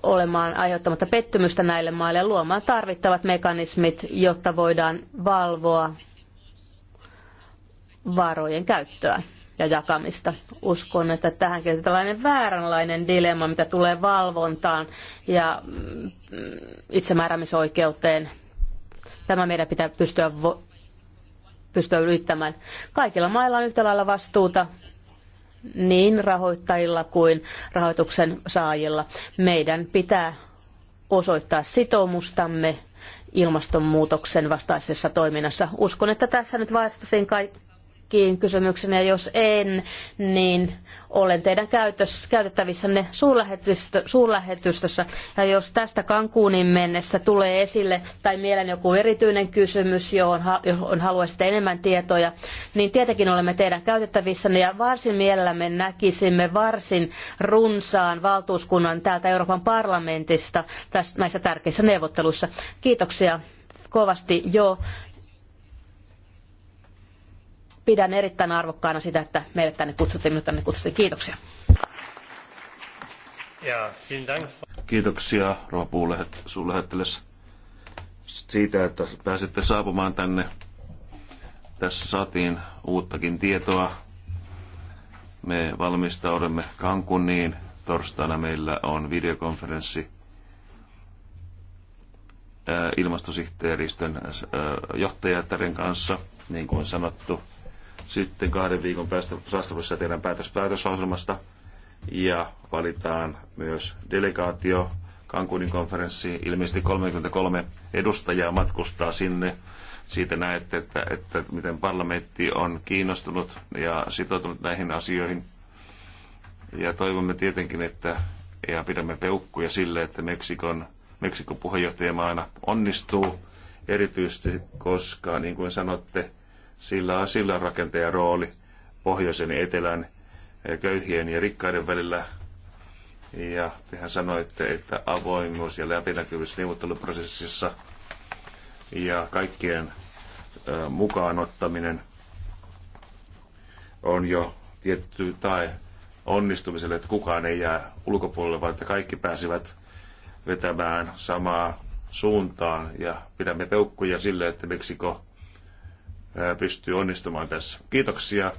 olemaan aiheuttamatta pettymystä näille maille ja luomaan tarvittavat mekanismit, jotta voidaan valvoa varojen käyttöä ja jakamista. Uskon, että tähänkin on tällainen vääränlainen dilemma, mitä tulee valvontaan ja mm, itsemääräämisoikeuteen. Tämä meidän pitää pystyä, pystyä ylittämään. Kaikilla mailla on yhtä lailla vastuuta niin rahoittajilla kuin rahoituksen saajilla. Meidän pitää osoittaa sitoumustamme ilmastonmuutoksen vastaisessa toiminnassa. Uskon, että tässä nyt vastasin kaikki kaikkiin kysymyksiin, ja jos en, niin olen teidän käytettävissänne suurlähetystö, suurlähetystössä. Ja jos tästä Kankuunin mennessä tulee esille tai mielen joku erityinen kysymys, johon, on haluaisitte enemmän tietoja, niin tietenkin olemme teidän käytettävissänne ja varsin mielellämme näkisimme varsin runsaan valtuuskunnan täältä Euroopan parlamentista tässä, näissä tärkeissä neuvotteluissa. Kiitoksia kovasti jo pidän erittäin arvokkaana sitä, että meidät tänne kutsuttiin, minut tänne kutsuttiin. Kiitoksia. Kiitoksia, rouva puulähet, siitä, että pääsitte saapumaan tänne. Tässä saatiin uuttakin tietoa. Me valmistaudumme Kankuniin. Torstaina meillä on videokonferenssi ilmastosihteeristön johtajattaren kanssa, niin kuin sanottu. Sitten kahden viikon päästä Strasbourgissa tehdään päätös päätösohjelmasta ja valitaan myös delegaatio Cancunin konferenssiin. Ilmeisesti 33 edustajaa matkustaa sinne. Siitä näette, että, että miten parlamentti on kiinnostunut ja sitoutunut näihin asioihin. Ja toivomme tietenkin, että ja pidämme peukkuja sille, että Meksikon, Meksikon puheenjohtajamaana onnistuu erityisesti, koska niin kuin sanotte, sillä on sillanrakentajan rooli pohjoisen ja etelän eh, köyhien ja rikkaiden välillä. Ja tehän sanoitte, että avoimuus ja läpinäkyvyys neuvotteluprosessissa ja kaikkien eh, mukaan ottaminen on jo tietty tai onnistumiselle, että kukaan ei jää ulkopuolelle, vaan että kaikki pääsivät vetämään samaa suuntaan. Ja pidämme peukkuja sille, että Meksiko pystyy onnistumaan tässä. Kiitoksia.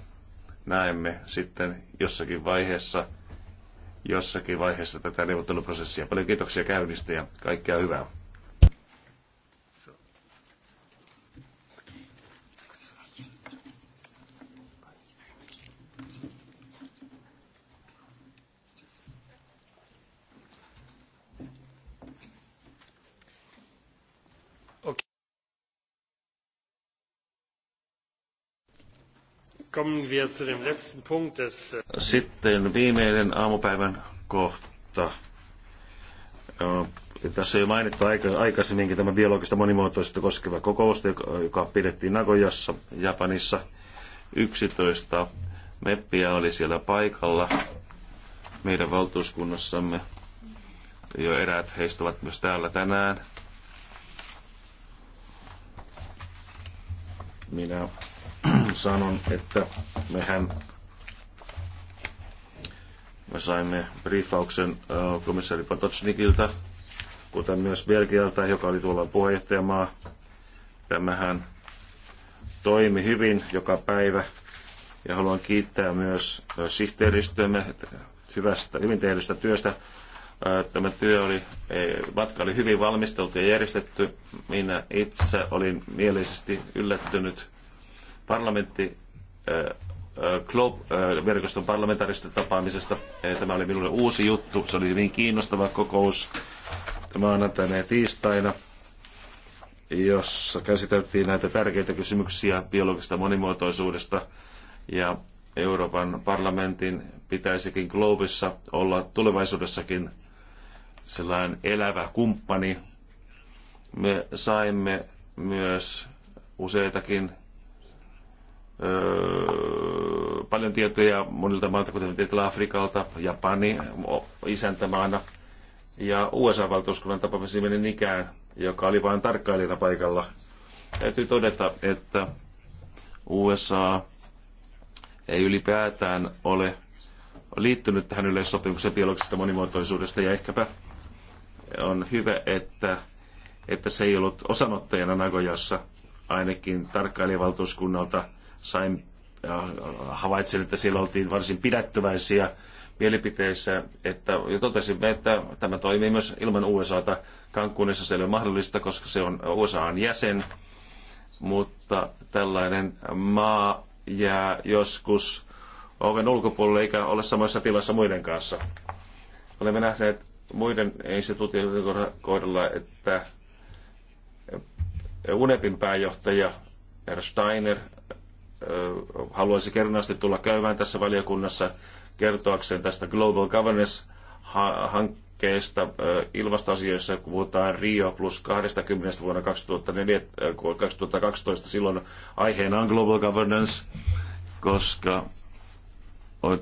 Näemme sitten jossakin vaiheessa, jossakin vaiheessa tätä neuvotteluprosessia. Paljon kiitoksia käynnistä ja kaikkea hyvää. Äh, Sitten viimeinen aamupäivän kohta. Tässä on jo mainittu aikaisemminkin tämä biologista monimuotoisuutta koskeva kokous, joka pidettiin Nagojassa, Japanissa. 11 meppiä oli siellä paikalla meidän valtuuskunnassamme. Jo eräät heistä ovat myös täällä tänään. Minä sanon, että mehän me saimme briefauksen komissaari Patočnikilta, kuten myös Belgialta, joka oli tuolla puheenjohtajamaa. Tämähän toimi hyvin joka päivä ja haluan kiittää myös sihteeristöämme hyvästä, hyvin tehdystä työstä. Tämä työ oli, e, matka oli hyvin valmisteltu ja järjestetty. Minä itse olin mielisesti yllättynyt parlamentti Globe-verkoston parlamentaarista tapaamisesta. Tämä oli minulle uusi juttu. Se oli hyvin kiinnostava kokous maanantaina ja tiistaina, jossa käsiteltiin näitä tärkeitä kysymyksiä biologisesta monimuotoisuudesta ja Euroopan parlamentin pitäisikin Globissa olla tulevaisuudessakin sellainen elävä kumppani. Me saimme myös useitakin Öö, paljon tietoja monilta maalta, kuten Etelä-Afrikalta, Japani isäntämaana ja USA-valtuuskunnan tapaamisen meni niin ikään, joka oli vain tarkkailijana paikalla. Täytyy todeta, että USA ei ylipäätään ole liittynyt tähän yleissopimuksen biologisesta monimuotoisuudesta ja ehkäpä on hyvä, että, että se ei ollut osanottajana Nagojassa ainakin tarkkailijavaltuuskunnalta – sain äh, havaitsin, että siellä oltiin varsin pidättyväisiä mielipiteissä, että, ja totesimme, että tämä toimii myös ilman USAta. Cancunissa se ei ole mahdollista, koska se on USAn jäsen, mutta tällainen maa jää joskus oven ulkopuolelle eikä ole samassa tilassa muiden kanssa. Olemme nähneet muiden instituutioiden kohdalla, että UNEPin pääjohtaja Herr Steiner haluaisi kernaasti tulla käymään tässä valiokunnassa kertoakseen tästä Global Governance-hankkeesta ilmastoasioissa, kun puhutaan Rio plus 20 vuonna 2004, 2012. Silloin aiheena on Global Governance, koska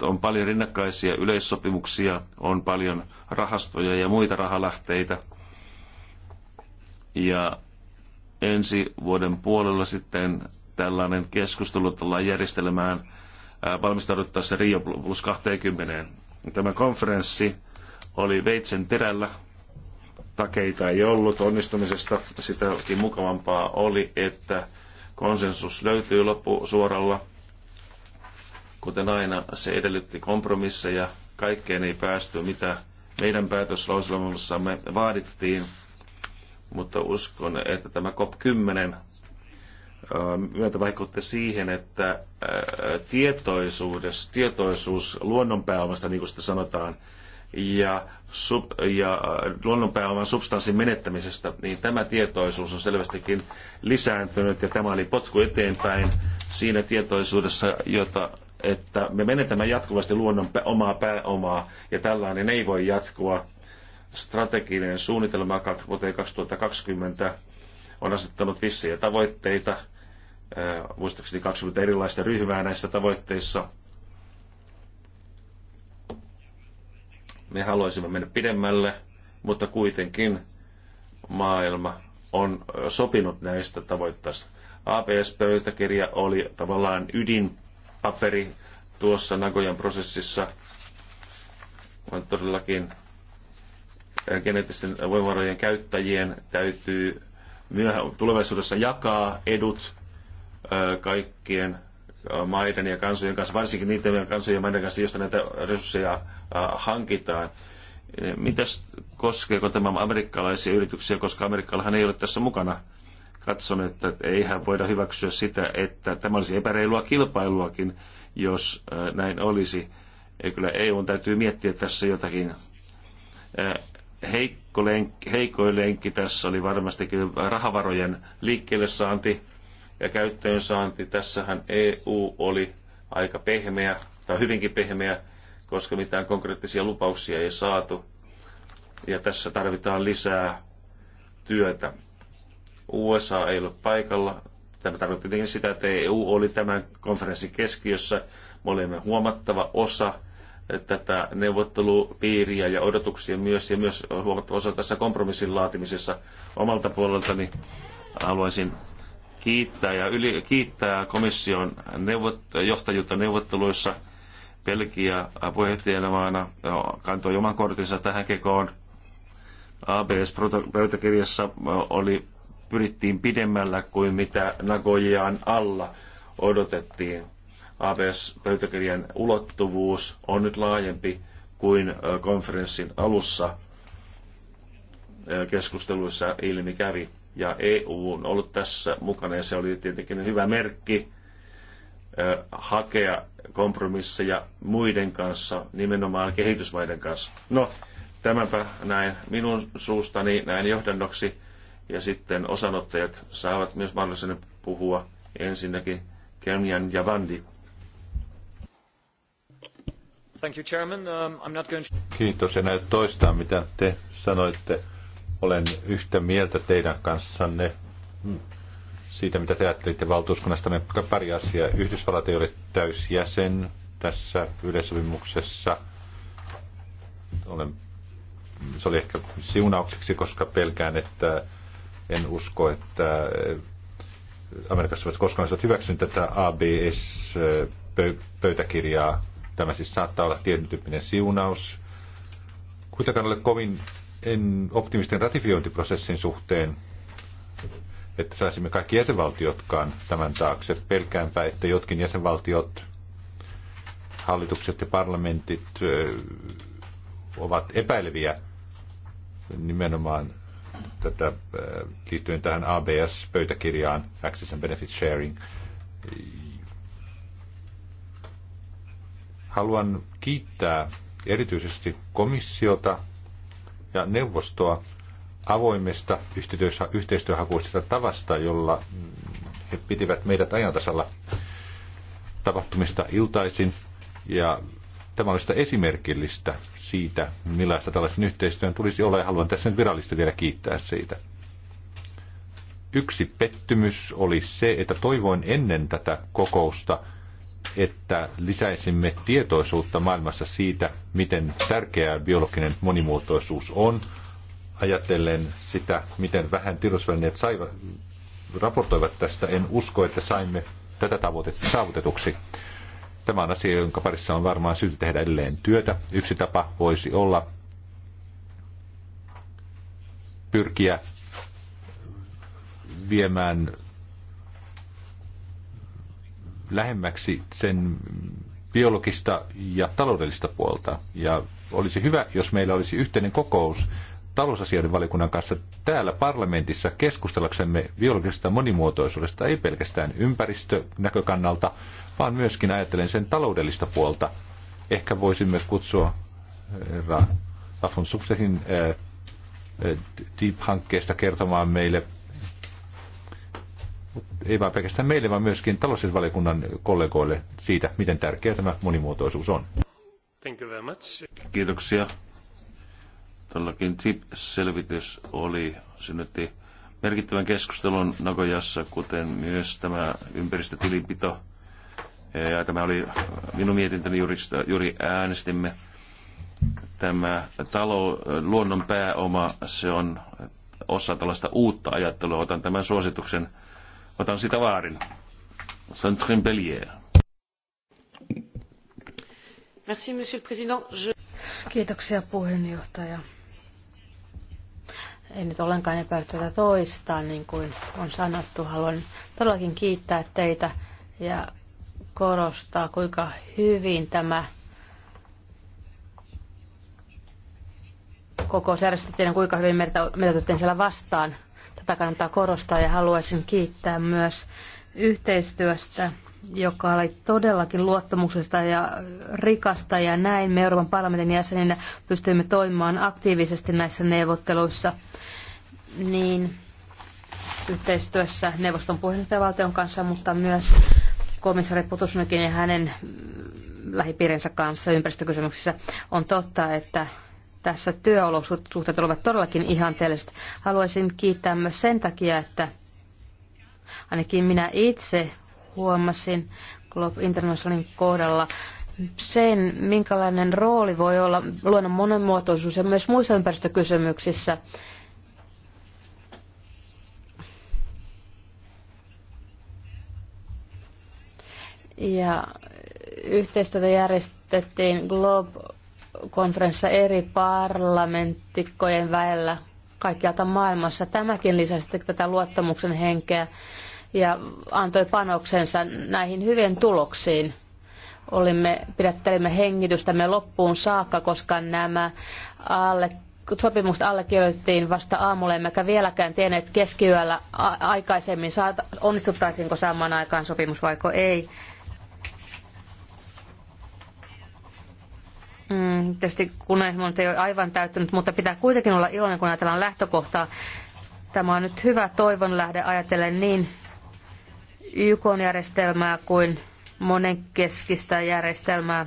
on paljon rinnakkaisia yleissopimuksia, on paljon rahastoja ja muita rahalähteitä. Ja ensi vuoden puolella sitten tällainen keskustelu tullaan järjestelemään valmistauduttaessa Rio plus 20. Tämä konferenssi oli veitsen terällä. Takeita ei ollut onnistumisesta. Sitäkin mukavampaa oli, että konsensus löytyy loppusuoralla. Kuten aina, se edellytti kompromisseja. Kaikkeen ei päästy, mitä meidän päätöslauselmassamme vaadittiin. Mutta uskon, että tämä COP10 myötä siihen, että tietoisuus, tietoisuus luonnonpääomasta, niin kuin sitä sanotaan, ja, sub, ja luonnonpääoman substanssin menettämisestä, niin tämä tietoisuus on selvästikin lisääntynyt ja tämä oli potku eteenpäin siinä tietoisuudessa, jota, että me menetämme jatkuvasti luonnon omaa pääomaa ja tällainen ei voi jatkua. Strateginen suunnitelma vuoteen 2020 on asettanut vissiä tavoitteita muistaakseni 20 erilaista ryhmää näissä tavoitteissa. Me haluaisimme mennä pidemmälle, mutta kuitenkin maailma on sopinut näistä tavoitteista. APS-pöytäkirja oli tavallaan ydinpaperi tuossa Nagojan prosessissa. On todellakin geneettisten voimavarojen käyttäjien täytyy myöhä, tulevaisuudessa jakaa edut kaikkien maiden ja kansojen kanssa, varsinkin niiden kansojen ja maiden kanssa, joista näitä resursseja hankitaan. Mitäs koskeeko tämä amerikkalaisia yrityksiä, koska Amerikkallahan ei ole tässä mukana? Katson, että eihän voida hyväksyä sitä, että tämä olisi epäreilua kilpailuakin, jos näin olisi. Ja kyllä EU täytyy miettiä tässä jotakin. Heikko lenkki, heikoin lenkki tässä oli varmastikin rahavarojen liikkeelle saanti ja käyttöönsaanti. Tässähän EU oli aika pehmeä tai hyvinkin pehmeä, koska mitään konkreettisia lupauksia ei saatu. Ja tässä tarvitaan lisää työtä. USA ei ollut paikalla. Tämä tarkoitti tietenkin sitä, että EU oli tämän konferenssin keskiössä. Me olimme huomattava osa tätä neuvottelupiiriä ja odotuksia myös, ja myös huomattava osa tässä kompromissin laatimisessa omalta puoleltani haluaisin kiittää, ja yli, kiittää komission neuvot, johtajuutta neuvotteluissa. Belgia puheenjohtajana kantoi oman kortinsa tähän kekoon. ABS-pöytäkirjassa oli, pyrittiin pidemmällä kuin mitä Nagojaan alla odotettiin. ABS-pöytäkirjan ulottuvuus on nyt laajempi kuin konferenssin alussa keskusteluissa ilmi kävi ja EU on ollut tässä mukana ja se oli tietenkin hyvä merkki hakea kompromisseja muiden kanssa, nimenomaan kehitysmaiden kanssa. No, tämänpä näin minun suustani näin johdannoksi ja sitten osanottajat saavat myös mahdollisuuden puhua ensinnäkin Kenyan ja Vandi. Thank you, Chairman. Um, I'm not going to... Kiitos, en toistaa mitä te sanoitte olen yhtä mieltä teidän kanssanne siitä, mitä te ajattelitte valtuuskunnasta. Me pari asiaa. Yhdysvallat ei ole täysjäsen tässä yleisövimuksessa. Olen, se oli ehkä siunaukseksi, koska pelkään, että en usko, että Amerikassa olisi koskaan olisivat hyväksynyt tätä ABS-pöytäkirjaa. Tämä siis saattaa olla tietyn tyyppinen siunaus. Kuitenkaan ole kovin en optimistin ratifiointiprosessin suhteen, että saisimme kaikki jäsenvaltiotkaan tämän taakse. Pelkäänpä, että jotkin jäsenvaltiot, hallitukset ja parlamentit ovat epäileviä nimenomaan tätä liittyen tähän ABS-pöytäkirjaan, Access and Benefit Sharing. Haluan kiittää erityisesti komissiota ja neuvostoa avoimesta yhteistyöhakuisesta tavasta, jolla he pitivät meidät ajantasalla tapahtumista iltaisin. Ja tämä oli sitä esimerkillistä siitä, millaista tällaisen yhteistyön tulisi olla, ja haluan tässä nyt virallisesti vielä kiittää siitä. Yksi pettymys oli se, että toivoin ennen tätä kokousta – että lisäisimme tietoisuutta maailmassa siitä, miten tärkeää biologinen monimuotoisuus on, ajatellen sitä, miten vähän tiedotusvälineet saivat, raportoivat tästä. En usko, että saimme tätä tavoitetta saavutetuksi. Tämä on asia, jonka parissa on varmaan syytä tehdä edelleen työtä. Yksi tapa voisi olla pyrkiä viemään lähemmäksi sen biologista ja taloudellista puolta. Ja olisi hyvä, jos meillä olisi yhteinen kokous talousasioiden valikunnan kanssa täällä parlamentissa keskustellaksemme biologisesta monimuotoisuudesta, ei pelkästään ympäristönäkökannalta, vaan myöskin ajatellen sen taloudellista puolta. Ehkä voisimme kutsua herra Lafon Suftehin eh, eh, Deep-hankkeesta kertomaan meille ei vain pelkästään meille, vaan myöskin talousvaliokunnan kollegoille siitä, miten tärkeä tämä monimuotoisuus on. Thank you very much. Kiitoksia. Todellakin TIP-selvitys oli, synnytti merkittävän keskustelun Nagojassa, kuten myös tämä ympäristötilinpito. Ja tämä oli minun mietintäni juuri, juuri äänestimme. Tämä talo, luonnon pääoma, se on osa tällaista uutta ajattelua. Otan tämän suosituksen Otan sitä vaarin. Santrin Bellier. Merci, monsieur le président. Je... Kiitoksia puheenjohtaja. En nyt ollenkaan epäile tätä toistaa, niin kuin on sanottu. Haluan todellakin kiittää teitä ja korostaa, kuinka hyvin tämä kokous järjestettiin ja kuinka hyvin meitä otettiin siellä vastaan Tätä kannattaa korostaa ja haluaisin kiittää myös yhteistyöstä, joka oli todellakin luottamuksesta ja rikasta ja näin me Euroopan parlamentin jäseninä pystyimme toimimaan aktiivisesti näissä neuvotteluissa. Niin yhteistyössä neuvoston puheenjohtajavaltion kanssa, mutta myös komissaari Putusnykin ja hänen lähipiirinsä kanssa ympäristökysymyksissä on totta, että tässä työolosuhteet olivat todellakin ihanteelliset. Haluaisin kiittää myös sen takia, että ainakin minä itse huomasin Globe Internationalin kohdalla sen, minkälainen rooli voi olla luonnon monimuotoisuus ja myös muissa ympäristökysymyksissä. Ja yhteistyötä järjestettiin Globe konferenssissa eri parlamenttikkojen väellä kaikkialta maailmassa. Tämäkin lisäsi tätä luottamuksen henkeä ja antoi panoksensa näihin hyvien tuloksiin. Olimme, pidättelimme hengitystämme loppuun saakka, koska nämä alle, sopimukset allekirjoitettiin vasta aamulla, emmekä vieläkään tienneet keskiyöllä aikaisemmin, saat, onnistuttaisiinko saamaan aikaan sopimus vaiko ei. Mm, tietysti kunnianhimo ei ole aivan täyttynyt, mutta pitää kuitenkin olla iloinen, kun ajatellaan lähtökohtaa. Tämä on nyt hyvä toivon lähde ajatellen niin YK-järjestelmää kuin monenkeskistä järjestelmää.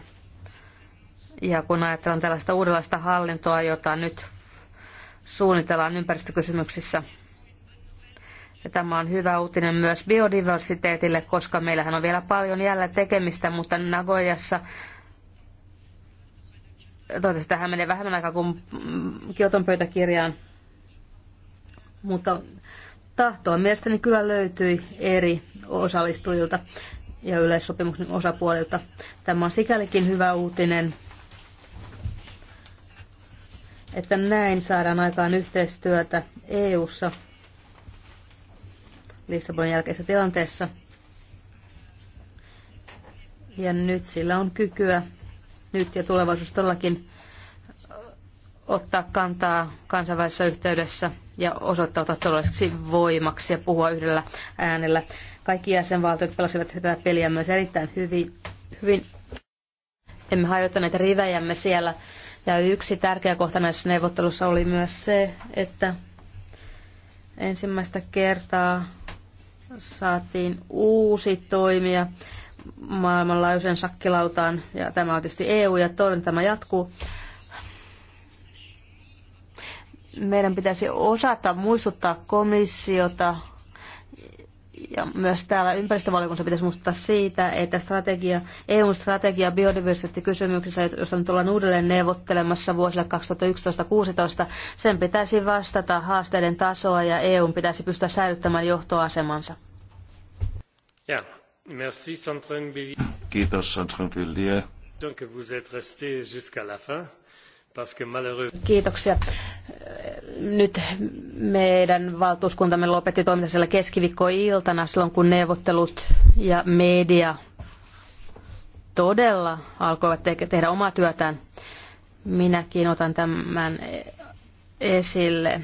Ja kun ajatellaan tällaista uudenlaista hallintoa, jota nyt suunnitellaan ympäristökysymyksissä. Ja tämä on hyvä uutinen myös biodiversiteetille, koska meillähän on vielä paljon jäljellä tekemistä, mutta Nagoyassa Toivottavasti tähän menee vähemmän aikaa kuin Kioton pöytäkirjaan. Mutta tahtoa mielestäni kyllä löytyi eri osallistujilta ja yleissopimuksen osapuolilta. Tämä on sikälikin hyvä uutinen, että näin saadaan aikaan yhteistyötä EU-ssa Lissabonin jälkeisessä tilanteessa. Ja nyt sillä on kykyä nyt ja tulevaisuus todellakin ottaa kantaa kansainvälisessä yhteydessä ja osoittautua todelliseksi voimaksi ja puhua yhdellä äänellä. Kaikki jäsenvaltiot pelasivat tätä peliä myös erittäin hyvin. hyvin. Emme hajottaneet rivejämme siellä. Ja yksi tärkeä kohta näissä neuvottelussa oli myös se, että ensimmäistä kertaa saatiin uusi toimija maailmanlaajuisen sakkilautaan, ja tämä on tietysti EU, ja toivon, tämä jatkuu. Meidän pitäisi osata muistuttaa komissiota, ja myös täällä ympäristövaliokunnassa pitäisi muistuttaa siitä, että strategia, EU-strategia biodiversiteettikysymyksissä, josta nyt ollaan uudelleen neuvottelemassa vuosille 2011-2016, sen pitäisi vastata haasteiden tasoa ja EUn pitäisi pystyä säilyttämään johtoasemansa. Yeah. Merci, Santren Billy. Kiitos, Santren Billy. Que vous êtes resté jusqu'à la fin. Kiitoksia. Nyt meidän valtuuskuntamme lopetti toimintansa siellä keskiviikkoiltana silloin, kun neuvottelut ja media todella alkoivat te- tehdä omaa työtään. Minäkin otan tämän esille.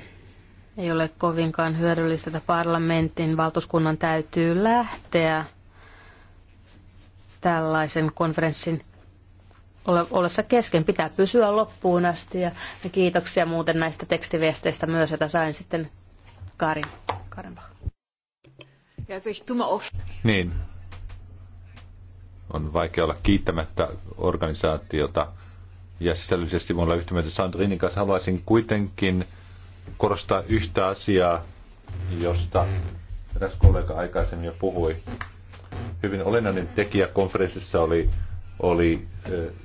Ei ole kovinkaan hyödyllistä, että parlamentin valtuuskunnan täytyy lähteä tällaisen konferenssin ollessa kesken. Pitää pysyä loppuun asti ja kiitoksia muuten näistä tekstiviesteistä myös, joita sain sitten Karin. Karin. Niin. On vaikea olla kiittämättä organisaatiota ja sisällöllisesti mulla yhtä mieltä Sandrinin kanssa haluaisin kuitenkin korostaa yhtä asiaa, josta eräs kollega aikaisemmin jo puhui hyvin olennainen tekijä konferenssissa oli, oli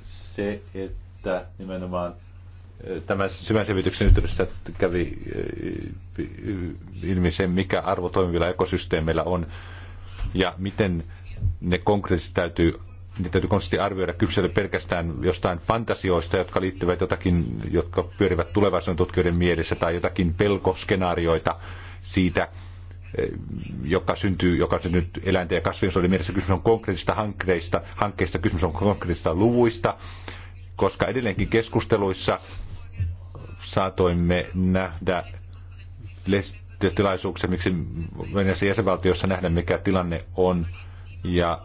se, että nimenomaan tämän syvän selvityksen yhteydessä kävi ilmi se, mikä arvo toimivilla ekosysteemeillä on ja miten ne konkreettisesti täytyy niitä täytyy konstantisesti arvioida kypsellä pelkästään jostain fantasioista, jotka liittyvät jotakin, jotka pyörivät tulevaisuuden tutkijoiden mielessä, tai jotakin pelkoskenaarioita siitä, Eh, joka syntyy, joka syntyy nyt eläinten ja kasvinsuojelun mielessä. Kysymys on konkreettisista hankkeista, hankkeista, kysymys on konkreettisista luvuista, koska edelleenkin keskusteluissa saatoimme nähdä tilaisuuksia, miksi Venäjän jäsenvaltiossa nähdään mikä tilanne on. Ja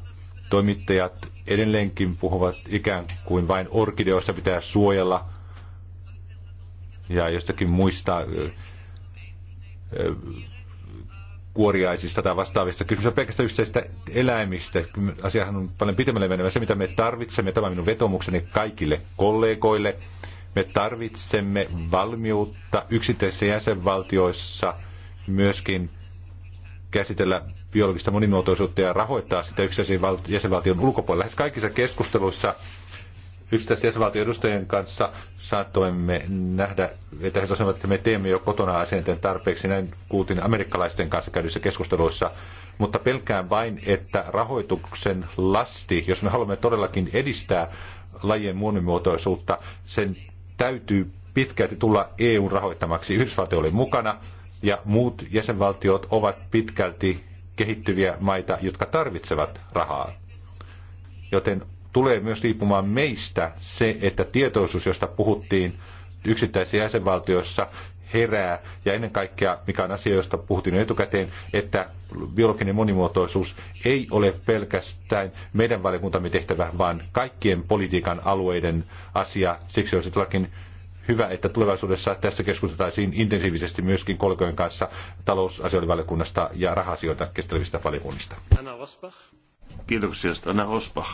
toimittajat edelleenkin puhuvat ikään kuin vain orkideoissa pitää suojella ja jostakin muista eh, eh, kuoriaisista tai vastaavista. Kysymys on pelkästään yhteisistä eläimistä. Asiahan on paljon pitemmälle menevä. Se, mitä me tarvitsemme, tämä minun vetomukseni kaikille kollegoille, me tarvitsemme valmiutta yksittäisissä jäsenvaltioissa myöskin käsitellä biologista monimuotoisuutta ja rahoittaa sitä yksittäisen jäsenvaltion ulkopuolella. Lähes kaikissa keskusteluissa yksittäisten jäsenvaltion edustajien kanssa saattoimme nähdä, että he tosiaan, että me teemme jo kotona asenteen tarpeeksi. Näin kuultiin amerikkalaisten kanssa käydyissä keskusteluissa. Mutta pelkään vain, että rahoituksen lasti, jos me haluamme todellakin edistää lajien monimuotoisuutta, sen täytyy pitkälti tulla EU rahoittamaksi. Yhdysvaltio oli mukana ja muut jäsenvaltiot ovat pitkälti kehittyviä maita, jotka tarvitsevat rahaa. Joten tulee myös riippumaan meistä se, että tietoisuus, josta puhuttiin yksittäisissä jäsenvaltioissa, herää, ja ennen kaikkea, mikä on asia, josta puhuttiin etukäteen, että biologinen monimuotoisuus ei ole pelkästään meidän valiokuntamme tehtävä, vaan kaikkien politiikan alueiden asia. Siksi olisi todellakin hyvä, että tulevaisuudessa tässä keskusteltaisiin intensiivisesti myöskin kollegojen kanssa talousasioiden valiokunnasta ja rahasioita kestävistä valiokunnista. Anna Rosbach. Kiitoksia, Anna Osbach.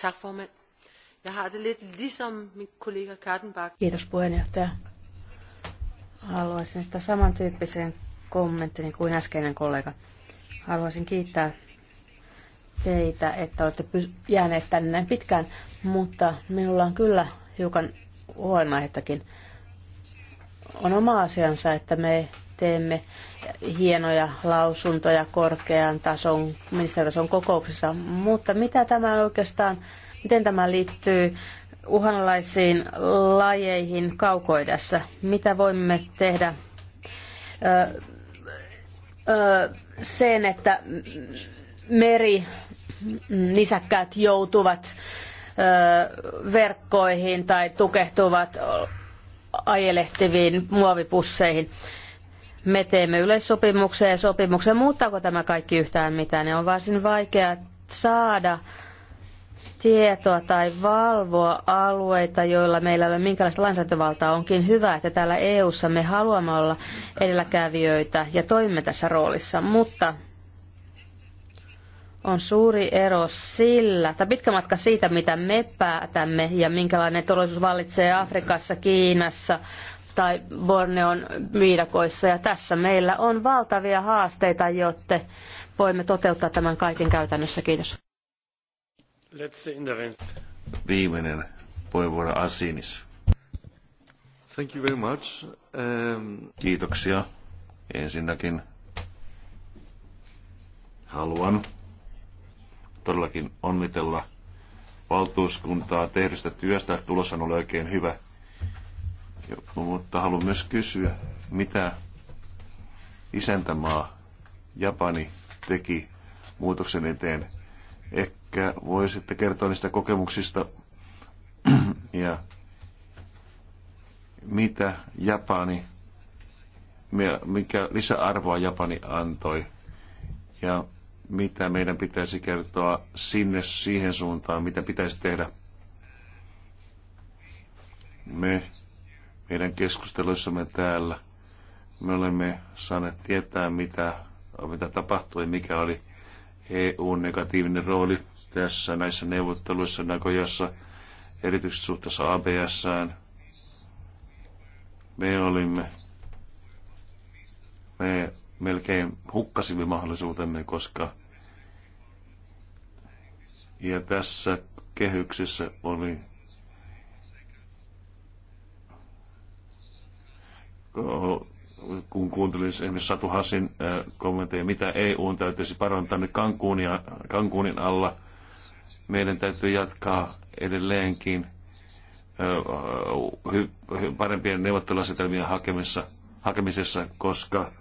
Tak formand. Jeg har det lidt ligesom min kollega Kiitos puheenjohtaja. Haluaisin sitä samantyyppisen kommentin kuin äskeinen kollega. Haluaisin kiittää teitä, että olette jääneet tänne näin pitkään, mutta minulla on kyllä hiukan huolenaihettakin. On oma asiansa, että me teemme hienoja lausuntoja korkean tason ministeritason kokouksissa, mutta mitä tämä oikeastaan, miten tämä liittyy uhanalaisiin lajeihin kaukoidassa? Mitä voimme tehdä ö, ö, sen, että meri nisäkkäät joutuvat ö, verkkoihin tai tukehtuvat ajelehtiviin muovipusseihin. Me teemme yleissopimuksen ja sopimuksen. Muuttaako tämä kaikki yhtään mitään? niin on varsin vaikea saada tietoa tai valvoa alueita, joilla meillä ei ole minkälaista lainsäädäntövaltaa. Onkin hyvä, että täällä EU-ssa me haluamme olla edelläkävijöitä ja toimimme tässä roolissa, mutta on suuri ero sillä, tai pitkä matka siitä, mitä me päätämme ja minkälainen todellisuus vallitsee Afrikassa, Kiinassa, tai Borneon viidakoissa. Ja tässä meillä on valtavia haasteita, jotta voimme toteuttaa tämän kaiken käytännössä. Kiitos. Viimeinen puheenvuoro Asinis. Thank you very much. Um... Kiitoksia. Ensinnäkin haluan todellakin onnitella valtuuskuntaa tehdystä työstä. tulossa on ollut oikein hyvä mutta haluan myös kysyä, mitä isäntämaa Japani teki muutoksen eteen. Ehkä voisitte kertoa niistä kokemuksista ja mitä Japani, mikä lisäarvoa Japani antoi ja mitä meidän pitäisi kertoa sinne siihen suuntaan, mitä pitäisi tehdä. Me meidän keskusteluissamme täällä. Me olemme saaneet tietää, mitä, mitä tapahtui, mikä oli EUn negatiivinen rooli tässä näissä neuvotteluissa näköjässä erityisesti suhteessa abs Me olimme, me melkein hukkasimme mahdollisuutemme, koska ja tässä kehyksessä oli kun kuuntelin esimerkiksi Satu Hasin äh, kommentteja, mitä e on täytyisi parantaa nyt Cancunia, Cancunin alla. Meidän täytyy jatkaa edelleenkin äh, parempien neuvotteluasetelmien hakemissa, hakemisessa, koska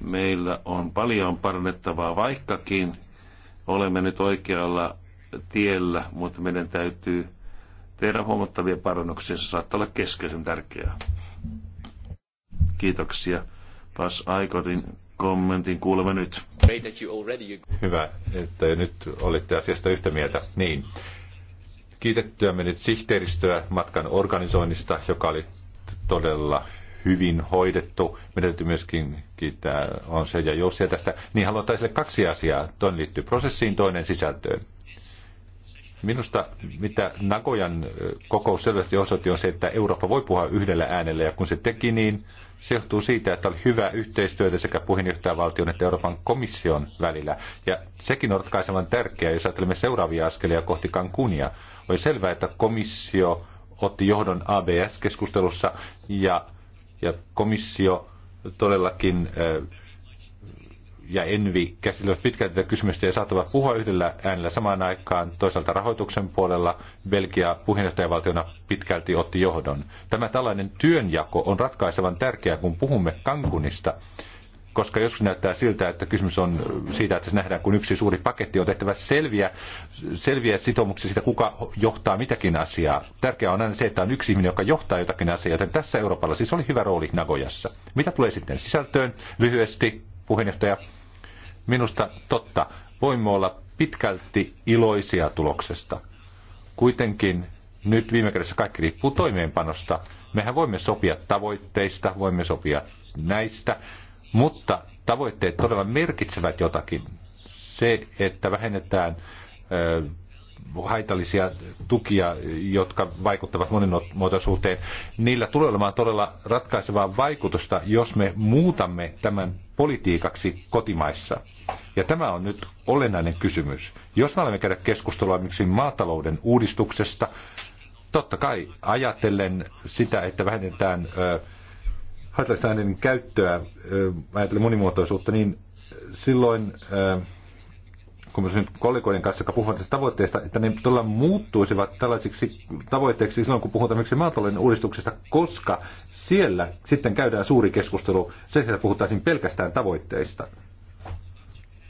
meillä on paljon parannettavaa, vaikkakin olemme nyt oikealla tiellä, mutta meidän täytyy tehdä huomattavia parannuksia. Se saattaa olla keskeisen tärkeää. Kiitoksia. Pas Aikotin kommentin kuulemme nyt. Hyvä, että nyt olitte asiasta yhtä mieltä. Niin. Kiitettyämme nyt sihteeristöä matkan organisoinnista, joka oli todella hyvin hoidettu. Meidän täytyy myöskin kiittää on se ja jos tästä. Niin haluan kaksi asiaa. Toinen liittyy prosessiin, toinen sisältöön. Minusta mitä Nagojan kokous selvästi osoitti on se, että Eurooppa voi puhua yhdellä äänellä ja kun se teki niin, se johtuu siitä, että oli hyvää yhteistyötä sekä puheenjohtajavaltion että Euroopan komission välillä. Ja sekin on ratkaisevan tärkeää, jos ajattelemme seuraavia askelia kohti Cancunia. Oli selvää, että komissio otti johdon ABS-keskustelussa ja, ja komissio todellakin äh, ja Envi käsittelevät pitkälti tätä kysymystä ja saattavat puhua yhdellä äänellä samaan aikaan. Toisaalta rahoituksen puolella Belgia puheenjohtajavaltiona pitkälti otti johdon. Tämä tällainen työnjako on ratkaisevan tärkeää, kun puhumme Kankunista, koska joskus näyttää siltä, että kysymys on siitä, että se nähdään kun yksi suuri paketti, on tehtävä selviä, selviä sitoumuksia siitä, kuka johtaa mitäkin asiaa. Tärkeää on aina se, että on yksi ihminen, joka johtaa jotakin asiaa, joten tässä Euroopalla siis oli hyvä rooli Nagojassa. Mitä tulee sitten sisältöön lyhyesti, puheenjohtaja? minusta totta. Voimme olla pitkälti iloisia tuloksesta. Kuitenkin nyt viime kädessä kaikki riippuu toimeenpanosta. Mehän voimme sopia tavoitteista, voimme sopia näistä, mutta tavoitteet todella merkitsevät jotakin. Se, että vähennetään haitallisia tukia, jotka vaikuttavat monimuotoisuuteen, niillä tulee olemaan todella ratkaisevaa vaikutusta, jos me muutamme tämän politiikaksi kotimaissa. Ja tämä on nyt olennainen kysymys. Jos me olemme käydä keskustelua miksi maatalouden uudistuksesta, totta kai ajatellen sitä, että vähennetään haitallisten aineiden käyttöä, ajatellen monimuotoisuutta, niin silloin komission kollegoiden kanssa, jotka puhuvat tästä tavoitteesta, että ne todella muuttuisivat tällaisiksi tavoitteiksi silloin, kun puhutaan esimerkiksi maatalouden uudistuksesta, koska siellä sitten käydään suuri keskustelu, se että puhuttaisiin pelkästään tavoitteista.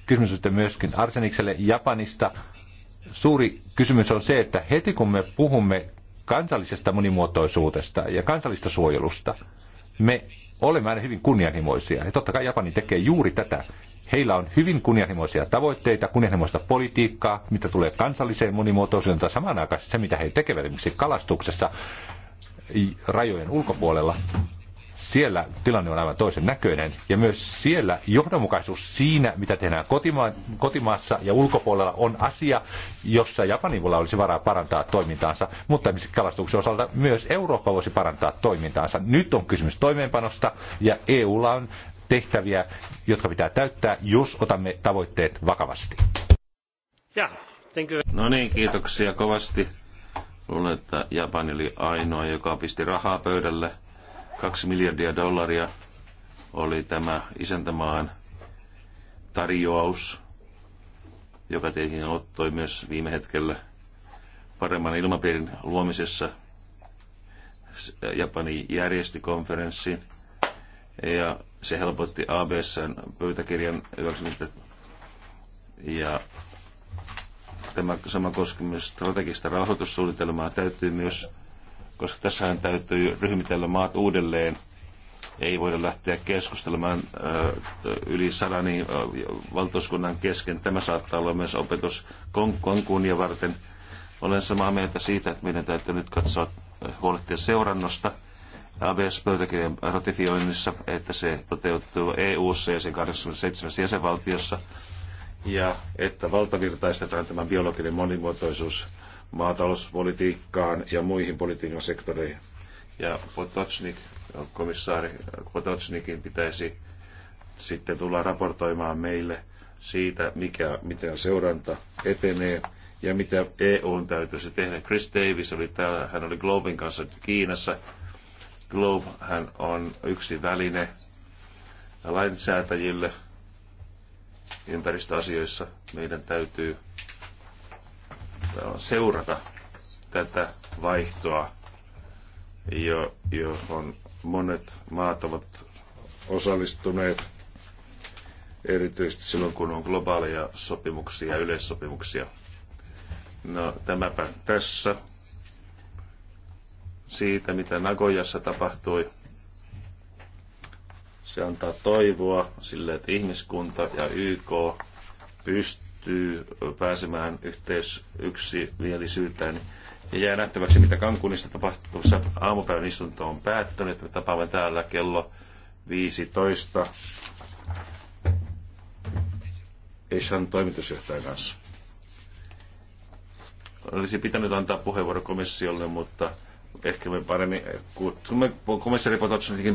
Kysymys on sitten myöskin Arsenikselle Japanista. Suuri kysymys on se, että heti kun me puhumme kansallisesta monimuotoisuudesta ja kansallista suojelusta, me olemme aina hyvin kunnianhimoisia. Ja totta kai Japani tekee juuri tätä. Heillä on hyvin kunnianhimoisia tavoitteita, kunnianhimoista politiikkaa, mitä tulee kansalliseen monimuotoisuuteen, tai samanaikaisesti se, mitä he tekevät esimerkiksi kalastuksessa rajojen ulkopuolella, siellä tilanne on aivan toisen näköinen. Ja myös siellä johdonmukaisuus siinä, mitä tehdään kotima- kotimaassa ja ulkopuolella, on asia, jossa Japanilla olisi varaa parantaa toimintaansa, mutta kalastuksen osalta myös Eurooppa voisi parantaa toimintaansa. Nyt on kysymys toimeenpanosta ja EUlla on tehtäviä, jotka pitää täyttää, jos otamme tavoitteet vakavasti. you. no niin, kiitoksia kovasti. Luulen, että Japani oli ainoa, joka pisti rahaa pöydälle. Kaksi miljardia dollaria oli tämä isäntämaan tarjous, joka tietenkin ottoi myös viime hetkellä paremman ilmapiirin luomisessa. Japani järjesti konferenssin ja se helpotti ABSn pöytäkirjan hyväksymistä ja tämä sama koski myös strategista rahoitussuunnitelmaa. Täytyy myös, koska tässähän täytyy ryhmitellä maat uudelleen, ei voida lähteä keskustelemaan yli sadani valtuuskunnan kesken. Tämä saattaa olla myös opetus ja varten. Olen samaa mieltä siitä, että meidän täytyy nyt katsoa huolehtia seurannosta – ABS-pöytäkirjan ratifioinnissa, että se toteutuu EU-ssa ja sen 87 jäsenvaltiossa, ja että valtavirtaistetaan tämä biologinen monimuotoisuus maatalouspolitiikkaan ja muihin politiikan sektoreihin. Ja Potocnik, komissaari Potocnikin pitäisi sitten tulla raportoimaan meille siitä, mikä, miten seuranta etenee ja mitä EUn täytyisi tehdä. Chris Davis oli täällä, hän oli Globin kanssa Kiinassa Globe hän on yksi väline lainsäätäjille ympäristöasioissa. Meidän täytyy äh, seurata tätä vaihtoa, jo, johon monet maat ovat osallistuneet, erityisesti silloin kun on globaaleja sopimuksia ja yleissopimuksia. No tämäpä tässä siitä, mitä Nagojassa tapahtui. Se antaa toivoa sille, että ihmiskunta ja YK pystyy pääsemään yhteis yksimielisyyteen. Ja jää nähtäväksi, mitä Kankunista tapahtuvassa aamupäivän istunto on päättynyt. Me tapaamme täällä kello 15 Eshan toimitusjohtajan kanssa. Olisi pitänyt antaa puheenvuoro komissiolle, mutta ehkä me paremmin eh, kutsumme komissari Potocnikin